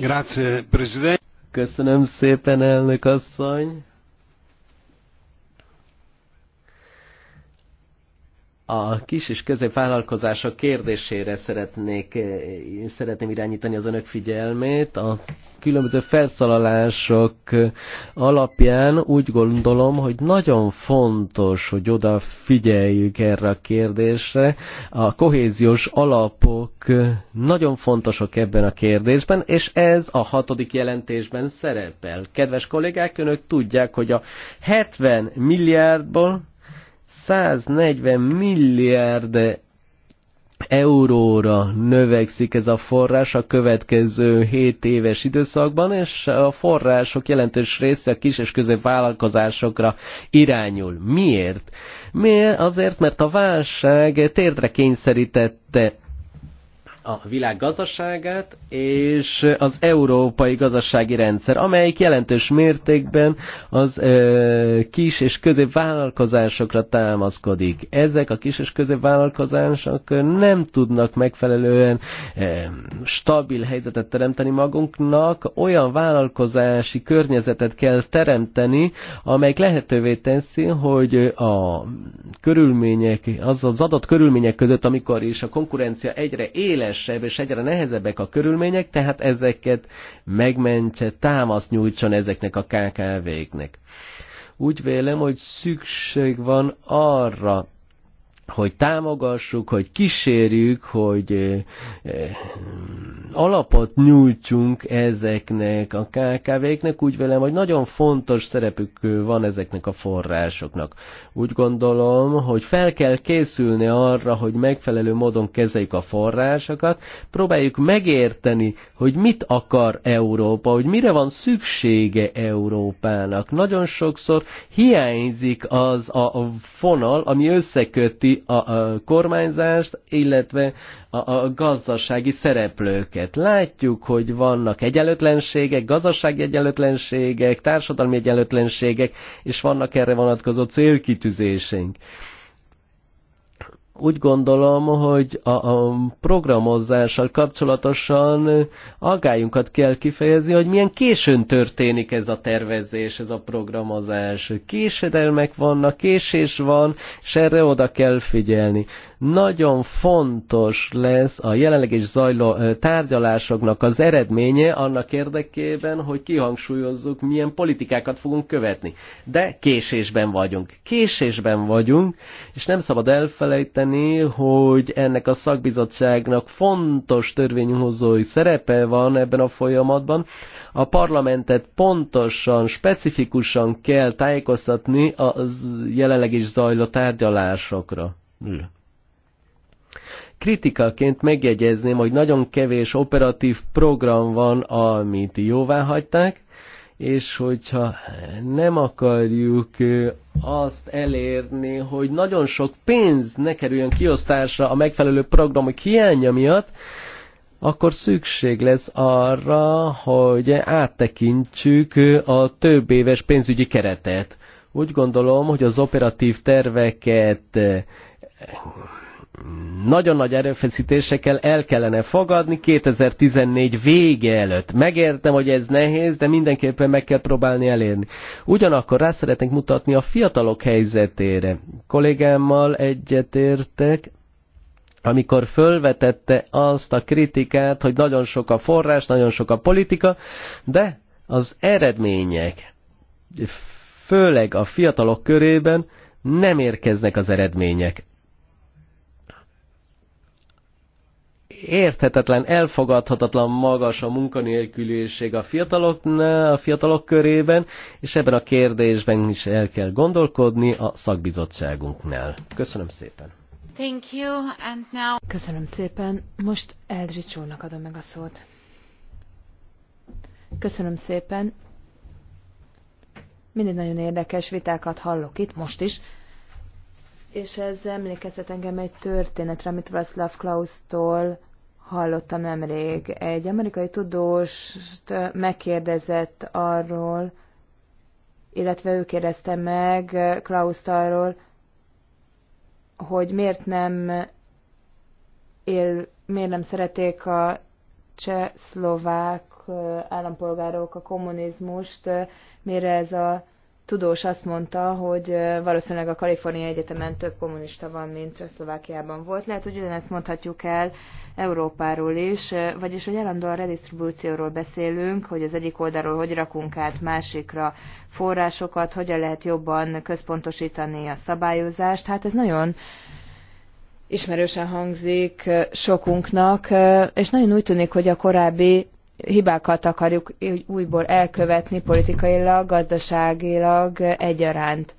Grazie, President. Köszönöm szépen, elnök asszony. a kis és középvállalkozások kérdésére szeretnék, szeretném irányítani az önök figyelmét. A különböző felszalalások alapján úgy gondolom, hogy nagyon fontos, hogy odafigyeljük erre a kérdésre. A kohéziós alapok nagyon fontosak ebben a kérdésben, és ez a hatodik jelentésben szerepel. Kedves kollégák, önök tudják, hogy a 70 milliárdból 140 milliárd euróra növekszik ez a forrás a következő 7 éves időszakban, és a források jelentős része a kis és középvállalkozásokra irányul. Miért? Miért? Azért, mert a válság térdre kényszerítette a világ gazdaságát és az európai gazdasági rendszer, amelyik jelentős mértékben az ö, kis és középvállalkozásokra támaszkodik. Ezek a kis és középvállalkozások nem tudnak megfelelően ö, stabil helyzetet teremteni magunknak, olyan vállalkozási környezetet kell teremteni, amelyik lehetővé teszi, hogy a körülmények, az az adott körülmények között, amikor is a konkurencia egyre éles, nehezebb és egyre nehezebbek a körülmények, tehát ezeket megmentse, támaszt nyújtson ezeknek a KKV-knek. Úgy vélem, hogy szükség van arra, hogy támogassuk, hogy kísérjük, hogy eh, eh, alapot nyújtsunk ezeknek a KKV-knek, úgy velem, hogy nagyon fontos szerepük van ezeknek a forrásoknak. Úgy gondolom, hogy fel kell készülni arra, hogy megfelelő módon kezeljük a forrásokat, próbáljuk megérteni, hogy mit akar Európa, hogy mire van szüksége Európának. Nagyon sokszor hiányzik az a fonal, ami összeköti a, a kormányzást, illetve a, a gazdasági szereplőket. Látjuk, hogy vannak egyenlőtlenségek, gazdasági egyenlőtlenségek, társadalmi egyenlőtlenségek, és vannak erre vonatkozó célkitűzéseink úgy gondolom, hogy a, a programozással kapcsolatosan aggályunkat kell kifejezni, hogy milyen későn történik ez a tervezés, ez a programozás. Késedelmek vannak, késés van, és erre oda kell figyelni. Nagyon fontos lesz a jelenleg is zajló tárgyalásoknak az eredménye annak érdekében, hogy kihangsúlyozzuk, milyen politikákat fogunk követni. De késésben vagyunk. Késésben vagyunk, és nem szabad elfelejteni, hogy ennek a szakbizottságnak fontos törvényhozói szerepe van ebben a folyamatban. A parlamentet pontosan, specifikusan kell tájékoztatni a jelenleg is zajló tárgyalásokra kritikaként megjegyezném, hogy nagyon kevés operatív program van, amit jóvá hagyták, és hogyha nem akarjuk azt elérni, hogy nagyon sok pénz ne kerüljön kiosztásra a megfelelő programok hiánya miatt, akkor szükség lesz arra, hogy áttekintsük a több éves pénzügyi keretet. Úgy gondolom, hogy az operatív terveket nagyon nagy erőfeszítésekkel el kellene fogadni 2014 vége előtt. Megértem, hogy ez nehéz, de mindenképpen meg kell próbálni elérni. Ugyanakkor rá szeretnénk mutatni a fiatalok helyzetére. Kollégámmal egyetértek, amikor fölvetette azt a kritikát, hogy nagyon sok a forrás, nagyon sok a politika, de az eredmények, főleg a fiatalok körében nem érkeznek az eredmények érthetetlen, elfogadhatatlan magas a munkanélküliség a fiataloknál, a fiatalok körében, és ebben a kérdésben is el kell gondolkodni a szakbizottságunknál. Köszönöm szépen! Thank you, and now... Köszönöm szépen. Most Eldridge úrnak adom meg a szót. Köszönöm szépen. Mindig nagyon érdekes vitákat hallok itt, most is. És ez emlékeztet engem egy történetre, amit Václav Klaus-tól hallottam nemrég. Egy amerikai tudós megkérdezett arról, illetve ő kérdezte meg klaus arról, hogy miért nem él, miért nem szereték a csehszlovák állampolgárok a kommunizmust, mire ez a tudós azt mondta, hogy valószínűleg a Kaliforniai Egyetemen több kommunista van, mint Szlovákiában volt. Lehet, hogy ugyanezt mondhatjuk el Európáról is, vagyis, hogy állandóan redistribúcióról beszélünk, hogy az egyik oldalról hogy rakunk át másikra forrásokat, hogyan lehet jobban központosítani a szabályozást. Hát ez nagyon ismerősen hangzik sokunknak, és nagyon úgy tűnik, hogy a korábbi hibákat akarjuk újból elkövetni politikailag, gazdaságilag egyaránt.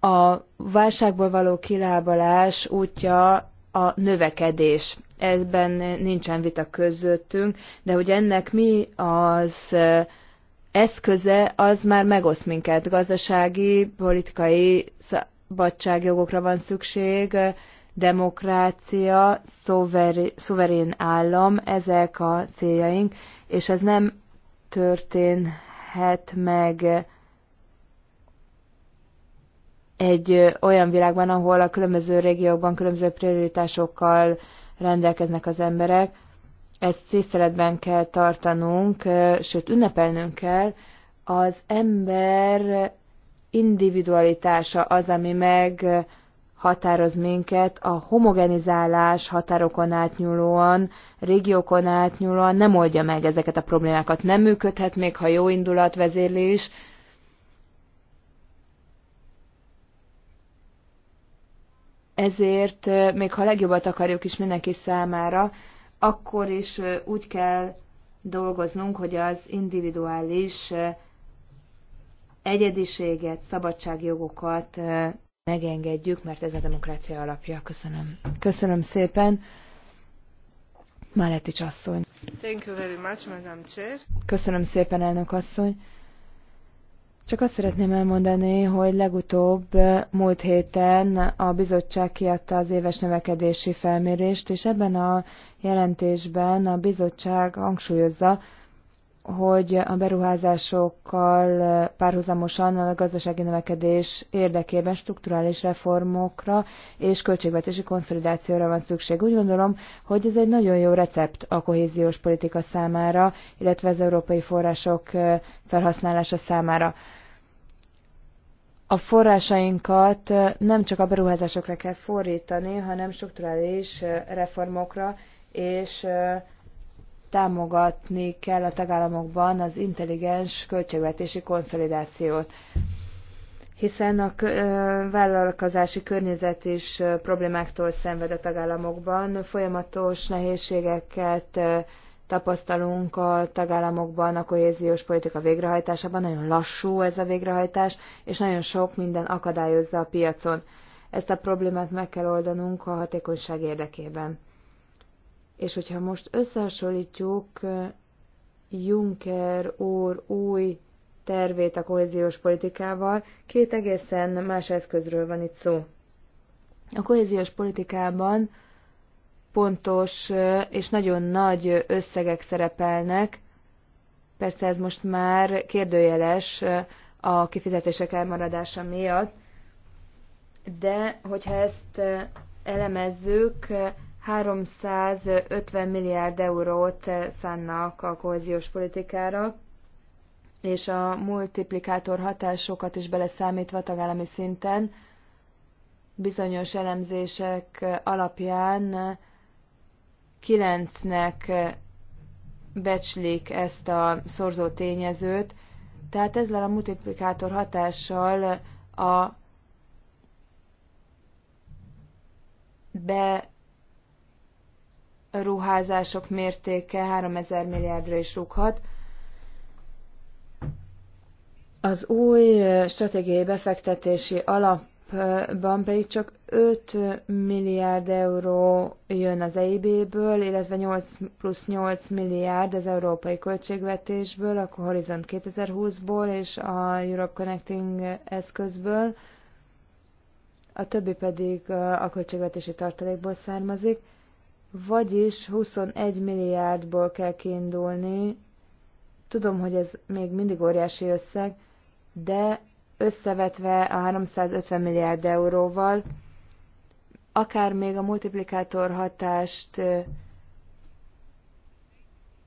A válságból való kilábalás útja a növekedés. Ebben nincsen vita közöttünk, de hogy ennek mi az eszköze, az már megoszt minket. Gazdasági, politikai szabadságjogokra van szükség, demokrácia, szoverén, szuverén állam, ezek a céljaink, és ez nem történhet meg egy olyan világban, ahol a különböző régiókban különböző prioritásokkal rendelkeznek az emberek. Ezt tiszteletben kell tartanunk, sőt ünnepelnünk kell. Az ember individualitása az, ami meg határoz minket, a homogenizálás határokon átnyúlóan, régiókon átnyúlóan nem oldja meg ezeket a problémákat. Nem működhet még, ha jó indulat vezérlés. is. Ezért, még ha legjobbat akarjuk is mindenki számára, akkor is úgy kell dolgoznunk, hogy az individuális egyediséget, szabadságjogokat megengedjük, mert ez a demokrácia alapja. Köszönöm. Köszönöm szépen. Máleti asszony. Thank you very much, Madam Chair. Köszönöm szépen, elnök asszony. Csak azt szeretném elmondani, hogy legutóbb múlt héten a bizottság kiadta az éves növekedési felmérést, és ebben a jelentésben a bizottság hangsúlyozza, hogy a beruházásokkal párhuzamosan a gazdasági növekedés érdekében strukturális reformokra és költségvetési konszolidációra van szükség. Úgy gondolom, hogy ez egy nagyon jó recept a kohéziós politika számára, illetve az európai források felhasználása számára. A forrásainkat nem csak a beruházásokra kell fordítani, hanem strukturális reformokra és támogatni kell a tagállamokban az intelligens költségvetési konszolidációt hiszen a vállalkozási környezet is problémáktól szenved a tagállamokban. Folyamatos nehézségeket tapasztalunk a tagállamokban a kohéziós politika végrehajtásában. Nagyon lassú ez a végrehajtás, és nagyon sok minden akadályozza a piacon. Ezt a problémát meg kell oldanunk a hatékonyság érdekében. És hogyha most összehasonlítjuk Juncker úr új tervét a kohéziós politikával, két egészen más eszközről van itt szó. A kohéziós politikában pontos és nagyon nagy összegek szerepelnek, persze ez most már kérdőjeles a kifizetések elmaradása miatt, de hogyha ezt elemezzük, 350 milliárd eurót szánnak a kohéziós politikára, és a multiplikátor hatásokat is beleszámítva tagállami szinten bizonyos elemzések alapján kilencnek becslik ezt a szorzó tényezőt, tehát ezzel a multiplikátor hatással a be ruházások mértéke 3000 milliárdra is rúghat. Az új stratégiai befektetési alapban pedig csak 5 milliárd euró jön az EIB-ből, illetve 8 plusz 8 milliárd az európai költségvetésből, a Horizon 2020-ból és a Europe Connecting eszközből, a többi pedig a költségvetési tartalékból származik. Vagyis 21 milliárdból kell kiindulni. Tudom, hogy ez még mindig óriási összeg, de összevetve a 350 milliárd euróval, akár még a multiplikátor hatást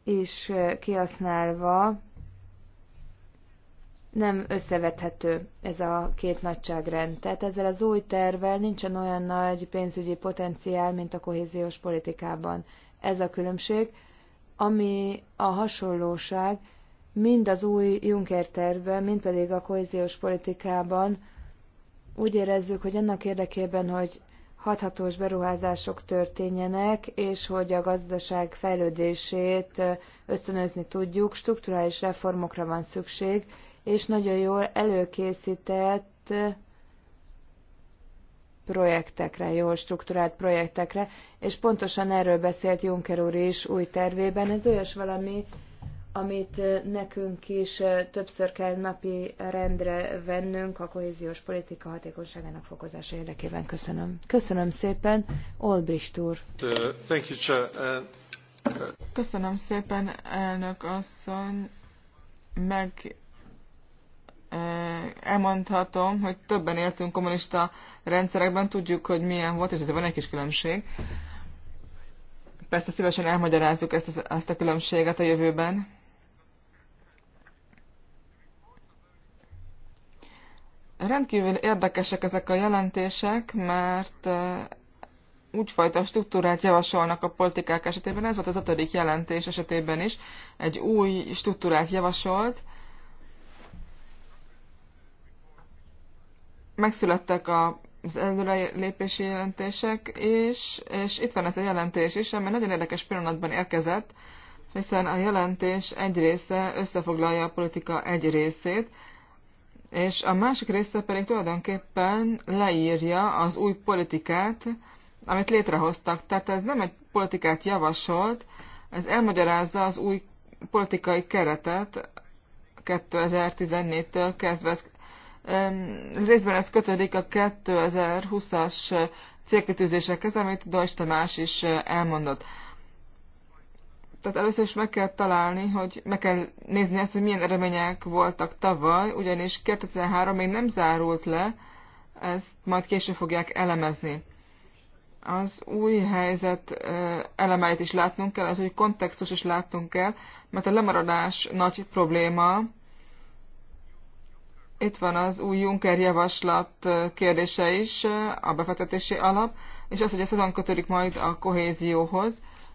is kihasználva, nem összevethető ez a két nagyságrend. Tehát ezzel az új tervvel nincsen olyan nagy pénzügyi potenciál, mint a kohéziós politikában. Ez a különbség, ami a hasonlóság mind az új Juncker tervben, mind pedig a kohéziós politikában úgy érezzük, hogy annak érdekében, hogy hathatós beruházások történjenek, és hogy a gazdaság fejlődését ösztönözni tudjuk, strukturális reformokra van szükség, és nagyon jól előkészített projektekre, jól struktúrált projektekre, és pontosan erről beszélt Juncker úr is új tervében. Ez olyas valami, amit nekünk is többször kell napi rendre vennünk a kohéziós politika hatékonyságának fokozása érdekében. Köszönöm. Köszönöm szépen, Olbrist úr. Uh, uh, Köszönöm szépen, elnök asszony. Meg elmondhatom, hogy többen éltünk kommunista rendszerekben, tudjuk, hogy milyen volt, és ez van egy kis különbség. Persze szívesen elmagyarázzuk ezt, ezt a különbséget a jövőben. Rendkívül érdekesek ezek a jelentések, mert úgyfajta struktúrát javasolnak a politikák esetében. Ez volt az ötödik jelentés esetében is. Egy új struktúrát javasolt, megszülettek a az előrelépési jelentések is, és itt van ez a jelentés is, amely nagyon érdekes pillanatban érkezett, hiszen a jelentés egy része összefoglalja a politika egy részét, és a másik része pedig tulajdonképpen leírja az új politikát, amit létrehoztak. Tehát ez nem egy politikát javasolt, ez elmagyarázza az új politikai keretet 2014-től kezdve részben ez kötődik a 2020-as célkitűzésekhez, amit Deutsch Tamás is eh, elmondott. Tehát először is meg kell találni, hogy meg kell nézni ezt, hogy milyen eredmények voltak tavaly, ugyanis 2003 még nem zárult le, ezt majd később fogják elemezni. Az új helyzet eh, elemeit is látnunk kell, az új kontextus is látnunk kell, mert a lemaradás nagy probléma, itt van az új Juncker javaslat kérdése is, a befektetési alap, és az, hogy ez hogyan kötődik majd a kohézióhoz,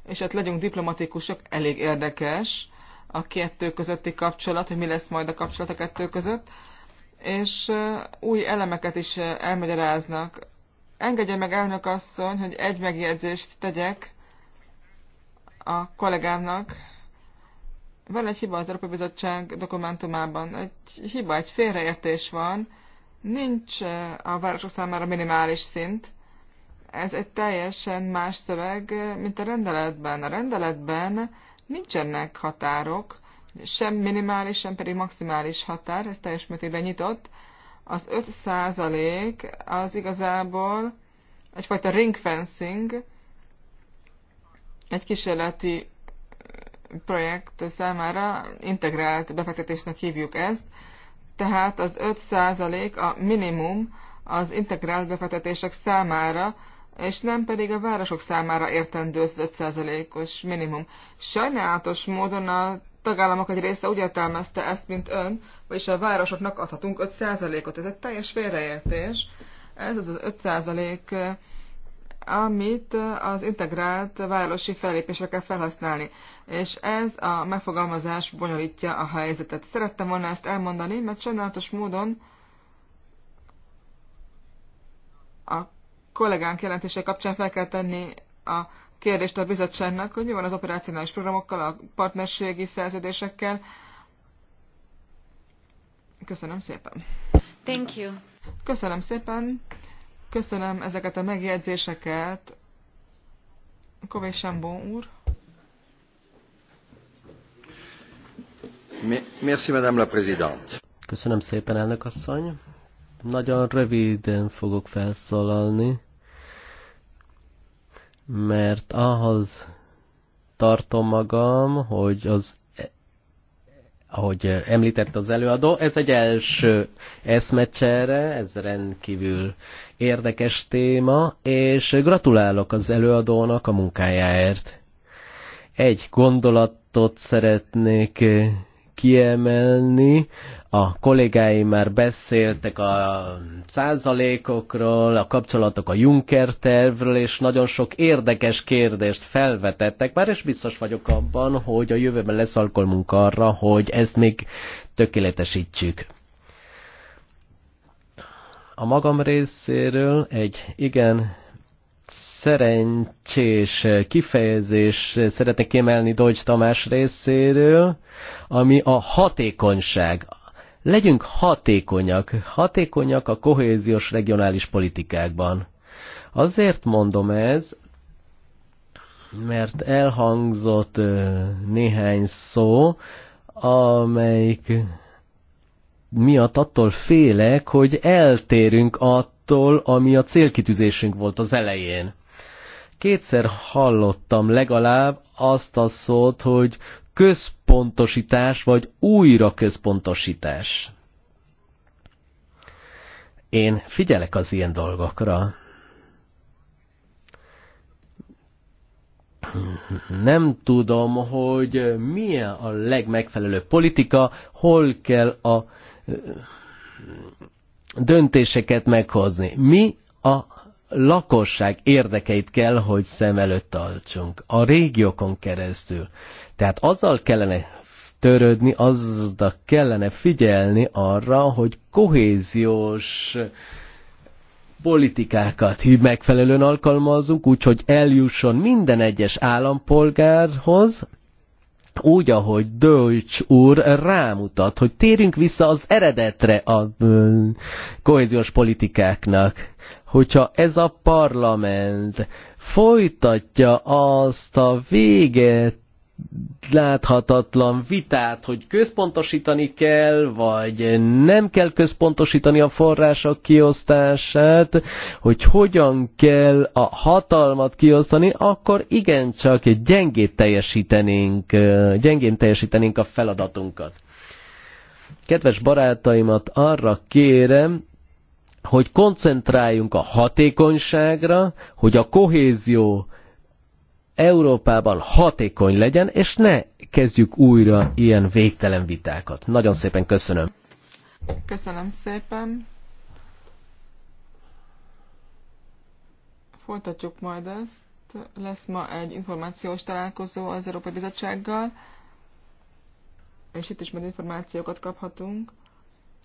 és hát legyünk diplomatikusok, elég érdekes a kettő közötti kapcsolat, hogy mi lesz majd a kapcsolat a kettő között, és új elemeket is elmagyaráznak. Engedje meg elnök asszony, hogy egy megjegyzést tegyek a kollégámnak, van egy hiba az Európai Bizottság dokumentumában, egy hiba, egy félreértés van, nincs eh, a városok számára minimális szint, ez egy teljesen más szöveg, eh, mint a rendeletben. A rendeletben nincsenek határok, sem minimális, sem pedig maximális határ, ez teljes mértékben nyitott. Az 5% az igazából egyfajta ring fencing, egy kísérleti projekt számára integrált befektetésnek hívjuk ezt, tehát az 5% a minimum az integrált befektetések számára, és nem pedig a városok számára értendő az 5%-os minimum. Sajnálatos módon a tagállamok egy része úgy értelmezte ezt, mint ön, vagyis a városoknak adhatunk 5%-ot. Ez egy teljes félreértés. Ez az 5% amit az integrált városi fellépésre kell felhasználni. És ez a megfogalmazás bonyolítja a helyzetet. Szerettem volna ezt elmondani, mert sajnálatos módon a kollégánk jelentése kapcsán fel kell tenni a kérdést a bizottságnak, hogy mi van az operacionális programokkal, a partnerségi szerződésekkel. Köszönöm szépen. Thank you. Köszönöm szépen. Köszönöm ezeket a megjegyzéseket. Kové Sambó úr. Merci, Madame la Présidente. Köszönöm szépen, elnök asszony. Nagyon röviden fogok felszólalni, mert ahhoz tartom magam, hogy az ahogy eh, említett az előadó, ez egy első eszmecsere, ez rendkívül érdekes téma, és gratulálok az előadónak a munkájáért. Egy gondolatot szeretnék eh, kiemelni. A kollégáim már beszéltek a százalékokról, a kapcsolatok a Juncker tervről, és nagyon sok érdekes kérdést felvetettek már, is biztos vagyok abban, hogy a jövőben lesz alkalmunk arra, hogy ezt még tökéletesítsük. A magam részéről egy igen szerencsés kifejezés szeretnék kiemelni Deutsch Tamás részéről, ami a hatékonyság. Legyünk hatékonyak, hatékonyak a kohéziós regionális politikákban. Azért mondom ez, mert elhangzott néhány szó, amelyik miatt attól félek, hogy eltérünk attól, ami a célkitűzésünk volt az elején. Kétszer hallottam legalább azt a szót, hogy központosítás vagy újra központosítás. Én figyelek az ilyen dolgokra. nem tudom, hogy milyen a legmegfelelőbb politika, hol kell a döntéseket meghozni. Mi a lakosság érdekeit kell, hogy szem előtt tartsunk. A régiókon keresztül. Tehát azzal kellene törődni, azzal kellene figyelni arra, hogy kohéziós politikákat megfelelően alkalmazunk, úgyhogy eljusson minden egyes állampolgárhoz, úgy, ahogy Deutsch úr rámutat, hogy térjünk vissza az eredetre a kohéziós politikáknak hogyha ez a parlament folytatja azt a véget, láthatatlan vitát, hogy központosítani kell, vagy nem kell központosítani a források kiosztását, hogy hogyan kell a hatalmat kiosztani, akkor igencsak gyengét teljesítenénk, gyengén teljesítenénk a feladatunkat. Kedves barátaimat, arra kérem, hogy koncentráljunk a hatékonyságra, hogy a kohézió Európában hatékony legyen, és ne kezdjük újra ilyen végtelen vitákat. Nagyon szépen köszönöm. Köszönöm szépen. Folytatjuk majd ezt. Lesz ma egy információs találkozó az Európai Bizottsággal, és itt is majd információkat kaphatunk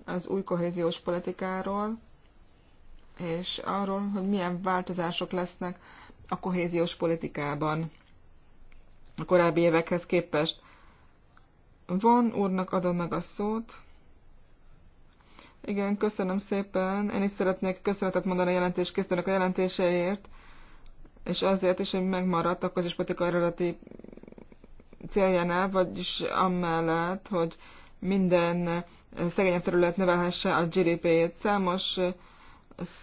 az új kohéziós politikáról és arról, hogy milyen változások lesznek a kohéziós politikában a korábbi évekhez képest. Von úrnak adom meg a szót. Igen, köszönöm szépen. Én is szeretnék köszönetet mondani a jelentés készítőnek a jelentéseért, és azért is, hogy megmaradt a közös politika eredeti céljánál, vagyis amellett, hogy minden szegényebb terület növelhesse a GDP-jét. Számos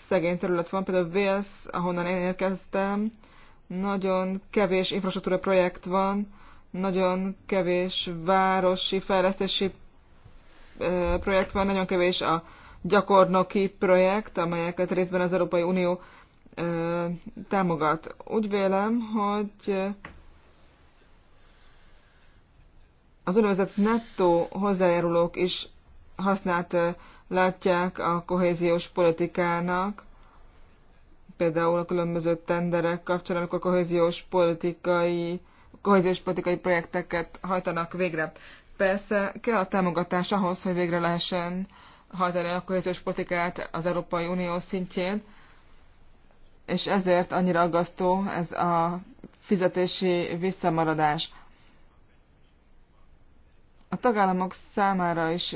szegény terület van, például Wales, ahonnan én érkeztem, nagyon kevés infrastruktúra projekt van, nagyon kevés városi fejlesztési projekt van, nagyon kevés a gyakornoki projekt, amelyeket részben az Európai Unió támogat. Úgy vélem, hogy az úgynevezett nettó hozzájárulók is használt látják a kohéziós politikának, például a különböző tenderek kapcsán, amikor kohéziós politikai, kohéziós politikai projekteket hajtanak végre. Persze kell a támogatás ahhoz, hogy végre lehessen hajtani a kohéziós politikát az Európai Unió szintjén, és ezért annyira aggasztó ez a fizetési visszamaradás. A tagállamok számára is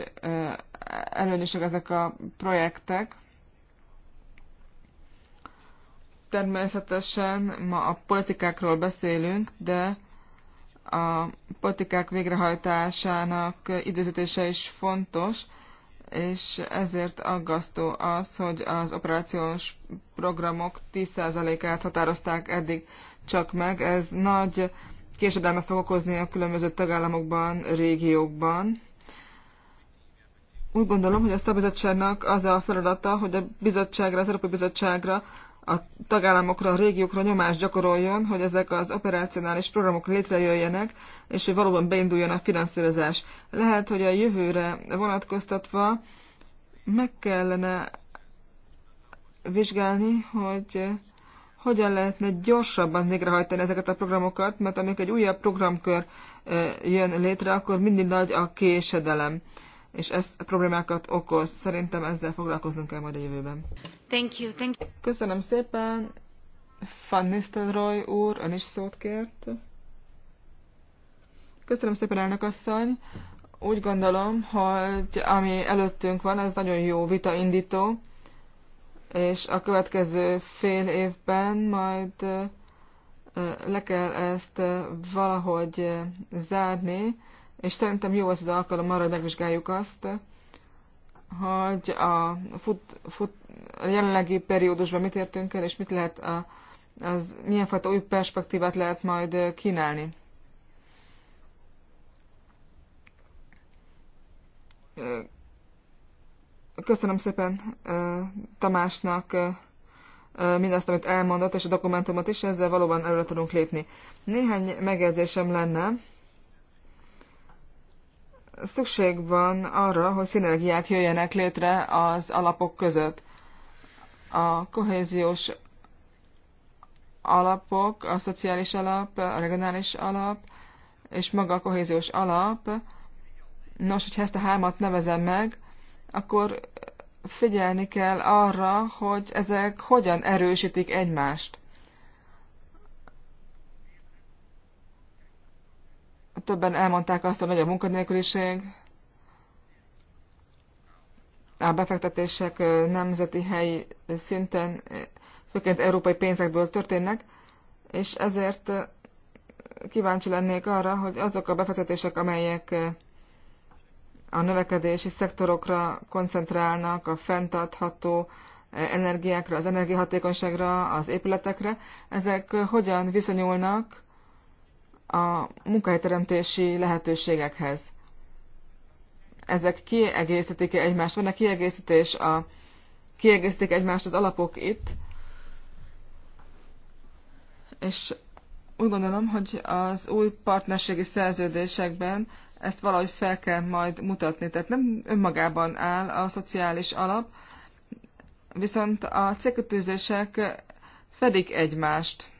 előnyösek ezek a projektek. Természetesen ma a politikákról beszélünk, de a politikák végrehajtásának időzítése is fontos, és ezért aggasztó az, hogy az operációs programok 10%-át határozták eddig csak meg. Ez nagy késedelmet fog okozni a különböző tagállamokban, régiókban. Úgy gondolom, hogy a szabizottságnak az a feladata, hogy a bizottságra, az Európai Bizottságra, a tagállamokra, a régiókra nyomást gyakoroljon, hogy ezek az operacionális programok létrejöjjenek, és hogy valóban beinduljon a finanszírozás. Lehet, hogy a jövőre vonatkoztatva meg kellene vizsgálni, hogy hogyan lehetne gyorsabban végrehajtani ezeket a programokat, mert amikor egy újabb programkör jön létre, akkor mindig nagy a késedelem, és ez problémákat okoz. Szerintem ezzel foglalkoznunk kell majd a jövőben. Thank you, thank you. Köszönöm szépen. Van Nistelrooy úr, ön is szót kért. Köszönöm szépen, elnök asszony. Úgy gondolom, hogy ami előttünk van, ez nagyon jó vita indító és a következő fél évben majd le kell ezt valahogy zárni, és szerintem jó az az alkalom arra, hogy megvizsgáljuk azt, hogy a, fut, fut, a jelenlegi periódusban mit értünk el, és mit lehet a, az, milyen fajta új perspektívát lehet majd kínálni. Köszönöm szépen Tamásnak mindazt, amit elmondott, és a dokumentumot is, ezzel valóban előre tudunk lépni. Néhány megjegyzésem lenne. Szükség van arra, hogy szinergiák jöjjenek létre az alapok között. A kohéziós alapok, a szociális alap, a regionális alap, és maga a kohéziós alap. Nos, hogyha ezt a hármat nevezem meg, akkor figyelni kell arra, hogy ezek hogyan erősítik egymást. Többen elmondták azt, hogy nagy a munkanélküliség, a befektetések nemzeti helyi szinten, főként európai pénzekből történnek, és ezért kíváncsi lennék arra, hogy azok a befektetések, amelyek a növekedési szektorokra koncentrálnak, a fenntartható eh, energiákra, az energiahatékonyságra, az épületekre. Ezek eh, hogyan viszonyulnak a munkahelyteremtési lehetőségekhez? Ezek kiegészítik -e egymást? Van-e kiegészítés a kiegészítik egymást az alapok itt? És úgy gondolom, hogy az új partnerségi szerződésekben ezt valahogy fel kell majd mutatni. Tehát nem önmagában áll a szociális alap, viszont a cégkötőzések fedik egymást.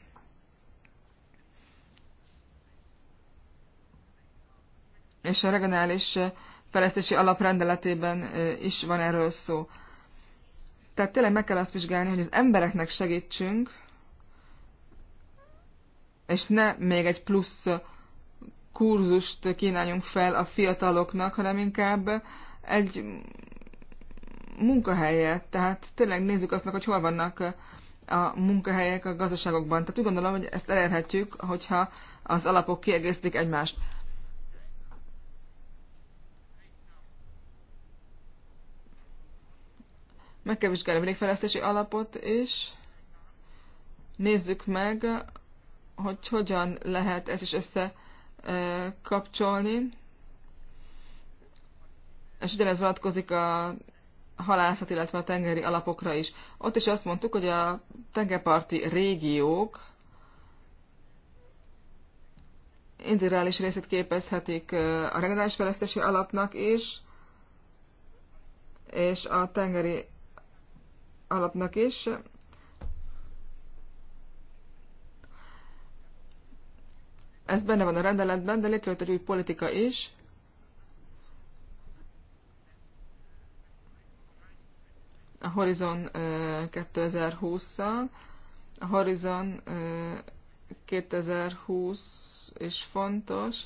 És a regionális fejlesztési alaprendeletében is van erről szó. Tehát tényleg meg kell azt vizsgálni, hogy az embereknek segítsünk, és ne még egy plusz kurzust kínáljunk fel a fiataloknak, hanem inkább egy munkahelyet. Tehát tényleg nézzük azt meg, hogy hol vannak a munkahelyek a gazdaságokban. Tehát úgy gondolom, hogy ezt elérhetjük, hogyha az alapok kiegészítik egymást. Meg kell vizsgálni a végfejlesztési alapot és Nézzük meg, hogy hogyan lehet ez is össze kapcsolni. És ugyanez vonatkozik a halászat, illetve a tengeri alapokra is. Ott is azt mondtuk, hogy a tengerparti régiók integrális részét képezhetik a regionális fejlesztési alapnak is, és a tengeri alapnak is, ez benne van a rendeletben, de létrejött egy új politika is. A Horizon 2020-szal. A Horizon 2020 is fontos.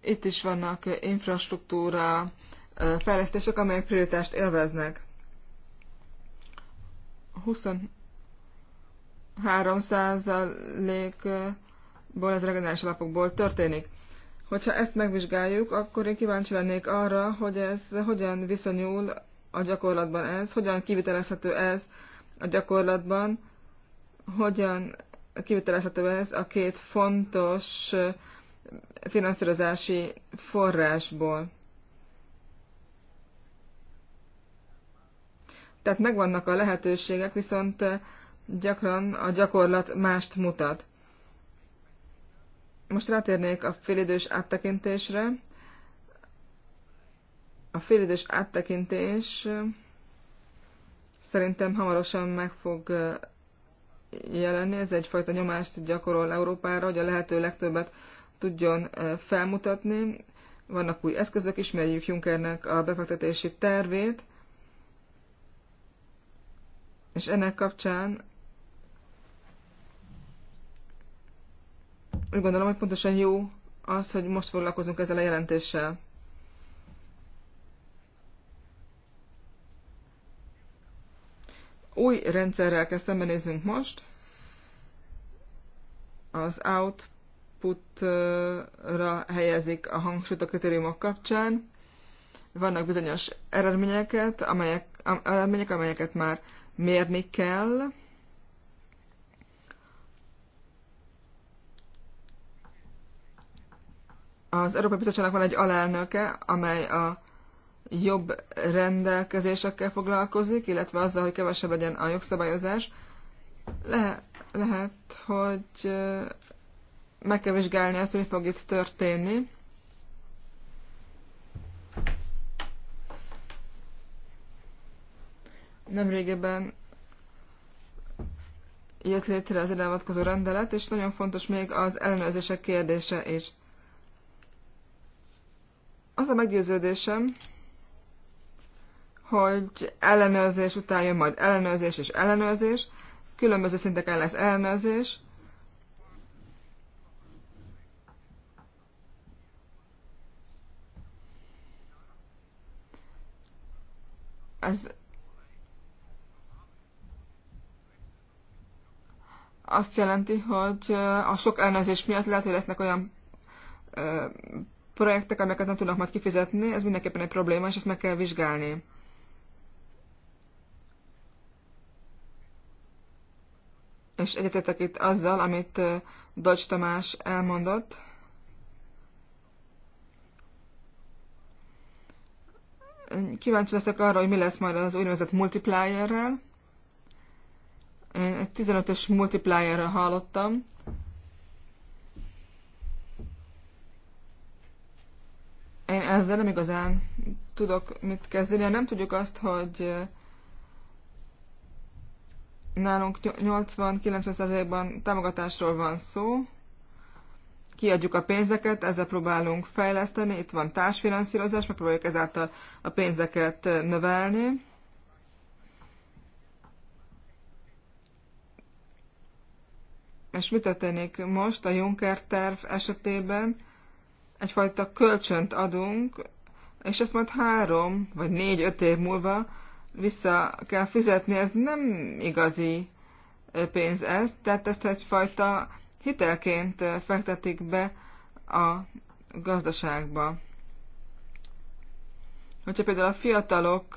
Itt is vannak infrastruktúra fejlesztések, amelyek prioritást élveznek. 23%-ból ez regenerális alapokból történik. Hogyha ezt megvizsgáljuk, akkor én kíváncsi lennék arra, hogy ez hogyan viszonyul a gyakorlatban ez, hogyan kivitelezhető ez a gyakorlatban, hogyan kivitelezhető ez a két fontos eh, finanszírozási forrásból. Tehát megvannak a lehetőségek, viszont eh, gyakran a gyakorlat mást mutat. Most rátérnék a félidős áttekintésre. A félidős áttekintés eh, szerintem hamarosan meg fog eh, jelenni. Ez egyfajta nyomást gyakorol Európára, hogy a lehető legtöbbet tudjon felmutatni. Vannak új eszközök, ismerjük Junckernek a befektetési tervét, és ennek kapcsán úgy gondolom, hogy pontosan jó az, hogy most foglalkozunk ezzel a jelentéssel. Új rendszerrel kell szembenéznünk most. Az outputra helyezik a hangsúlyt a kritériumok kapcsán. Vannak bizonyos eredményeket, amelyek, eredmények, amelyeket már mérni kell. Az Európai Bizottságnak van egy alelnöke, amely a jobb rendelkezésekkel foglalkozik, illetve azzal, hogy kevesebb legyen a jogszabályozás. Le, lehet, hogy meg kell vizsgálni azt, hogy mi fog itt történni. régebben jött létre az ide rendelet, és nagyon fontos még az ellenőrzések kérdése is. Az a meggyőződésem, hogy ellenőrzés után jön majd ellenőrzés és ellenőrzés, különböző szinteken lesz ellenőrzés, ez azt jelenti, hogy a sok elnözés miatt lehet, hogy lesznek olyan projektek, amelyeket nem tudnak majd kifizetni, ez mindenképpen egy probléma, és ezt meg kell vizsgálni. És egyetetek itt azzal, amit Dodge Tamás elmondott. Kíváncsi leszek arra, hogy mi lesz majd az úgynevezett multiplierrel. Én egy 15-ös multiplierről hallottam. Én ezzel nem igazán tudok mit kezdeni. Nem tudjuk azt, hogy eh, nálunk 80-90%-ban támogatásról van szó. Kiadjuk a pénzeket, ezzel próbálunk fejleszteni. Itt van társfinanszírozás, megpróbáljuk ezáltal a pénzeket eh, növelni És mi történik most a Juncker terv esetében? Egyfajta kölcsönt adunk, és ezt majd három vagy négy-öt év múlva vissza kell fizetni. Ez nem igazi pénz ez, tehát ezt egyfajta hitelként fektetik be a gazdaságba. Hogyha például a fiatalok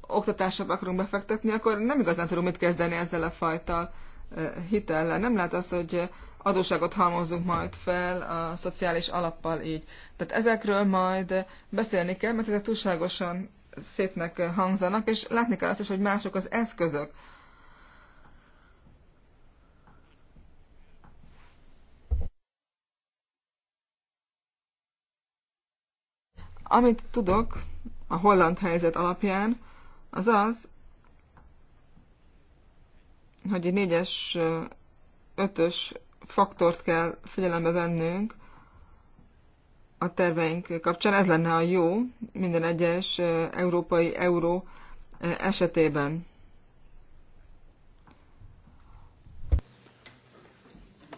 oktatásába akarunk befektetni, akkor nem igazán tudunk mit kezdeni ezzel a fajtal hitellel. Nem lehet az, hogy adóságot halmozzunk majd fel a szociális alappal így. Tehát ezekről majd beszélni kell, mert ezek túlságosan szépnek hangzanak, és látni kell azt is, hogy mások az eszközök. Amit tudok a holland helyzet alapján, az az, hogy egy négyes, ötös faktort kell figyelembe vennünk a terveink kapcsán. Ez lenne a jó minden egyes európai euró esetében.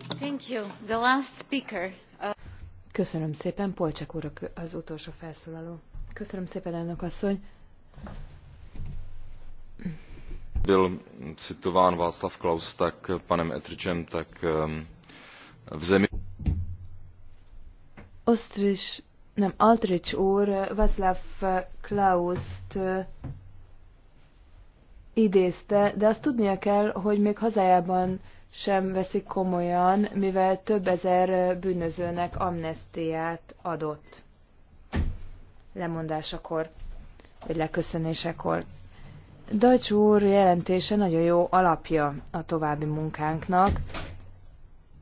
Thank you. The last speaker. Köszönöm szépen, Polcsak úr az utolsó felszólaló. Köszönöm szépen, elnök asszony. Byl citován Václav Klaus tak panem Etričem, tak ehm, v zemi... ostrich nem, Altrich úr Václav Klauszt idézte, de azt tudnia kell, hogy még hazájában sem veszik komolyan, mivel több ezer bűnözőnek amnestiát adott lemondásakor, vagy leköszönésekor. Deutsch úr jelentése nagyon jó alapja a további munkánknak,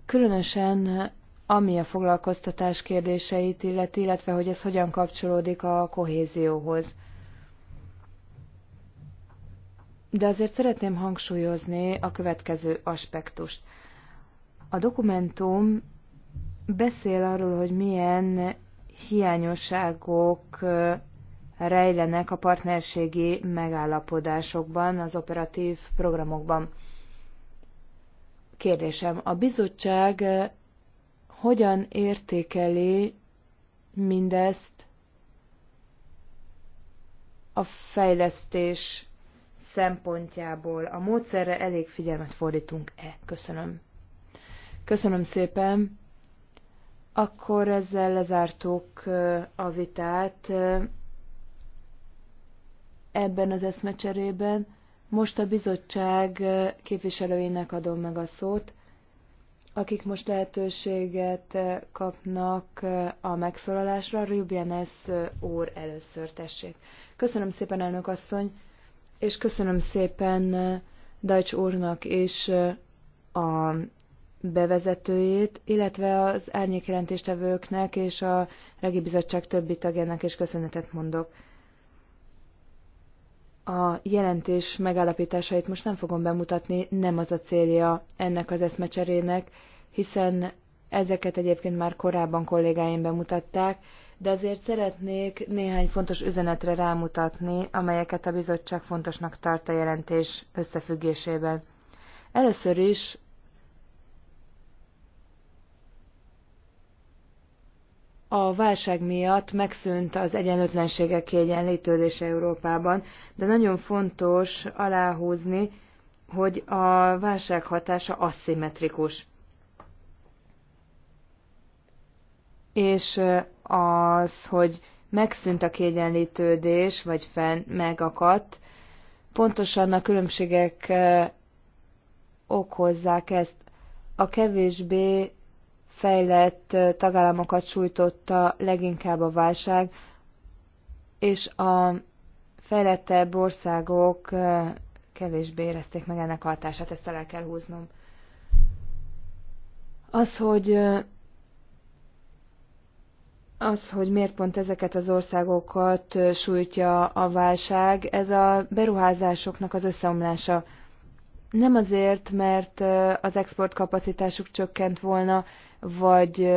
különösen ami a foglalkoztatás kérdéseit illeti, illetve hogy ez hogyan kapcsolódik a kohézióhoz. De azért szeretném hangsúlyozni a következő aspektust. A dokumentum beszél arról, hogy milyen hiányosságok rejlenek a partnerségi megállapodásokban, az operatív programokban. Kérdésem, a bizottság eh, hogyan értékeli mindezt a fejlesztés szempontjából? A módszerre elég figyelmet fordítunk-e? Köszönöm. Köszönöm szépen. Akkor ezzel lezártuk eh, a vitát ebben az eszmecserében. Most a bizottság képviselőinek adom meg a szót, akik most lehetőséget kapnak a megszólalásra. ez úr először tessék. Köszönöm szépen, elnök asszony, és köszönöm szépen Dajcs úrnak és a bevezetőjét, illetve az árnyékjelentéstevőknek és a Regi Bizottság többi tagjának is köszönetet mondok a jelentés megállapításait most nem fogom bemutatni, nem az a célja ennek az eszmecserének, hiszen ezeket egyébként már korábban kollégáim bemutatták, de azért szeretnék néhány fontos üzenetre rámutatni, amelyeket a bizottság fontosnak tart a jelentés összefüggésében. Először is A válság miatt megszűnt az egyenlőtlenségek kiegyenlítődése Európában, de nagyon fontos aláhúzni, hogy a válság hatása aszimmetrikus. És az, hogy megszűnt a kiegyenlítődés, vagy fenn megakadt, pontosan a különbségek okozzák ezt. A kevésbé fejlett tagállamokat sújtotta leginkább a válság, és a fejlettebb országok kevésbé érezték meg ennek hatását, ezt el kell húznom. Az, hogy az, hogy miért pont ezeket az országokat sújtja a válság, ez a beruházásoknak az összeomlása. Nem azért, mert az exportkapacitásuk csökkent volna, vagy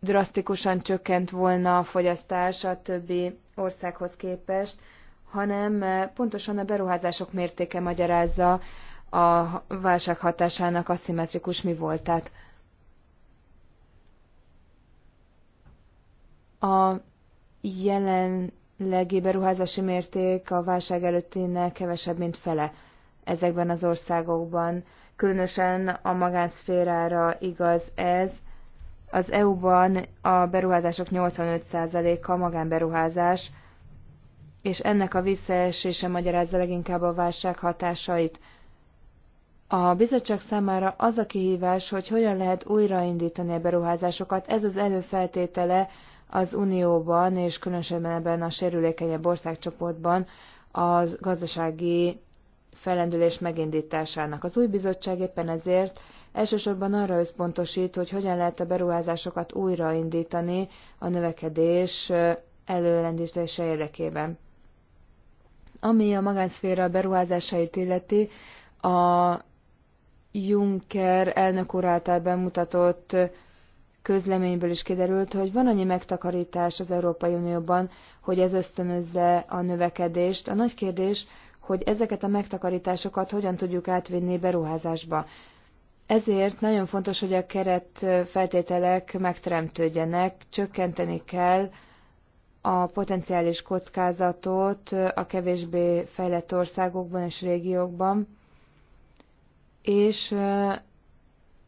drasztikusan csökkent volna a fogyasztás a többi országhoz képest, hanem pontosan a beruházások mértéke magyarázza a válság hatásának aszimmetrikus mi voltát. A jelenlegi beruházási mérték a válság előttinél kevesebb, mint fele ezekben az országokban különösen a magánszférára igaz ez. Az EU-ban a beruházások 85%-a magánberuházás, és ennek a visszaesése magyarázza leginkább a válság hatásait. A bizottság számára az a kihívás, hogy hogyan lehet újraindítani a beruházásokat, ez az előfeltétele az Unióban, és különösen ebben a sérülékenyebb országcsoportban a gazdasági felendülés megindításának. Az új bizottság éppen ezért elsősorban arra összpontosít, hogy hogyan lehet a beruházásokat újraindítani a növekedés előrendítése érdekében. Ami a magánszféra beruházásait illeti, a Juncker elnök úr által bemutatott közleményből is kiderült, hogy van annyi megtakarítás az Európai Unióban, hogy ez ösztönözze a növekedést. A nagy kérdés, hogy ezeket a megtakarításokat hogyan tudjuk átvinni beruházásba. Ezért nagyon fontos, hogy a keret feltételek megteremtődjenek, csökkenteni kell a potenciális kockázatot a kevésbé fejlett országokban és régiókban, és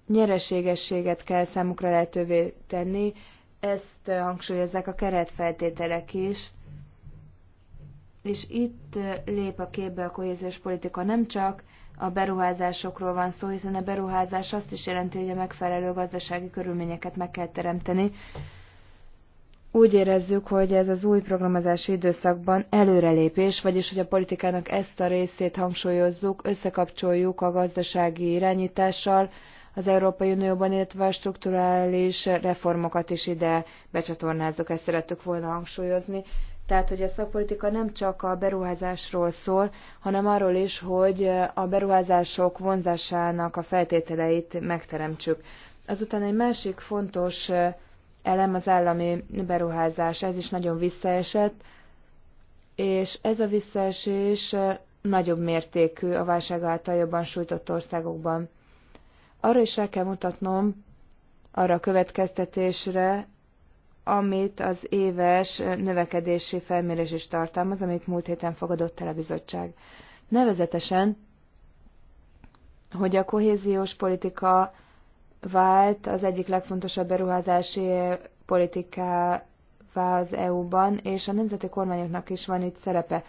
nyereségességet kell számukra lehetővé tenni, ezt hangsúlyozzák a keretfeltételek is, és itt lép a képbe a kohéziós politika nem csak a beruházásokról van szó, hiszen a beruházás azt is jelenti, hogy a megfelelő gazdasági körülményeket meg kell teremteni. Úgy érezzük, hogy ez az új programozási időszakban előrelépés, vagyis hogy a politikának ezt a részét hangsúlyozzuk, összekapcsoljuk a gazdasági irányítással, az Európai Unióban, illetve a strukturális reformokat is ide becsatornázzuk, ezt szerettük volna hangsúlyozni. Tehát, hogy a szakpolitika nem csak a beruházásról szól, hanem arról is, hogy a beruházások vonzásának a feltételeit megteremtsük. Azután egy másik fontos elem az állami beruházás. Ez is nagyon visszaesett, és ez a visszaesés nagyobb mértékű a válság által jobban sújtott országokban. Arra is el kell mutatnom, arra a következtetésre, amit az éves növekedési felmérés is tartalmaz, amit múlt héten fogadott el a bizottság. Nevezetesen, hogy a kohéziós politika vált az egyik legfontosabb beruházási politikává az EU-ban, és a nemzeti kormányoknak is van itt szerepe.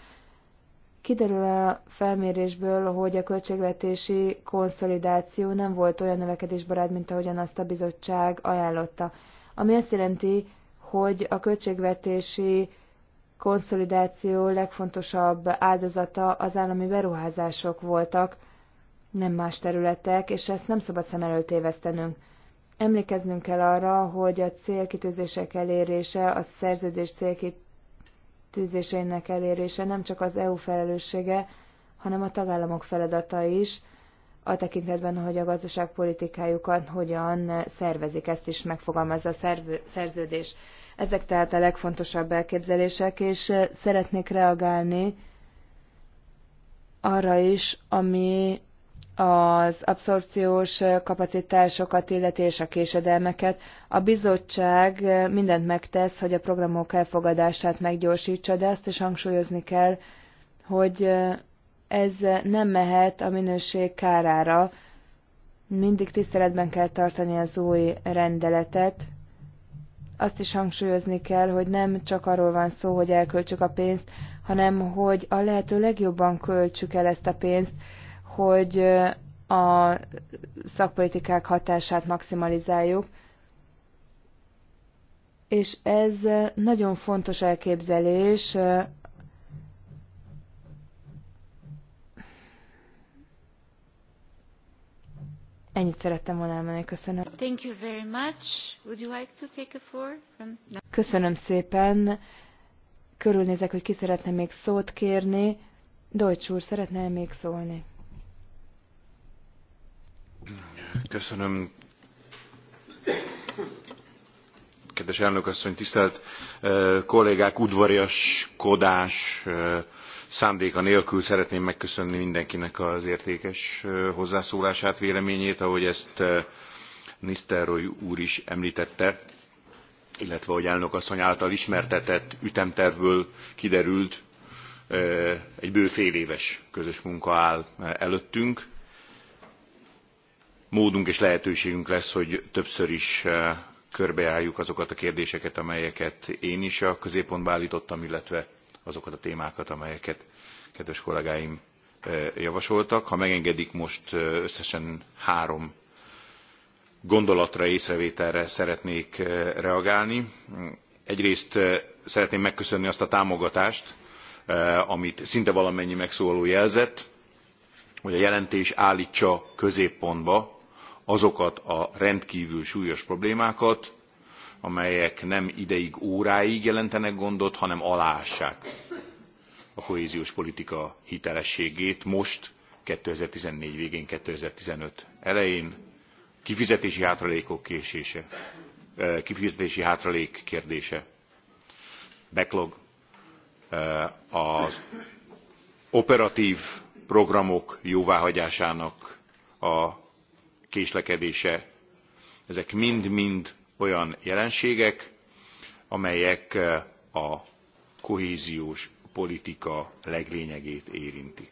Kiderül a felmérésből, hogy a költségvetési konszolidáció nem volt olyan növekedésbarát, mint ahogyan azt a bizottság ajánlotta. Ami azt jelenti, hogy a költségvetési konszolidáció legfontosabb áldozata az állami beruházások voltak, nem más területek, és ezt nem szabad szem előtt évesztenünk. Emlékeznünk kell arra, hogy a célkitűzések elérése, a szerződés célkitűzéseinek elérése nem csak az EU felelőssége, hanem a tagállamok feladata is, a tekintetben, hogy a gazdaságpolitikájukat hogyan szervezik, ezt is megfogalmazza a szerződés. Ezek tehát a legfontosabb elképzelések, és szeretnék reagálni arra is, ami az abszorpciós kapacitásokat, illeti és a késedelmeket. A bizottság mindent megtesz, hogy a programok elfogadását meggyorsítsa, de azt is hangsúlyozni kell, hogy ez nem mehet a minőség kárára. Mindig tiszteletben kell tartani az új rendeletet, azt is hangsúlyozni kell, hogy nem csak arról van szó, hogy elköltsük a pénzt, hanem hogy a lehető legjobban költsük el ezt a pénzt, hogy a szakpolitikák hatását maximalizáljuk. És ez nagyon fontos elképzelés Ennyit szerettem volna elmenni, köszönöm. Thank you very much. Would you like to take a floor from... No. Köszönöm szépen. Körülnézek, hogy ki szeretne még szót kérni. Deutsch úr, szeretne -e még szólni? Köszönöm. Kedves elnök asszony, tisztelt eh, kollégák, udvariaskodás, eh, szándéka nélkül szeretném megköszönni mindenkinek az értékes hozzászólását, véleményét, ahogy ezt Nisztelrooy úr is említette, illetve ahogy elnök asszony által ismertetett ütemtervből kiderült, egy bő fél éves közös munka áll előttünk. Módunk és lehetőségünk lesz, hogy többször is körbejárjuk azokat a kérdéseket, amelyeket én is a középpontba álltottam illetve azokat a témákat, amelyeket kedves kollégáim eh, javasoltak. Ha megengedik, most eh, összesen három gondolatra, észrevételre szeretnék eh, reagálni. Egyrészt szeretném megköszönni azt a támogatást, amit szinte valamennyi megszólaló jelzett, hogy a jelentés állítsa középpontba azokat a rendkívül súlyos problémákat, amelyek nem ideig óráig jelentenek gondot, hanem aláássák a kohéziós politika hitelességét most, 2014 végén, 2015 elején, kifizetési hátralékok késése, eh, kifizetési hátralék kérdése, backlog, eh, az operatív programok jóváhagyásának a késlekedése, ezek mind-mind olyan jelenségek, amelyek eh, a kohéziós politika leglényegét érintik.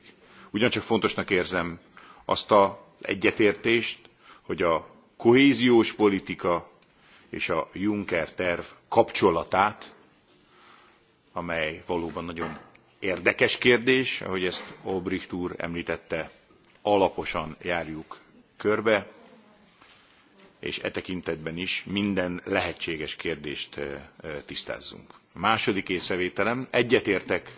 Ugyancsak fontosnak érzem azt az egyetértést, hogy a kohéziós politika és a Juncker terv kapcsolatát, amely valóban nagyon érdekes kérdés, ahogy ezt Obricht úr említette, alaposan járjuk körbe, és e tekintetben is minden lehetséges kérdést tisztázzunk. második észrevételem, egyetértek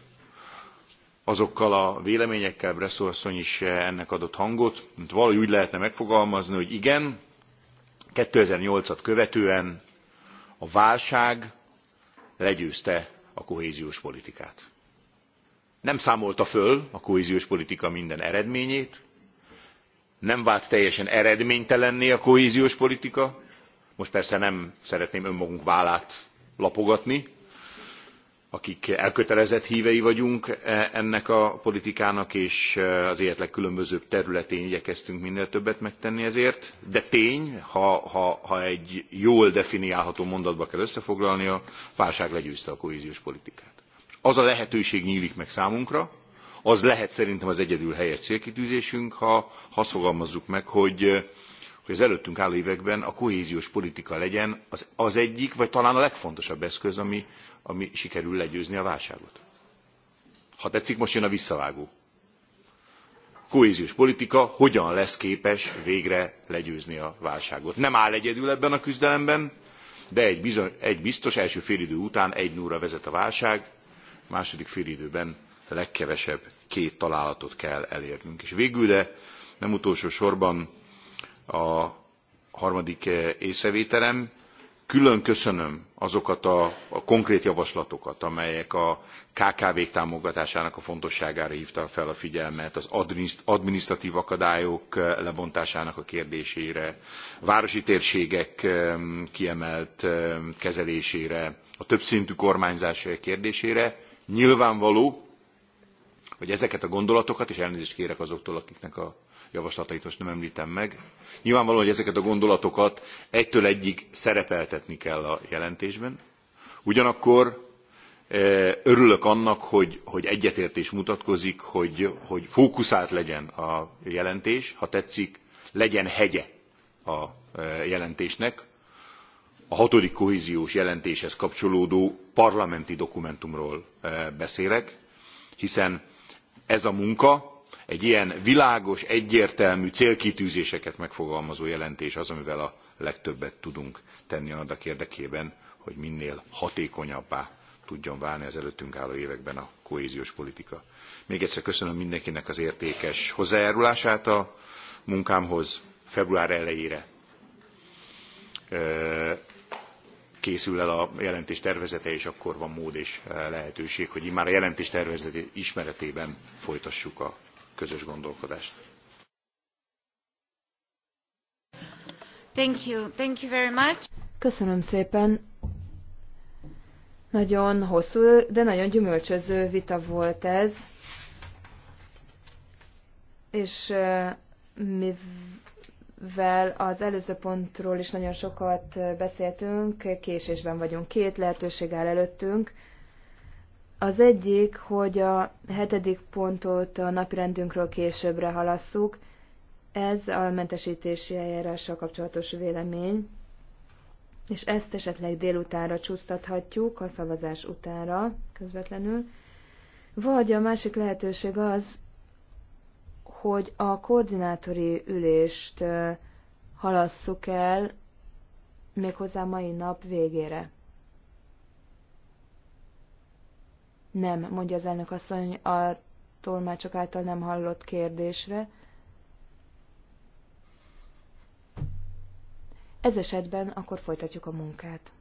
azokkal a véleményekkel, Bresszó asszony is ennek adott hangot, mint valahogy úgy lehetne megfogalmazni, hogy igen, 2008-at követően a válság legyőzte a kohéziós politikát. Nem számolta föl a kohéziós politika minden eredményét, nem vált teljesen eredménytelenné a kohéziós politika most persze nem szeretném önmagunk vállát lapogatni akik elkötelezett hívei vagyunk e, ennek a politikának és e, az élet legkülönbözőbb területén igyekeztünk minél többet megtenni ezért de tény ha, ha, ha egy jól definiálható mondatba kell összefoglalni a válság legyőzte a kohéziós politikát. az a lehetőség nylik meg számunkra az lehet szerintem az egyedül helyes célkitűzésünk ha azt fogalmazzuk meg hogy hogy az előttünk álló években a kohéziós politika legyen az, egyik vagy talán a legfontosabb eszköz ami, ami sikerül legyőzni a válságot. ha tetszik most jön a visszavágó. kohéziós politika hogyan lesz képes végre legyőzni a válságot? nem áll egyedül ebben a küzdelemben de egy, bizony, egy biztos első félidő után egy nulla vezet a válság második félidőben legkevesebb két találatot kell elérnünk. És végül, de nem utolsó sorban a harmadik eh, észrevételem, külön köszönöm azokat a, a konkrét javaslatokat, amelyek a KKV-k támogatásának a fontosságára hívta fel a figyelmet, az adminisztratív akadályok eh, lebontásának a kérdésére, a városi térségek eh, kiemelt kezelésére, a többszintű kormányzás kérdésére. Nyilvánvaló, hogy ezeket a gondolatokat, és elnézést kérek azoktól, akiknek a javaslatait most nem említem meg, nyilvánvaló, hogy ezeket a gondolatokat egytől egyig szerepeltetni kell a jelentésben. Ugyanakkor e, örülök annak, hogy, hogy egyetértés mutatkozik, hogy, hogy fókuszált legyen a jelentés, ha tetszik, legyen hegye a e, jelentésnek, a hatodik kohéziós jelentéshez kapcsolódó parlamenti dokumentumról e, beszélek hiszen ez a munka egy ilyen világos egyértelmű célkitűzéseket megfogalmazó jelentés az amivel a legtöbbet tudunk tenni annak érdekében hogy minél hatékonyabbá tudjon válni az előttünk álló években a kohéziós politika. még egyszer köszönöm mindenkinek az értékes hozzájárulását a munkámhoz február elejére készül el a jelentés tervezete, és akkor van mód és eh, lehetőség, hogy már a jelentés tervezeti ismeretében folytassuk a közös gondolkodást. Thank you. Thank you very much. Köszönöm szépen. Nagyon hosszú, de nagyon gyümölcsöző vita volt ez. És eh, mi vel az előző pontról is nagyon sokat beszéltünk, késésben vagyunk, két lehetőség áll előttünk. Az egyik, hogy a hetedik pontot a napirendünkről későbbre halasszuk, ez a mentesítési eljárással kapcsolatos vélemény, és ezt esetleg délutánra csúsztathatjuk, a szavazás utánra közvetlenül. Vagy a másik lehetőség az, hogy a koordinátori ülést halasszuk el méghozzá mai nap végére. Nem, mondja az elnök asszony a tolmácsok által nem hallott kérdésre. Ez esetben akkor folytatjuk a munkát.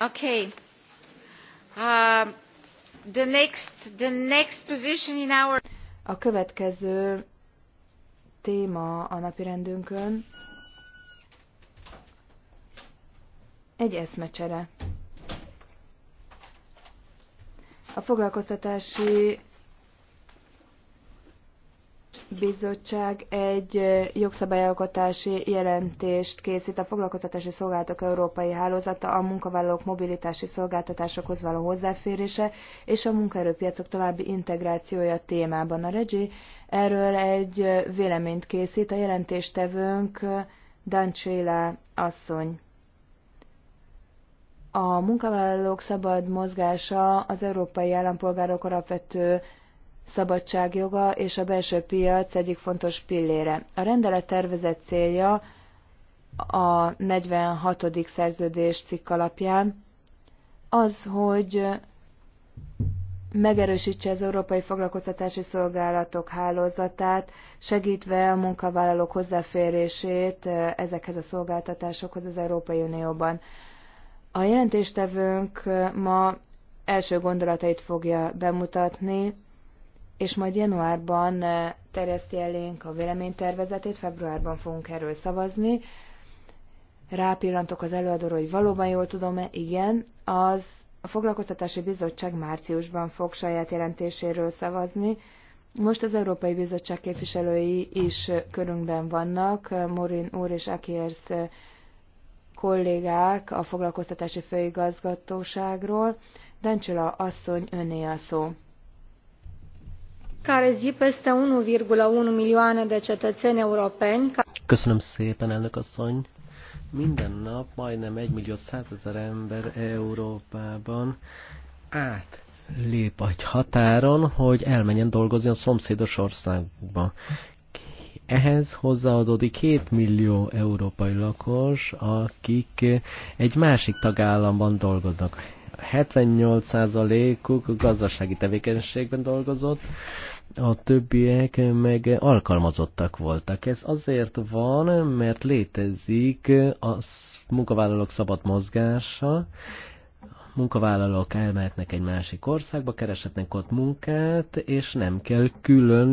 Okay. Uh the next, the next position in our... A következő téma a napirendünkön egy eszmecsere. A foglalkoztatási bizottság egy jogszabályalkotási jelentést készít a foglalkoztatási szolgáltatók európai hálózata a munkavállalók mobilitási szolgáltatásokhoz való hozzáférése és a munkaerőpiacok további integrációja témában. A Regi erről egy véleményt készít a jelentéstevőnk Dancséla asszony. A munkavállalók szabad mozgása az európai állampolgárok alapvető szabadságjoga és a belső piac egyik fontos pillére. A rendelet tervezett célja a 46. szerződés cikk alapján az, hogy megerősítse az Európai Foglalkoztatási Szolgálatok hálózatát, segítve a munkavállalók hozzáférését ezekhez a szolgáltatásokhoz az Európai Unióban. A jelentéstevőnk ma első gondolatait fogja bemutatni és majd januárban eh, terjeszti elénk a véleménytervezetét, februárban fogunk erről szavazni. Rápillantok az előadóra, hogy valóban jól tudom-e, igen. Az a Foglalkoztatási Bizottság márciusban fog saját jelentéséről szavazni. Most az Európai Bizottság képviselői is körünkben vannak, Morin úr és Akiers eh, kollégák a foglalkoztatási főigazgatóságról. Dancsila asszony öné a szó care zi peste 1,1 milioane de cetățeni europeni. Köszönöm szépen, elnök asszony! Minden nap majdnem 1 millió 100 ezer ember Európában át lép a határon, hogy elmenjen dolgozni a szomszédos országba. Ehhez hozzáadódik 7 millió európai lakos, akik egy másik tagállamban dolgoznak. 78%-uk gazdasági tevékenységben dolgozott, a többiek meg alkalmazottak voltak. Ez azért van, mert létezik a munkavállalók szabad mozgása, munkavállalók elmehetnek egy másik országba, kereshetnek ott munkát, és nem kell külön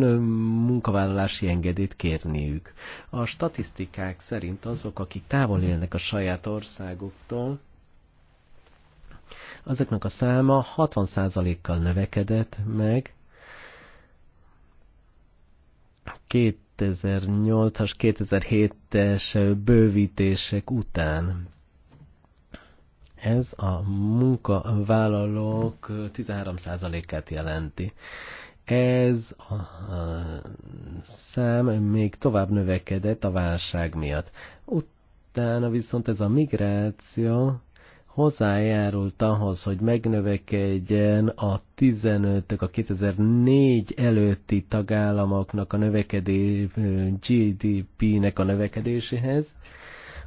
munkavállalási engedélyt kérniük. A statisztikák szerint azok, akik távol élnek a saját országuktól, azoknak a száma 60%-kal növekedett meg, 2008-as, 2007-es bővítések után. Ez a munkavállalók 13%-át jelenti. Ez a szám még tovább növekedett a válság miatt. Utána viszont ez a migráció hozzájárult ahhoz, hogy megnövekedjen a 15 a 2004 előtti tagállamoknak a növekedés, GDP-nek a növekedéséhez.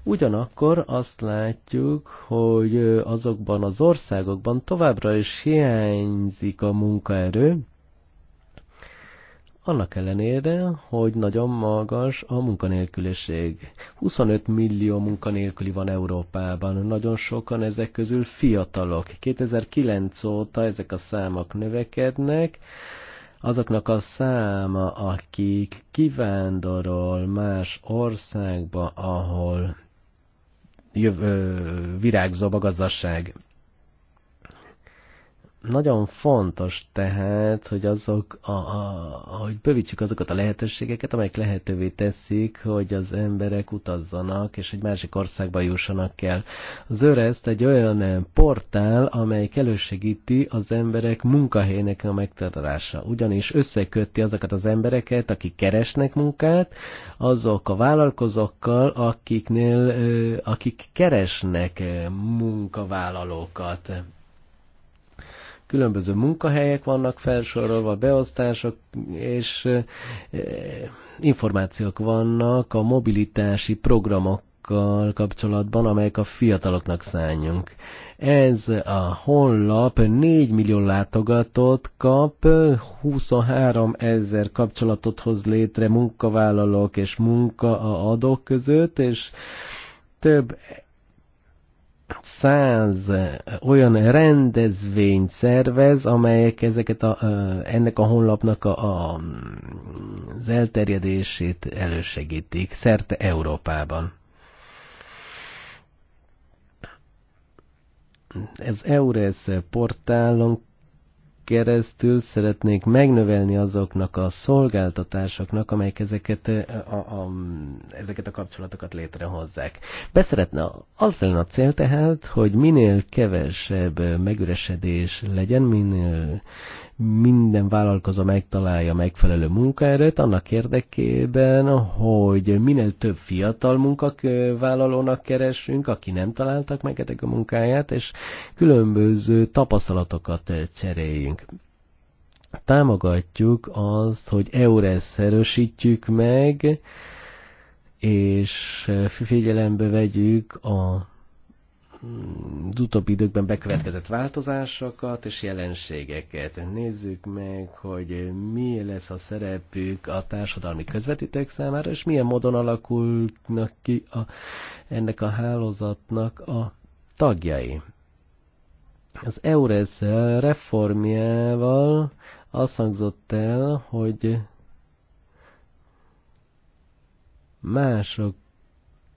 Ugyanakkor azt látjuk, hogy azokban az országokban továbbra is hiányzik a munkaerő, annak ellenére, hogy nagyon magas a munkanélküliség. 25 millió munkanélküli van Európában, nagyon sokan ezek közül fiatalok. 2009 óta ezek a számok növekednek, azoknak a száma, akik kivándorol más országba, ahol jövő, virágzó a gazdaság. Nagyon fontos tehát, hogy azok, a, a, hogy bővítsük azokat a lehetőségeket, amelyek lehetővé teszik, hogy az emberek utazzanak, és egy másik országba jussanak el. Az ezt egy olyan portál, amely elősegíti az emberek munkahelyének a megtartása. Ugyanis összekötti azokat az embereket, akik keresnek munkát, azok a vállalkozókkal, akiknél, akik keresnek munkavállalókat különböző munkahelyek vannak felsorolva, beosztások és eh, információk vannak a mobilitási programok kapcsolatban, amelyek a fiataloknak szálljunk. Ez a honlap 4 millió látogatót kap, 23 ezer kapcsolatot hoz létre munkavállalók és munkaadók között, és több száz olyan rendezvényt szervez, amelyek ezeket a, ennek a honlapnak a, a, az elterjedését elősegítik szerte Európában. Ez EURES portálon keresztül szeretnék megnövelni azoknak a szolgáltatásoknak, amelyek ezeket a, a, ezeket a kapcsolatokat létrehozzák. Beszeretne az lenne a cél tehát, hogy minél kevesebb megüresedés legyen, minél minden vállalkozó megtalálja megfelelő munkaerőt annak érdekében, hogy minél több fiatal munkavállalónak keresünk, aki nem találtak meg ezek a munkáját, és különböző tapasztalatokat cseréljünk. Támogatjuk azt, hogy eureszerősítjük meg, és figyelembe vegyük a az utóbbi időkben bekövetkezett változásokat és jelenségeket. Nézzük meg, hogy mi lesz a szerepük a társadalmi közvetítők számára, és milyen módon alakulnak ki a, ennek a hálózatnak a tagjai. Az EURES reformjával azt hangzott el, hogy mások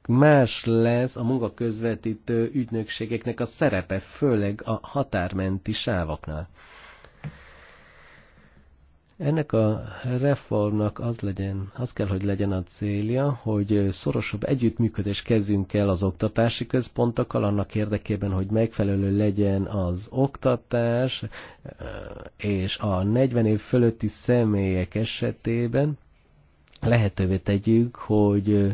más lesz a munkaközvetítő ügynökségeknek a szerepe, főleg a határmenti sávoknál. Ennek a reformnak az legyen, az kell, hogy legyen a célja, hogy szorosabb együttműködés kezdjünk el az oktatási központokkal, annak érdekében, hogy megfelelő legyen az oktatás, eh, és a 40 év fölötti személyek esetében lehetővé tegyük, hogy eh,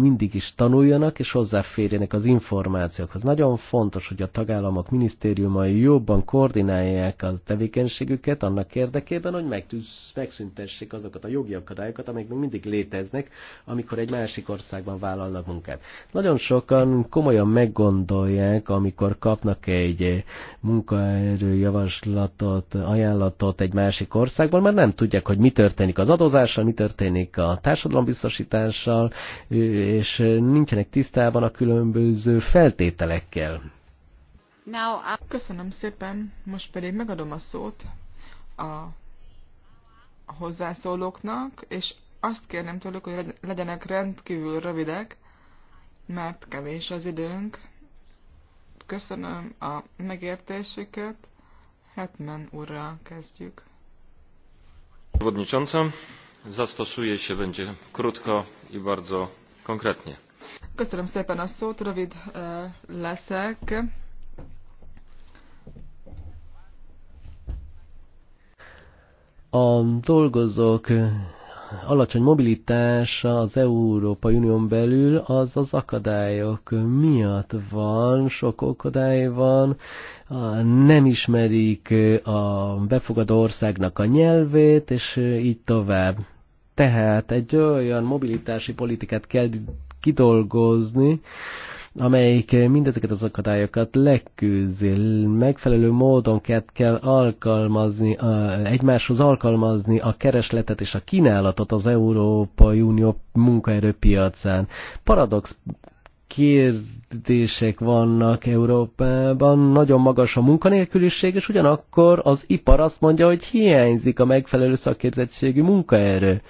mindig is tanuljanak és hozzáférjenek az információkhoz. Nagyon fontos, hogy a tagállamok minisztériumai jobban koordinálják a tevékenységüket annak érdekében, hogy megszüntessék azokat a jogi akadályokat, amik még mindig léteznek, amikor egy másik országban vállalnak munkát. Nagyon sokan komolyan meggondolják, amikor kapnak egy munkaerőjavaslatot, ajánlatot egy másik országban, mert nem tudják, hogy mi történik az adózással, mi történik a társadalombiztosítással, és nincsenek tisztában a különböző feltételekkel. Uh, Köszönöm szépen, most pedig megadom a szót a hozzászólóknak, és azt kérném tőlük, hogy legyenek rendkívül rövidek, mert kevés az időnk. Köszönöm a megértésüket. Hetman úrral kezdjük. Przewodnicząca, zastosuję się będzie krótko i bardzo konkretnie. Köszönöm szépen a szót, rövid e, leszek. A dolgozók e, alacsony mobilitása az Európai Unión belül az az akadályok miatt van, sok akadály van, nem ismerik e, a befogadó országnak a nyelvét, és így tovább. Tehát egy olyan mobilitási politikát kell kidolgozni, amelyik mindezeket az akadályokat leküzdi. Megfelelő módon kell, kell alkalmazni, egymáshoz alkalmazni a keresletet és a kínálatot az Európai Unió munkaerőpiacán. Paradox kérdések vannak Európában. Nagyon magas a munkanélküliség, és ugyanakkor az ipar azt mondja, hogy hiányzik a megfelelő szakképzettségű munkaerő.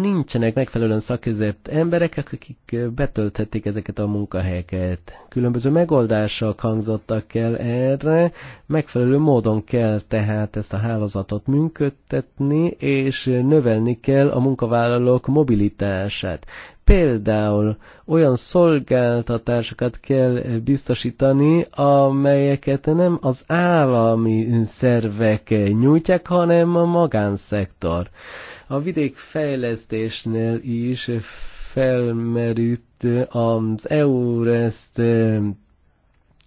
Nincsenek megfelelően szakképzett emberek, akik betölthetik ezeket a munkahelyeket. Különböző megoldások hangzottak el erre, megfelelő módon kell tehát ezt a hálózatot működtetni, és növelni kell a munkavállalók mobilitását. Például olyan szolgáltatásokat kell biztosítani, amelyeket nem az állami szervek nyújtják, hanem a magánszektor. A vidékfejlesztésnél is felmerült az EU-reszt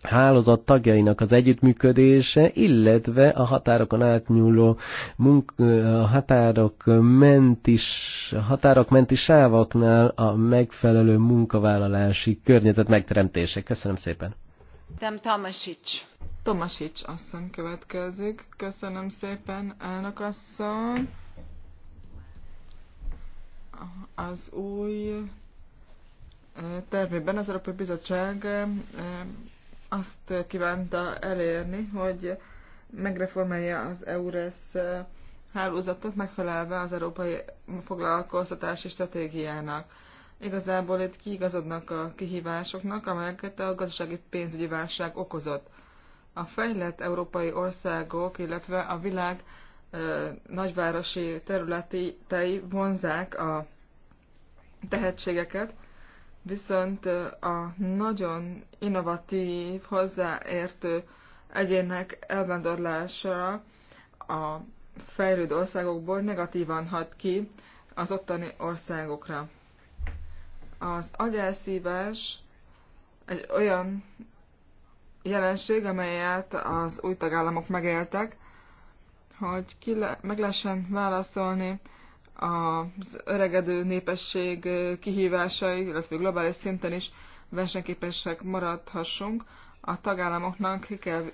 hálózat tagjainak az együttműködése, illetve a határokon átnyúló munk, a határok mentis a határok menti sávoknál a megfelelő munkavállalási környezet megteremtése. Köszönöm szépen. Nem Tamasics. Tomasics asszony következik. Köszönöm szépen, elnök asszony. Az új eh, tervében az Európai Bizottság eh, azt kívánta elérni, hogy megreformálja az EURES hálózatot, megfelelve az európai foglalkoztatási stratégiának. Igazából itt kiigazodnak a kihívásoknak, amelyeket a gazdasági pénzügyi válság okozott. A fejlett európai országok, illetve a világ nagyvárosi területi tei vonzák a tehetségeket, viszont a nagyon innovatív, hozzáértő egyének elvándorlása a fejlődő országokból negatívan hat ki az ottani országokra. Az agyelszívás egy olyan jelenség, amelyet az új tagállamok megéltek, hogy ki le, meg lehessen válaszolni az öregedő népesség kihívásai, illetve globális szinten is versenyképesek maradhassunk, a tagállamoknak ki kell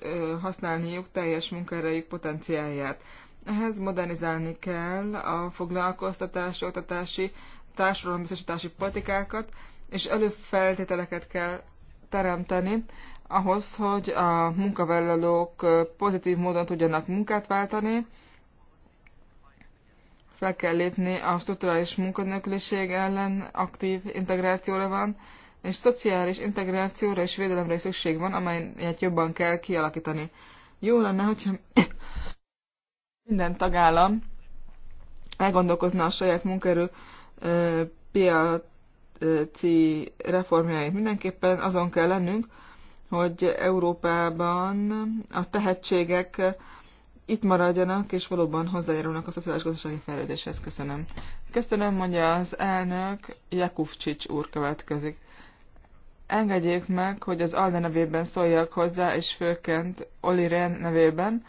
használniuk teljes munkaerejük potenciálját. Ehhez modernizálni kell a foglalkoztatási, oktatási, társadalombiztosítási politikákat, és előfeltételeket kell teremteni ahhoz, hogy a munkavállalók pozitív módon tudjanak munkát váltani, fel kell lépni a strukturális munkanélküliség ellen, aktív integrációra van, és szociális integrációra és védelemre is szükség van, amelyet jobban kell kialakítani. Jó lenne, hogyha minden tagállam elgondolkozna a saját munkaerő piaci reformjait. Mindenképpen azon kell lennünk, hogy Európában a tehetségek itt maradjanak, és valóban hozzájárulnak a szociális gazdasági fejlődéshez. Köszönöm. Köszönöm, mondja az elnök, Jakubcsics úr következik. Engedjék meg, hogy az Alde nevében szóljak hozzá, és főként Oli Ren nevében,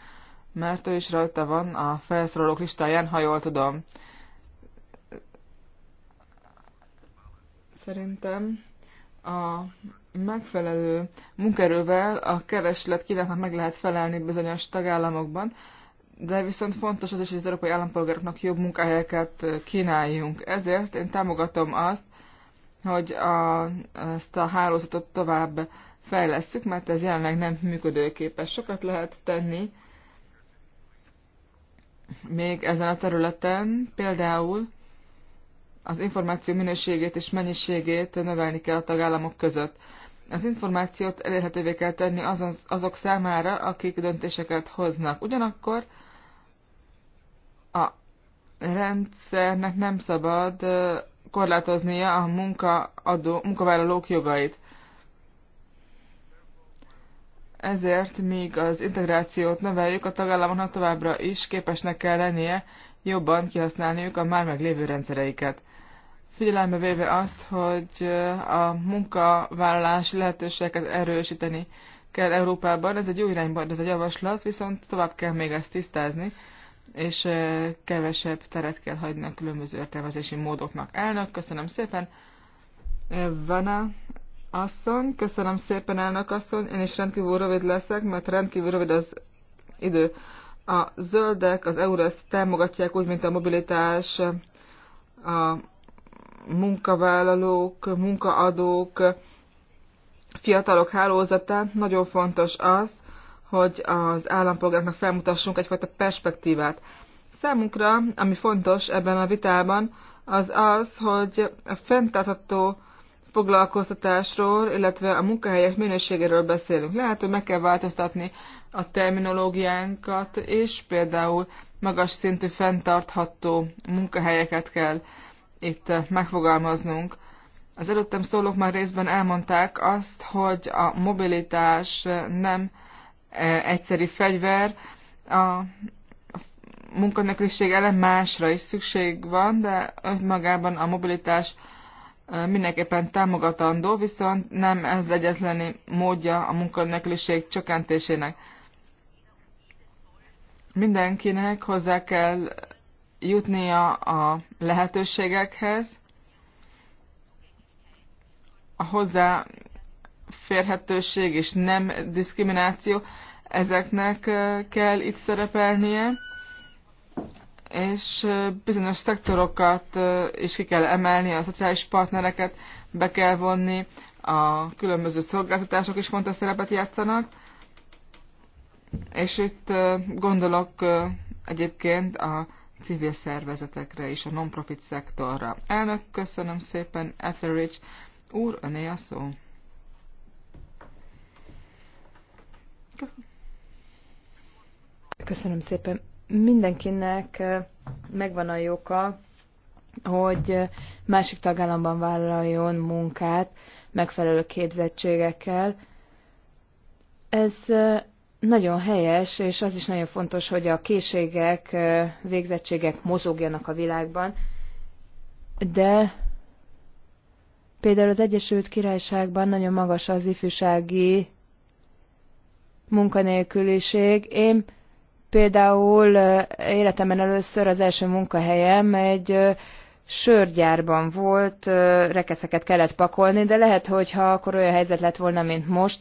mert ő is rajta van a felszorolók listáján, ha jól tudom. Szerintem a megfelelő munkerővel a kereslet kínálnak meg lehet felelni bizonyos tagállamokban, de viszont fontos az is, hogy az európai állampolgároknak jobb munkahelyeket kínáljunk. Ezért én támogatom azt, hogy a, ezt a hálózatot tovább fejlesztjük, mert ez jelenleg nem működőképes. Sokat lehet tenni még ezen a területen, például az információ minőségét és mennyiségét növelni kell a tagállamok között az információt elérhetővé kell tenni azon, azok számára, akik döntéseket hoznak. Ugyanakkor a rendszernek nem szabad korlátoznia a munkaadó, munkavállalók jogait. Ezért, míg az integrációt növeljük, a tagállamoknak továbbra is képesnek kell lennie jobban kihasználniuk a már meglévő rendszereiket figyelembe véve azt, hogy a munkavállalási lehetőséget erősíteni kell Európában. Ez egy jó irányban, ez egy javaslat, viszont tovább kell még ezt tisztázni, és kevesebb teret kell hagyni a különböző értelmezési módoknak. Elnök, köszönöm szépen. Vana asszony, köszönöm szépen, elnök asszony. Én is rendkívül rövid leszek, mert rendkívül rövid az idő. A zöldek, az euró ezt támogatják úgy, mint a mobilitás, a munkavállalók, munkaadók, fiatalok hálózatán nagyon fontos az, hogy az állampolgárnak felmutassunk egyfajta perspektívát. Számunkra, ami fontos ebben a vitában, az az, hogy a fenntartható foglalkoztatásról, illetve a munkahelyek minőségéről beszélünk. Lehet, hogy meg kell változtatni a terminológiánkat, és például magas szintű fenntartható munkahelyeket kell itt eh, megfogalmaznunk. Az előttem szólók már részben elmondták azt, hogy a mobilitás eh, nem eh, egyszeri fegyver, a munkanélküliség ellen másra is szükség van, de önmagában a mobilitás mindenképpen támogatandó, viszont nem ez egyetlen módja a munkanélküliség csökkentésének. Mindenkinek hozzá kell jutnia a lehetőségekhez, a hozzáférhetőség és nem diszkrimináció, ezeknek kell itt szerepelnie, és bizonyos szektorokat is ki kell emelni, a szociális partnereket be kell vonni, a különböző szolgáltatások is fontos szerepet játszanak, és itt gondolok egyébként a civil szervezetekre és a non-profit szektorra. Elnök, köszönöm szépen, Etheridge. Úr, öné a szó. Köszönöm. Köszönöm szépen. Mindenkinek megvan a joga, hogy másik tagállamban vállaljon munkát megfelelő képzettségekkel. Ez nagyon helyes, és az is nagyon fontos, hogy a készségek, végzettségek mozogjanak a világban, de például az Egyesült Királyságban nagyon magas az ifjúsági munkanélküliség. Én például életemben először az első munkahelyem egy sörgyárban volt, rekeszeket kellett pakolni, de lehet, hogy ha akkor olyan helyzet lett volna, mint most,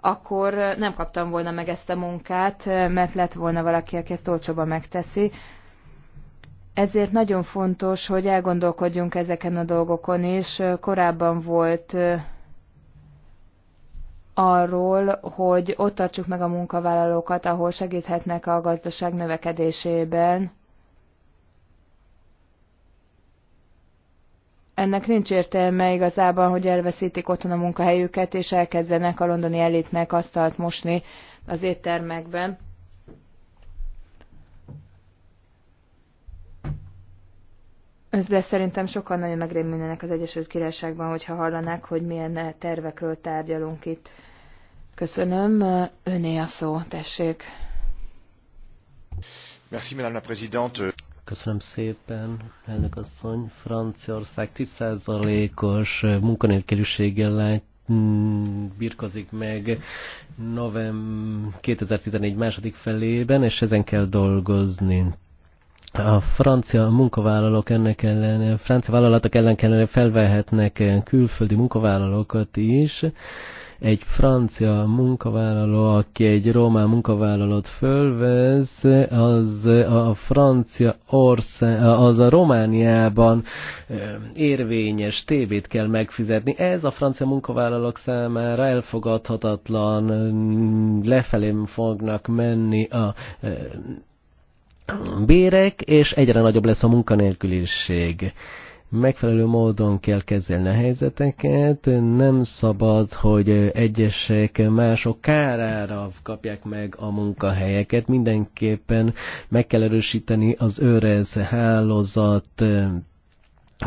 akkor nem kaptam volna meg ezt a munkát, mert lett volna valaki, aki ezt olcsóban megteszi. Ezért nagyon fontos, hogy elgondolkodjunk ezeken a dolgokon is. Korábban volt arról, hogy ott tartsuk meg a munkavállalókat, ahol segíthetnek a gazdaság növekedésében, ennek nincs értelme igazában, hogy elveszítik otthon a munkahelyüket, és elkezdenek a londoni elitnek asztalt mosni az éttermekben. De szerintem sokan nagyon megrémülnének az Egyesült Királyságban, hogyha hallanák, hogy milyen tervekről tárgyalunk itt. Köszönöm. Öné a szó, tessék. Merci, Madame la Présidente. Köszönöm szépen, elnök asszony. Franciaország 10%-os munkanélküliséggel lát, birkozik meg november 2014 második felében, és ezen kell dolgozni. A francia munkavállalók ennek ellen, francia vállalatok ellen kellene felvehetnek külföldi munkavállalókat is, egy francia munkavállaló, aki egy román munkavállalót fölvesz, az a francia ország, az a Romániában érvényes tévét kell megfizetni. Ez a francia munkavállalók számára elfogadhatatlan, lefelé fognak menni a bérek, és egyre nagyobb lesz a munkanélküliség megfelelő módon kell kezelni a helyzeteket, nem szabad, hogy egyesek mások kárára kapják meg a munkahelyeket, mindenképpen meg kell erősíteni az őrez hálózat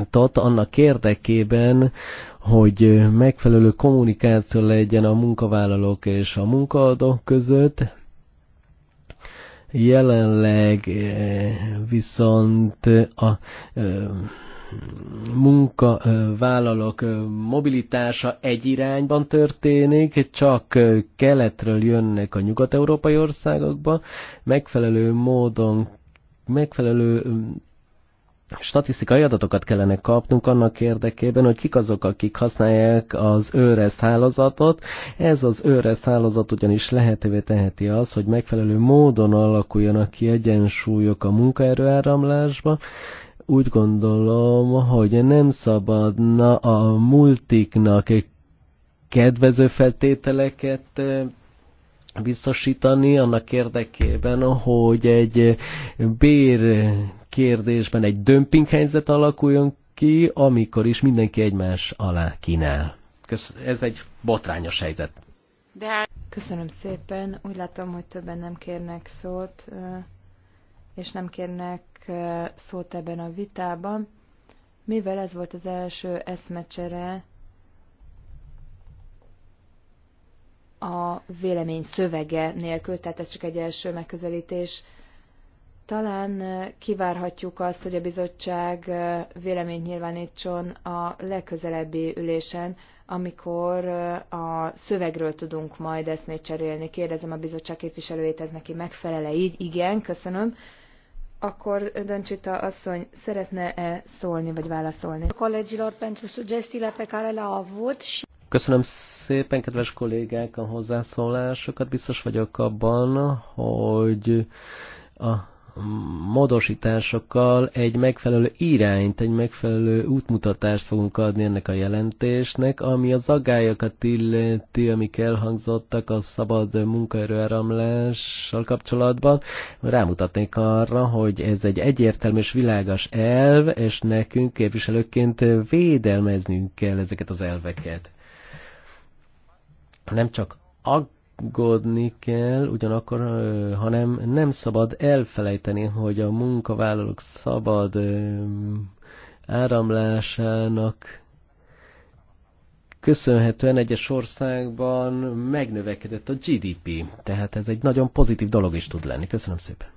tot annak érdekében, hogy megfelelő kommunikáció legyen a munkavállalók és a munkaadók között, jelenleg eh, viszont eh, a eh, munkavállalók mobilitása egy irányban történik, csak keletről jönnek a nyugat-európai országokba, megfelelő módon, megfelelő statisztikai adatokat kellene kapnunk annak érdekében, hogy kik azok, akik használják az őreszt hálózatot. Ez az őreszt hálózat ugyanis lehetővé teheti az, hogy megfelelő módon alakuljanak ki egyensúlyok a munkaerőáramlásba, úgy gondolom, hogy nem szabadna a multiknak kedvező feltételeket biztosítani annak érdekében, hogy egy bér kérdésben egy dömping helyzet alakuljon ki, amikor is mindenki egymás alá kínál. Ez egy botrányos helyzet. De... Hát- Köszönöm szépen. Úgy látom, hogy többen nem kérnek szót és nem kérnek szót ebben a vitában, mivel ez volt az első eszmecsere a vélemény szövege nélkül, tehát ez csak egy első megközelítés. Talán kivárhatjuk azt, hogy a bizottság véleményt nyilvánítson a legközelebbi ülésen, amikor a szövegről tudunk majd eszmét cserélni. Kérdezem a bizottság képviselőjét, ez neki megfelele így? Igen, köszönöm akkor Döncsita asszony szeretne-e szólni vagy válaszolni? Kollégilor pentru sugestiile pe care le-au avut și... Köszönöm szépen, kedves kollégák, a hozzászólásokat. Biztos vagyok abban, hogy a módosításokkal egy megfelelő irányt, egy megfelelő útmutatást fogunk adni ennek a jelentésnek, ami az aggályokat illeti, amik elhangzottak a szabad munkaerőáramlással kapcsolatban. Rámutatnék arra, hogy ez egy egyértelmű és világos elv, és nekünk képviselőként védelmeznünk kell ezeket az elveket. Nem csak aggályokat, aggódni kell, ugyanakkor, hanem nem szabad elfelejteni, hogy a munkavállalók szabad áramlásának köszönhetően egyes országban megnövekedett a GDP. Tehát ez egy nagyon pozitív dolog is tud lenni. Köszönöm szépen.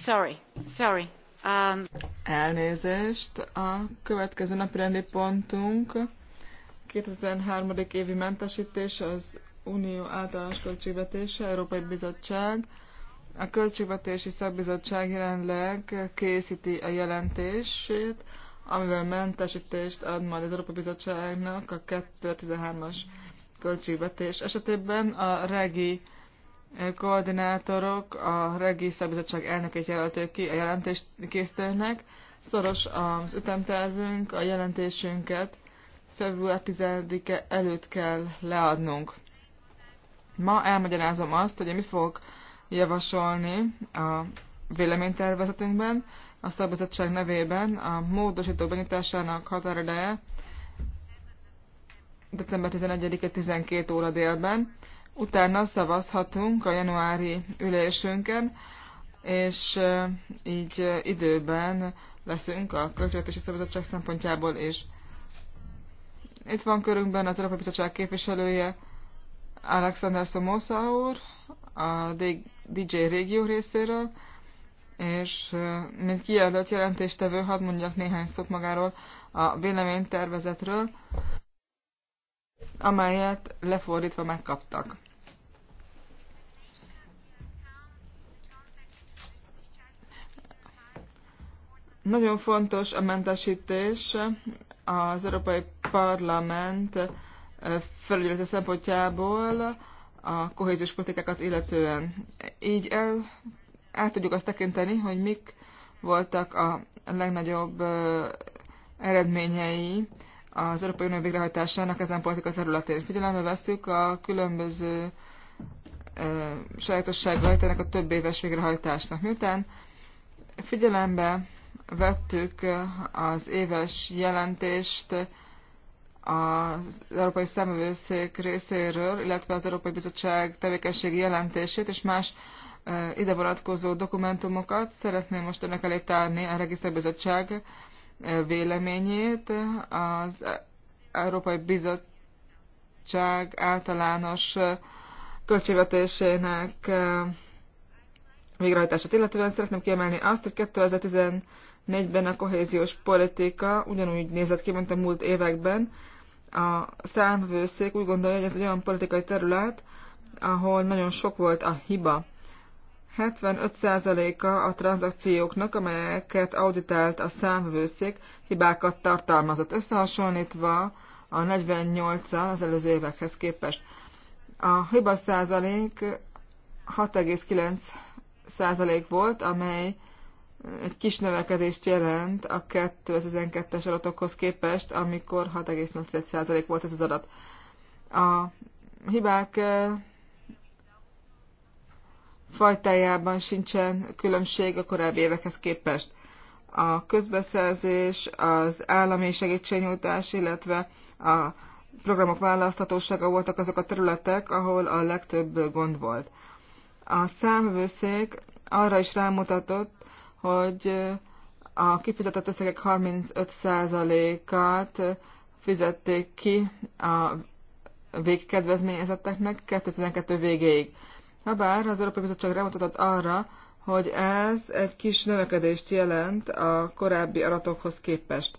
Sorry, sorry. Um... Elnézést. A következő napi rendi pontunk 2003. évi mentesítés az Unió általános költségvetése, Európai Bizottság. A Költségvetési Szakbizottság jelenleg készíti a jelentését, amivel mentesítést ad majd az Európai Bizottságnak a 2013-as költségvetés esetében. A regi koordinátorok, a regi szakbizottság elnökét jelölték ki a jelentést készítőnek. Szoros az ütemtervünk, a jelentésünket február 10-e előtt kell leadnunk. Ma elmagyarázom azt, hogy mi fog javasolni a véleménytervezetünkben, a szakbizottság nevében a módosító benyitásának határideje december 11-e 12 óra délben utána szavazhatunk a januári ülésünkön, és így időben leszünk a költségvetési szabadság szempontjából is. Itt van körünkben az Európai Bizottság képviselője, Alexander Szomósza úr, a DJ régió részéről, és mint kijelölt jelentéstevő, hadd mondjak néhány szót magáról a véleménytervezetről amelyet lefordítva megkaptak. Nagyon fontos a mentesítés az Európai Parlament felügyelete szempontjából a kohéziós politikákat illetően. Így el, el tudjuk azt tekinteni, hogy mik voltak a legnagyobb eredményei az Európai Unió végrehajtásának ezen politika területén. Figyelembe veszük a különböző ö, sajátosságait ennek a több éves végrehajtásnak. Miután figyelembe vettük az éves jelentést az Európai Számövőszék részéről, illetve az Európai Bizottság tevékenységi jelentését és más ide vonatkozó dokumentumokat. Szeretném most önök elé tárni a Regiszterbizottság véleményét. Az Európai Bizottság általános költségvetésének eh, végrehajtását illetően szeretném kiemelni azt, hogy 2014-ben a kohéziós politika ugyanúgy nézett ki, mint a múlt években. A számvőszék úgy gondolja, hogy ez egy olyan politikai terület, ahol nagyon sok volt a hiba. 75%-a a tranzakcióknak, amelyeket auditált a számvőszék, hibákat tartalmazott, összehasonlítva a 48-al az előző évekhez képest. A hiba százalék 6,9% volt, amely egy kis növekedést jelent a 2012-es adatokhoz képest, amikor 6,8% volt ez az adat. A hibák fajtájában sincsen különbség a korábbi évekhez képest. A közbeszerzés, az állami segítségnyújtás, illetve a programok választhatósága voltak azok a területek, ahol a legtöbb gond volt. A számvőszék arra is rámutatott, hogy a kifizetett összegek 35%-át fizették ki a végkedvezményezetteknek 2012 végéig. Habár az Európai Bizottság rámutatott arra, hogy ez egy kis növekedést jelent a korábbi adatokhoz képest.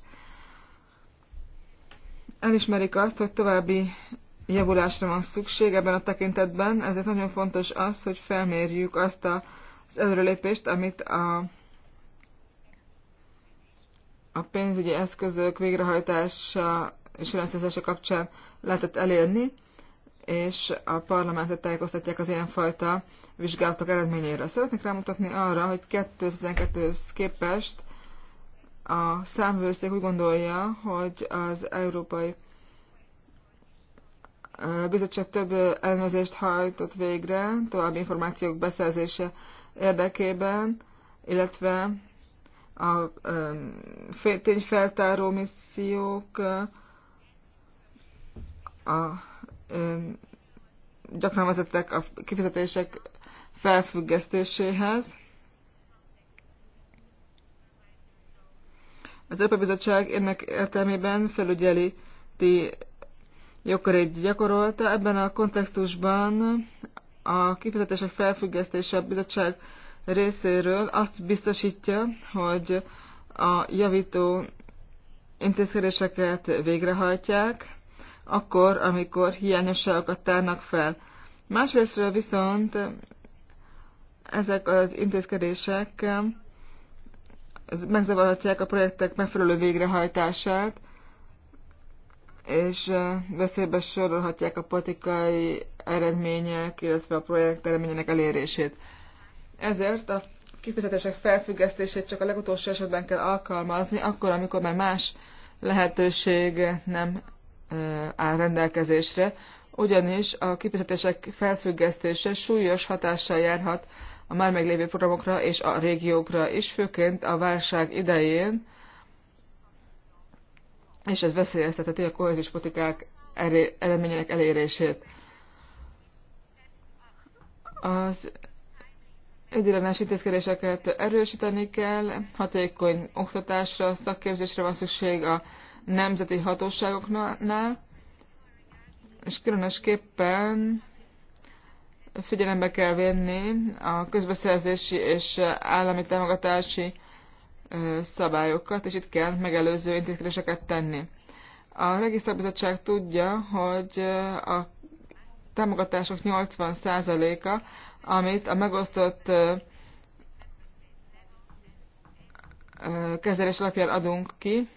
Elismerik azt, hogy további javulásra van szükség ebben a tekintetben, ezért nagyon fontos az, hogy felmérjük azt a, az előrelépést, amit a, a pénzügyi eszközök végrehajtása és finanszírozása kapcsán lehetett elérni, és a parlamentet tájékoztatják az ilyenfajta vizsgálatok eredményéről. Szeretnék rámutatni arra, hogy 2012-höz képest a számvőszék úgy gondolja, hogy az Európai Bizottság több ellenőrzést hajtott végre, további információk beszerzése érdekében, illetve a tényfeltáró missziók, a gyakran vezettek a kifizetések felfüggesztéséhez. Az Európai Bizottság ennek értelmében felügyeli ti jogkörét gyakorolta. Ebben a kontextusban a kifizetések felfüggesztése a bizottság részéről azt biztosítja, hogy a javító intézkedéseket végrehajtják, akkor, amikor hiányosságokat tárnak fel. Másrésztről viszont ezek az intézkedések megzavarhatják a projektek megfelelő végrehajtását, és eh, veszélybe sorolhatják a politikai eredmények, illetve a projekt eredményének elérését. Ezért a kifizetések felfüggesztését csak a legutolsó esetben kell alkalmazni, akkor, amikor már más lehetőség nem áll rendelkezésre, ugyanis a kifizetések felfüggesztése súlyos hatással járhat a már meglévő programokra és a régiókra is, főként a válság idején, és ez veszélyeztetheti a kohéziós politikák eredményének elérését. Az időlenes intézkedéseket erősíteni kell, hatékony oktatásra, szakképzésre van szükség a nemzeti hatóságoknál, és különösképpen figyelembe kell venni a közbeszerzési és állami támogatási szabályokat, és itt kell megelőző intézkedéseket tenni. A Regiszterbizottság tudja, hogy a támogatások 80%-a, amit a megosztott kezelés alapján adunk ki,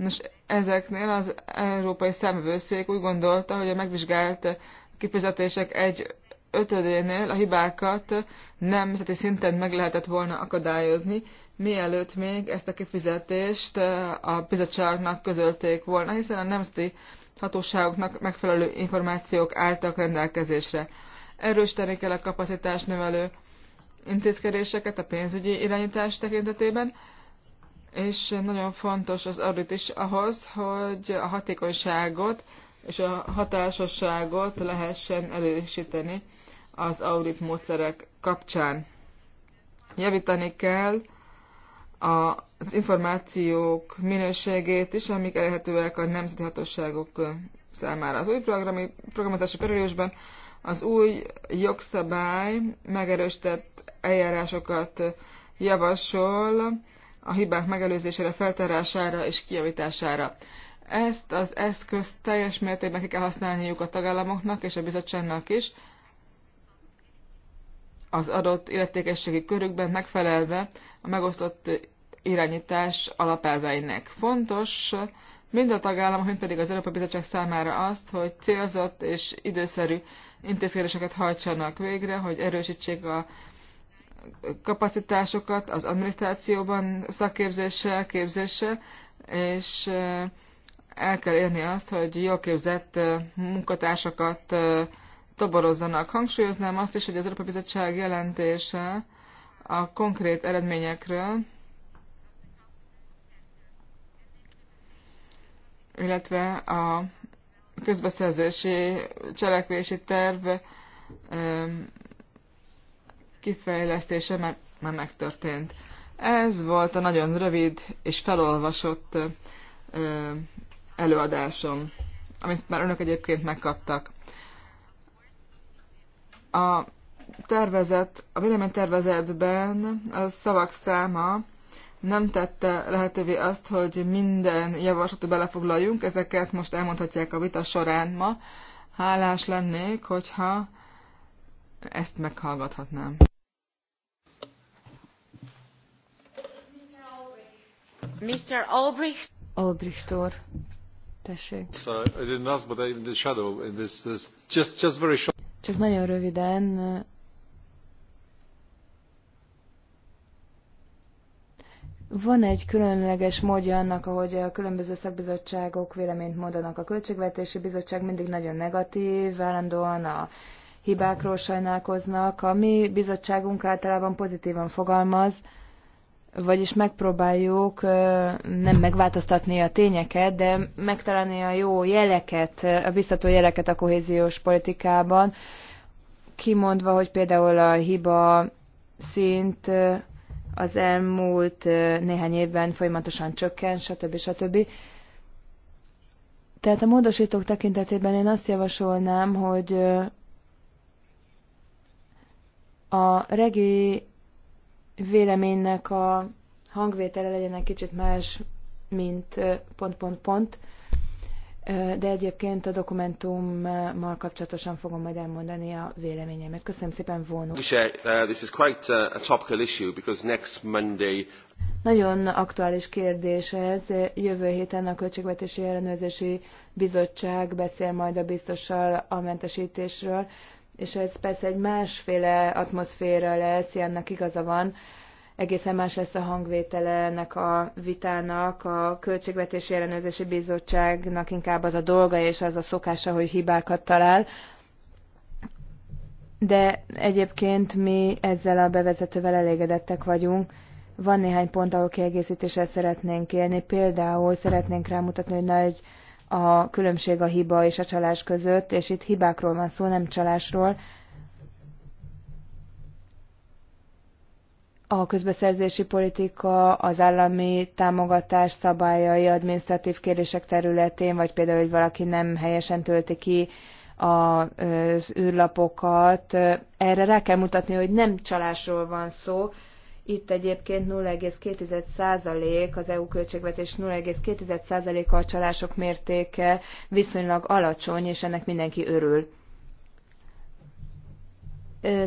Nos, ezeknél az Európai Szemvőszék úgy gondolta, hogy a megvizsgált kifizetések egy ötödénél a hibákat nemzeti szinten meg lehetett volna akadályozni, mielőtt még ezt a kifizetést a bizottságnak közölték volna, hiszen a nemzeti hatóságoknak megfelelő információk álltak rendelkezésre. Erősíteni kell a kapacitás növelő intézkedéseket a pénzügyi irányítás tekintetében, és nagyon fontos az audit is ahhoz, hogy a hatékonyságot és a hatásosságot lehessen elősíteni az audit módszerek kapcsán. Javítani kell az információk minőségét is, amik elérhetőek a nemzeti hatóságok számára. Az új programi, programozási periódusban az új jogszabály megerősített eljárásokat javasol a hibák megelőzésére, feltárására és kijavítására. Ezt az eszközt teljes mértékben ki kell használniuk a tagállamoknak és a bizottságnak is, az adott illetékességi körükben megfelelve a megosztott irányítás alapelveinek. Fontos mind a tagállamok, mind pedig az Európai Bizottság számára azt, hogy célzott és időszerű intézkedéseket hajtsanak végre, hogy erősítsék a kapacitásokat az adminisztrációban szakképzéssel, képzéssel, és el kell érni azt, hogy jól képzett munkatársakat toborozzanak. Hangsúlyoznám azt is, hogy az Európai Bizottság jelentése a konkrét eredményekről, illetve a közbeszerzési cselekvési terv kifejlesztése már, már megtörtént. Ez volt a nagyon rövid és felolvasott ö, előadásom, amit már önök egyébként megkaptak. A tervezet, a véleménytervezetben a szavak száma nem tette lehetővé azt, hogy minden javaslatot belefoglaljunk, ezeket most elmondhatják a vita során ma. Hálás lennék, hogyha ezt meghallgathatnám. Mr. Albrecht. Albrecht úr. Tessék. So, I didn't ask, but in the shadow, in this, this, just, just very short. Csak nagyon röviden. Uh, van egy különleges módja annak, ahogy a különböző szakbizottságok véleményt mondanak. A Költségvetési Bizottság mindig nagyon negatív, állandóan a hibákról sajnálkoznak. A mi bizottságunk általában pozitívan fogalmaz, vagyis megpróbáljuk nem megváltoztatni a tényeket, de megtalálni a jó jeleket, a biztató jeleket a kohéziós politikában, kimondva, hogy például a hiba szint az elmúlt néhány évben folyamatosan csökken, stb. stb. Tehát a módosítók tekintetében én azt javasolnám, hogy a regi véleménynek a hangvétele legyen egy kicsit más, mint pont, pont, pont, de egyébként a dokumentummal kapcsolatosan fogom majd elmondani a véleményemet. Köszönöm szépen, Vónó. Nagyon aktuális kérdés ez. Jövő héten a Költségvetési Ellenőrzési Bizottság beszél majd a biztossal a mentesítésről és ez persze egy másféle atmoszféra lesz, ilyennek igaza van, egészen más lesz a hangvétele ennek a vitának, a Költségvetési Ellenőrzési Bizottságnak inkább az a dolga és az a szokása, hogy hibákat talál. De egyébként mi ezzel a bevezetővel elégedettek vagyunk. Van néhány pont, ahol kiegészítéssel szeretnénk élni. Például szeretnénk rámutatni, hogy nagy a különbség a hiba és a csalás között, és itt hibákról van szó, nem csalásról. A közbeszerzési politika, az állami támogatás szabályai, adminisztratív kérdések területén, vagy például, hogy valaki nem helyesen tölti ki az űrlapokat, erre rá kell mutatni, hogy nem csalásról van szó, itt egyébként 0,2% az EU költségvetés 0,2%-a a csalások mértéke viszonylag alacsony, és ennek mindenki örül.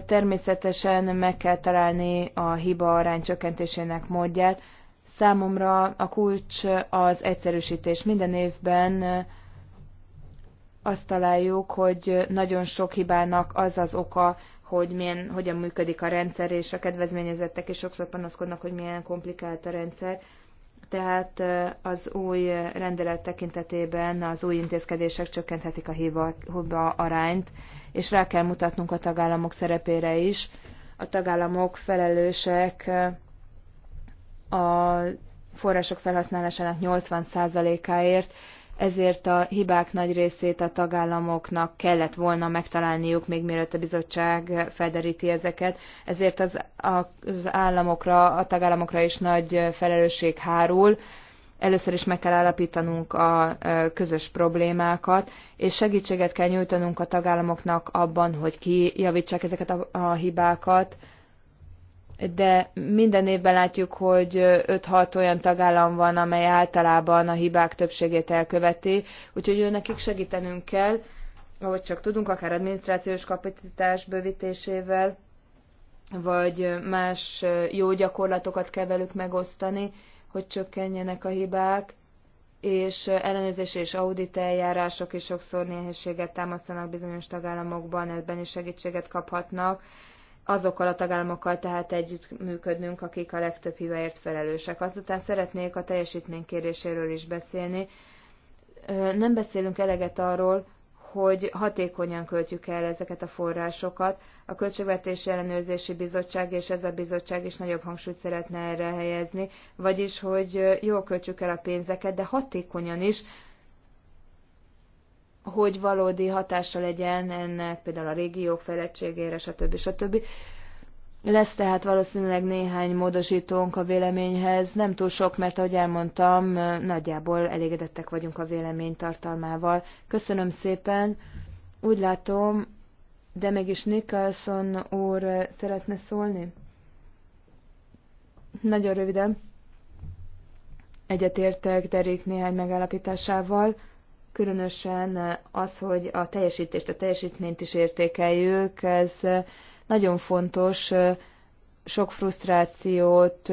Természetesen meg kell találni a hiba arány csökkentésének módját. Számomra a kulcs az egyszerűsítés. Minden évben azt találjuk, hogy nagyon sok hibának az az oka, hogy milyen, hogyan működik a rendszer, és a kedvezményezettek is sokszor panaszkodnak, hogy milyen komplikált a rendszer. Tehát az új rendelet tekintetében az új intézkedések csökkenthetik a hiba, hiba arányt, és rá kell mutatnunk a tagállamok szerepére is. A tagállamok felelősek a források felhasználásának 80%-áért, ezért a hibák nagy részét a tagállamoknak kellett volna megtalálniuk, még mielőtt a bizottság felderíti ezeket. Ezért az, az államokra, a tagállamokra is nagy felelősség hárul. Először is meg kell állapítanunk a közös problémákat, és segítséget kell nyújtanunk a tagállamoknak abban, hogy kijavítsák ezeket a, a hibákat, de minden évben látjuk, hogy 5-6 olyan tagállam van, amely általában a hibák többségét elköveti, úgyhogy ő nekik segítenünk kell, ahogy csak tudunk, akár adminisztrációs kapacitás bővítésével, vagy más jó gyakorlatokat kell velük megosztani, hogy csökkenjenek a hibák, és ellenőrzés és audit eljárások is sokszor nehézséget támasztanak bizonyos tagállamokban, ebben is segítséget kaphatnak azokkal a tagállamokkal tehát együtt működnünk, akik a legtöbb hibáért felelősek. Azután szeretnék a teljesítmény kéréséről is beszélni. Nem beszélünk eleget arról, hogy hatékonyan költjük el ezeket a forrásokat. A Költségvetési Ellenőrzési Bizottság és ez a bizottság is nagyobb hangsúlyt szeretne erre helyezni, vagyis, hogy jól költjük el a pénzeket, de hatékonyan is, hogy valódi hatása legyen ennek például a régiók fejlettségére, stb. stb. Lesz tehát valószínűleg néhány módosítónk a véleményhez, nem túl sok, mert ahogy elmondtam, nagyjából elégedettek vagyunk a vélemény tartalmával. Köszönöm szépen, úgy látom, de mégis Nicholson úr szeretne szólni? Nagyon röviden. Egyetértek Derék néhány megállapításával különösen az, hogy a teljesítést, a teljesítményt is értékeljük, ez nagyon fontos, sok frusztrációt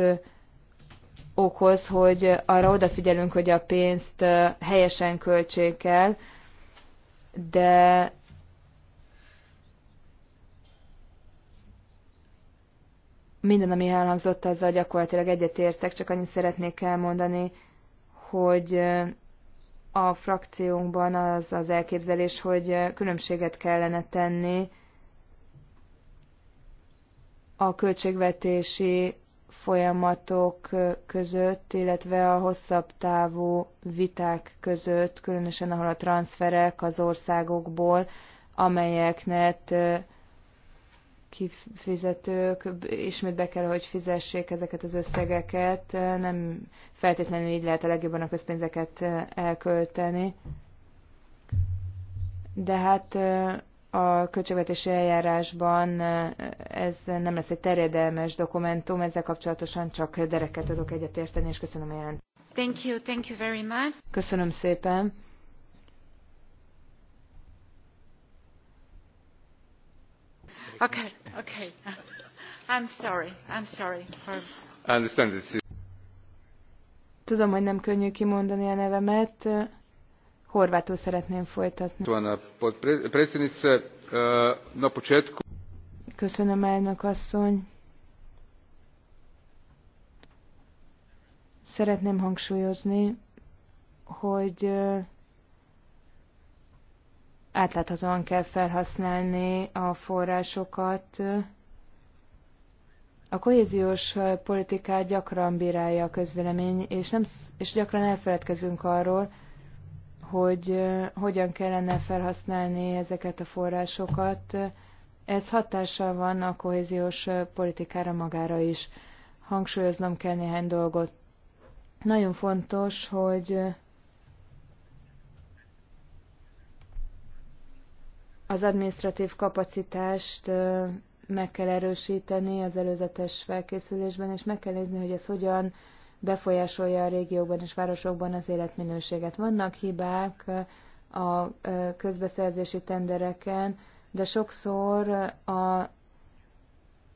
okoz, hogy arra odafigyelünk, hogy a pénzt helyesen költsék el, de minden, ami elhangzott, azzal gyakorlatilag egyetértek, csak annyit szeretnék elmondani, hogy a frakciónkban az az elképzelés, hogy különbséget kellene tenni a költségvetési folyamatok között, illetve a hosszabb távú viták között, különösen ahol a transferek az országokból, amelyeknek kifizetők ismét be kell, hogy fizessék ezeket az összegeket. Nem feltétlenül így lehet a legjobban a közpénzeket elkölteni. De hát a költségvetési eljárásban ez nem lesz egy terjedelmes dokumentum, ezzel kapcsolatosan csak dereket tudok egyetérteni, és köszönöm jelent. Thank you, thank you very much. Köszönöm szépen. Okay. Okay. I'm sorry. I'm sorry for... I understand this. Tudom, hogy nem könnyű kimondani a nevemet. Horvátul szeretném folytatni. Eh, Köszönöm, elnök asszony. Szeretném hangsúlyozni, hogy eh, átláthatóan kell felhasználni a forrásokat. A kohéziós politikát gyakran bírálja a közvélemény, és, nem, és gyakran elfeledkezünk arról, hogy hogyan kellene felhasználni ezeket a forrásokat. Ez hatással van a kohéziós politikára magára is. Hangsúlyoznom kell néhány dolgot. Nagyon fontos, hogy Az administratív kapacitást meg kell erősíteni az előzetes felkészülésben, és meg kell nézni, hogy ez hogyan befolyásolja a régiókban és városokban az életminőséget. Vannak hibák a közbeszerzési tendereken, de sokszor a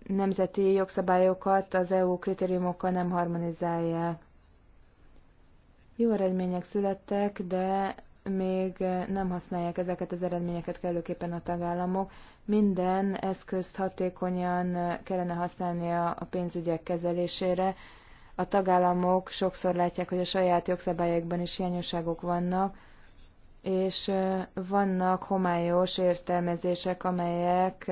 nemzeti jogszabályokat az EU kritériumokkal nem harmonizálják. Jó eredmények születtek, de még eh, nem használják ezeket az eredményeket kellőképpen a tagállamok. Minden eszközt hatékonyan eh, kellene használnia a pénzügyek kezelésére. A tagállamok sokszor látják, hogy a saját jogszabályokban is hiányosságok vannak, és eh, vannak homályos értelmezések, amelyek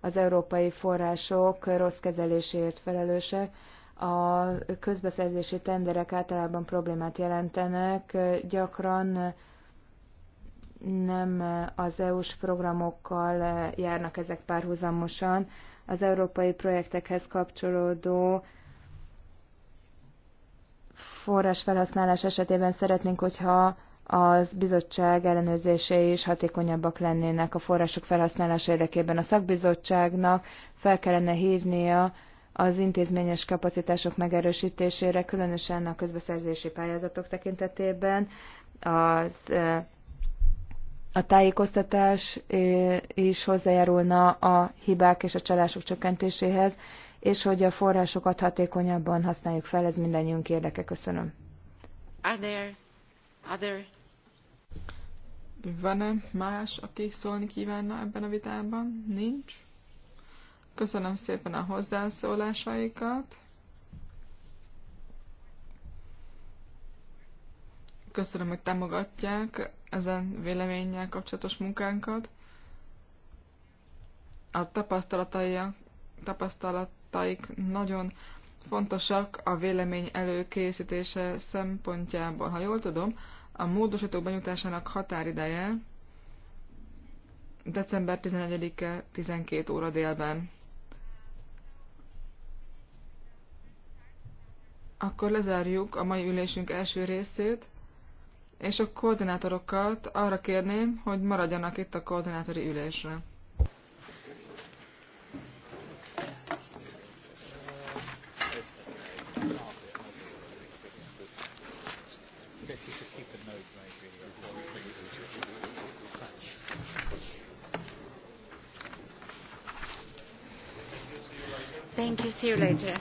az európai források rossz kezeléséért felelősek a közbeszerzési tenderek általában problémát jelentenek, gyakran nem az EU-s programokkal járnak ezek párhuzamosan. Az európai projektekhez kapcsolódó forrás felhasználás esetében szeretnénk, hogyha az bizottság ellenőrzése is hatékonyabbak lennének a források felhasználása érdekében. A szakbizottságnak fel kellene hívnia az intézményes kapacitások megerősítésére, különösen a közbeszerzési pályázatok tekintetében, az a tájékoztatás is hozzájárulna a hibák és a csalások csökkentéséhez, és hogy a forrásokat hatékonyabban használjuk fel, ez mindannyiunk érdeke. Köszönöm. Are there other... Van-e más, aki szólni kívánna ebben a vitában? Nincs. Köszönöm szépen a hozzászólásaikat. köszönöm, hogy támogatják ezen véleménnyel kapcsolatos munkánkat. A tapasztalataik nagyon fontosak a vélemény előkészítése szempontjából. Ha jól tudom, a módosítók benyújtásának határideje december 11-e 12 óra délben. Akkor lezárjuk a mai ülésünk első részét és a koordinátorokat arra kérném, hogy maradjanak itt a koordinátori ülésre. Thank you. See you later.